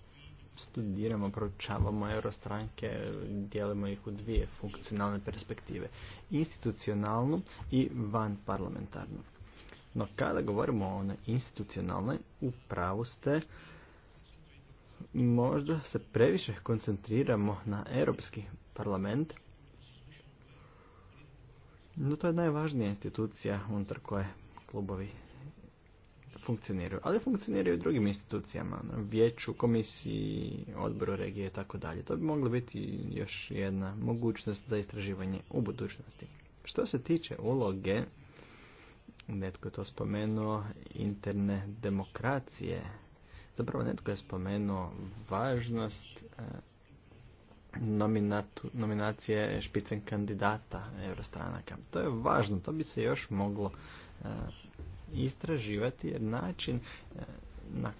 studiramo, proučavamo eurostranke, dijelimo ih u dvije funkcionalne perspektive. Institucionalnu i van parlamentarnu. No kada govorimo o onoj institucionalnoj, u pravu ste, možda se previše koncentriramo na Europski parlament, no to je najvažnija institucija unutar koje klubovi funkcioniraju, ali funkcioniraju i drugim institucijama, ono, vijeću, komisiji, odboru regije i tako dalje. To bi moglo biti još jedna mogućnost za istraživanje u budućnosti. Što se tiče uloge, netko je to spomenuo, interne demokracije, zapravo netko je spomenuo važnost e, nominatu, nominacije špicen kandidata eurostranaka. To je važno, to bi se još moglo e, istraživati jer način e, na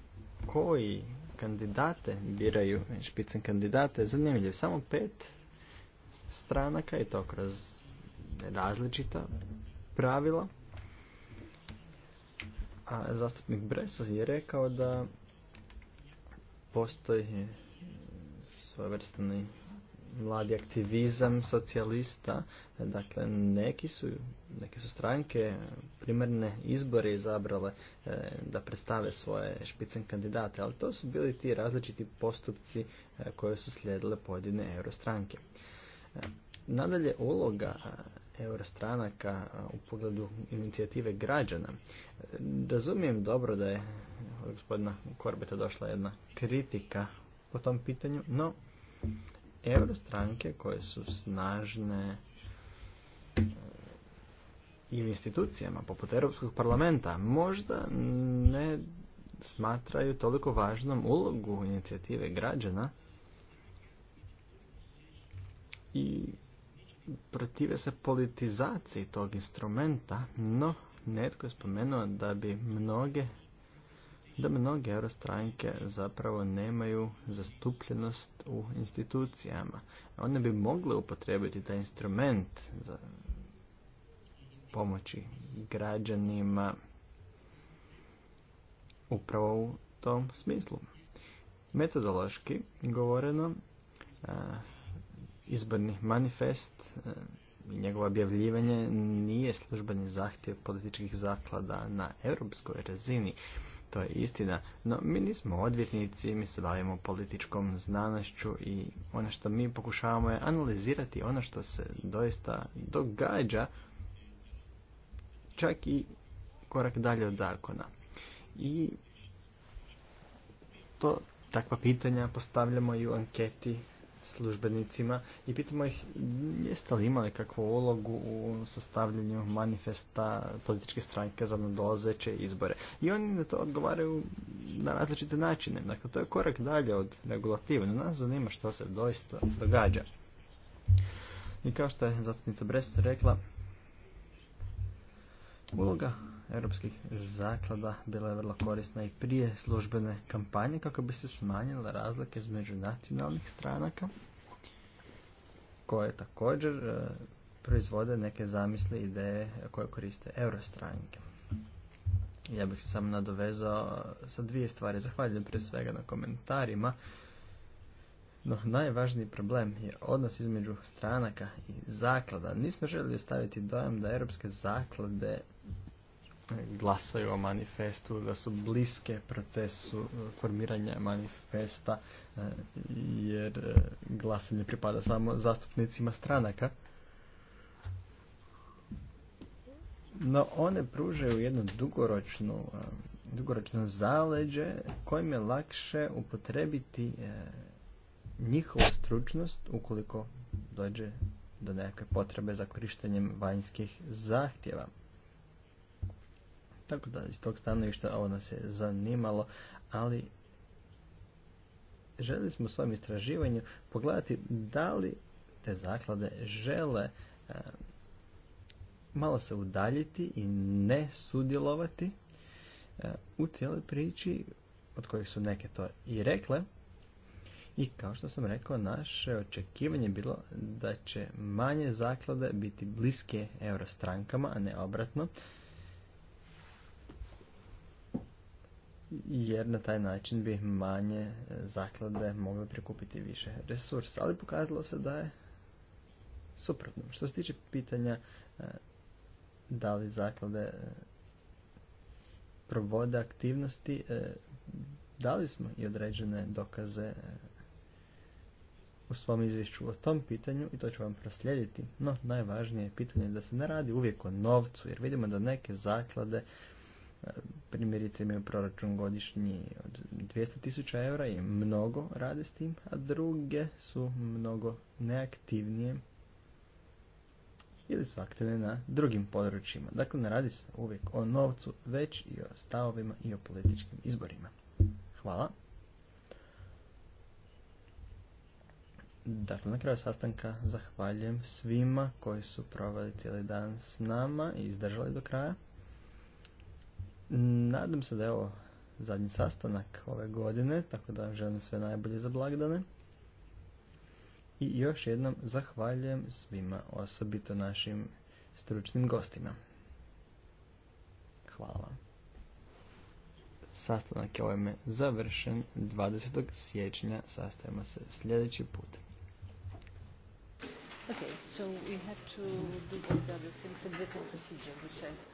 koji kandidate biraju špicen kandidate je Samo pet stranaka i to kroz različita pravila. A zastupnik Breso je rekao da postoji svojevrstan mladi aktivizam socijalista. Dakle, neki su, neke su stranke primjerne izbore izabrale e, da predstave svoje špicen kandidate, ali to su bili ti različiti postupci e, koje su slijedile pojedine eurostranke. E, nadalje, uloga eurostranaka u pogledu inicijative građana. Razumijem dobro da je od gospodina Korbeta došla jedna kritika po tom pitanju, no eurostranke koje su snažne e, i institucijama poput Europskog parlamenta možda ne smatraju toliko važnom ulogu inicijative građana i protive se politizaciji tog instrumenta, no netko je spomenuo da bi mnoge da mnoge eurostranke zapravo nemaju zastupljenost u institucijama. One bi mogle upotrebiti taj instrument za pomoći građanima upravo u tom smislu. Metodološki govoreno, e, izborni manifest i e, njegovo objavljivanje nije službeni zahtjev političkih zaklada na europskoj razini to je istina, no mi nismo odvjetnici, mi se bavimo političkom znanošću i ono što mi pokušavamo je analizirati ono što se doista događa čak i korak dalje od zakona. I to takva pitanja postavljamo i u anketi službenicima i pitamo ih jeste li imali kakvu ulogu u sastavljanju manifesta političke stranke za nadolazeće izbore. I oni na to odgovaraju na različite načine. Dakle, to je korak dalje od regulative. nas zanima što se doista događa. I kao što je zastupnica Brest rekla, uloga europskih zaklada bila je vrlo korisna i prije službene kampanje kako bi se smanjile razlike između nacionalnih stranaka koje također e, proizvode neke i ideje koje koriste eurostranke Ja bih se samo nadovezao e, sa dvije stvari. Zahvaljujem prije svega na komentarima. No, najvažniji problem je odnos između stranaka i zaklada. Nismo željeli staviti dojam da europske zaklade glasaju o manifestu, da su bliske procesu e, formiranja manifesta, e, jer e, glasanje pripada samo zastupnicima stranaka. No, one pružaju jednu dugoročnu, dugoročno zaleđe kojim je lakše upotrebiti njihovu stručnost ukoliko dođe do nekakve potrebe za korištenjem vanjskih zahtjeva. Tako da iz tog stanovišta ovo nas je zanimalo, ali želi smo u svom istraživanju pogledati da li te zaklade žele e, malo se udaljiti i ne sudjelovati e, u cijeloj priči od kojih su neke to i rekle. I kao što sam rekao, naše očekivanje bilo da će manje zaklade biti bliske eurostrankama, a ne obratno, jer na taj način bi manje e, zaklade mogle prikupiti više resursa. Ali pokazalo se da je suprotno. Što se tiče pitanja e, da li zaklade e, provode aktivnosti, dali smo i određene dokaze u svom izvješću o tom pitanju i to ću vam proslijediti. No, najvažnije je pitanje da se ne radi uvijek o novcu, jer vidimo da neke zaklade primjerice imaju proračun godišnji od 200.000 eura i mnogo rade s tim, a druge su mnogo neaktivnije ili su aktivne na drugim područjima. Dakle, ne radi se uvijek o novcu, već i o stavovima i o političkim izborima. Hvala. Dakle, na kraju sastanka zahvaljujem svima koji su provali cijeli dan s nama i izdržali do kraja. Nadam se da je ovo zadnji sastanak ove godine, tako da vam želim sve najbolje za blagdane. I još jednom zahvaljujem svima, osobito našim stručnim gostima. Hvala vam. Sastanak je ovime završen 20. siječnja. sastavimo se sljedeći put. Okay, so we have to do the other procedure,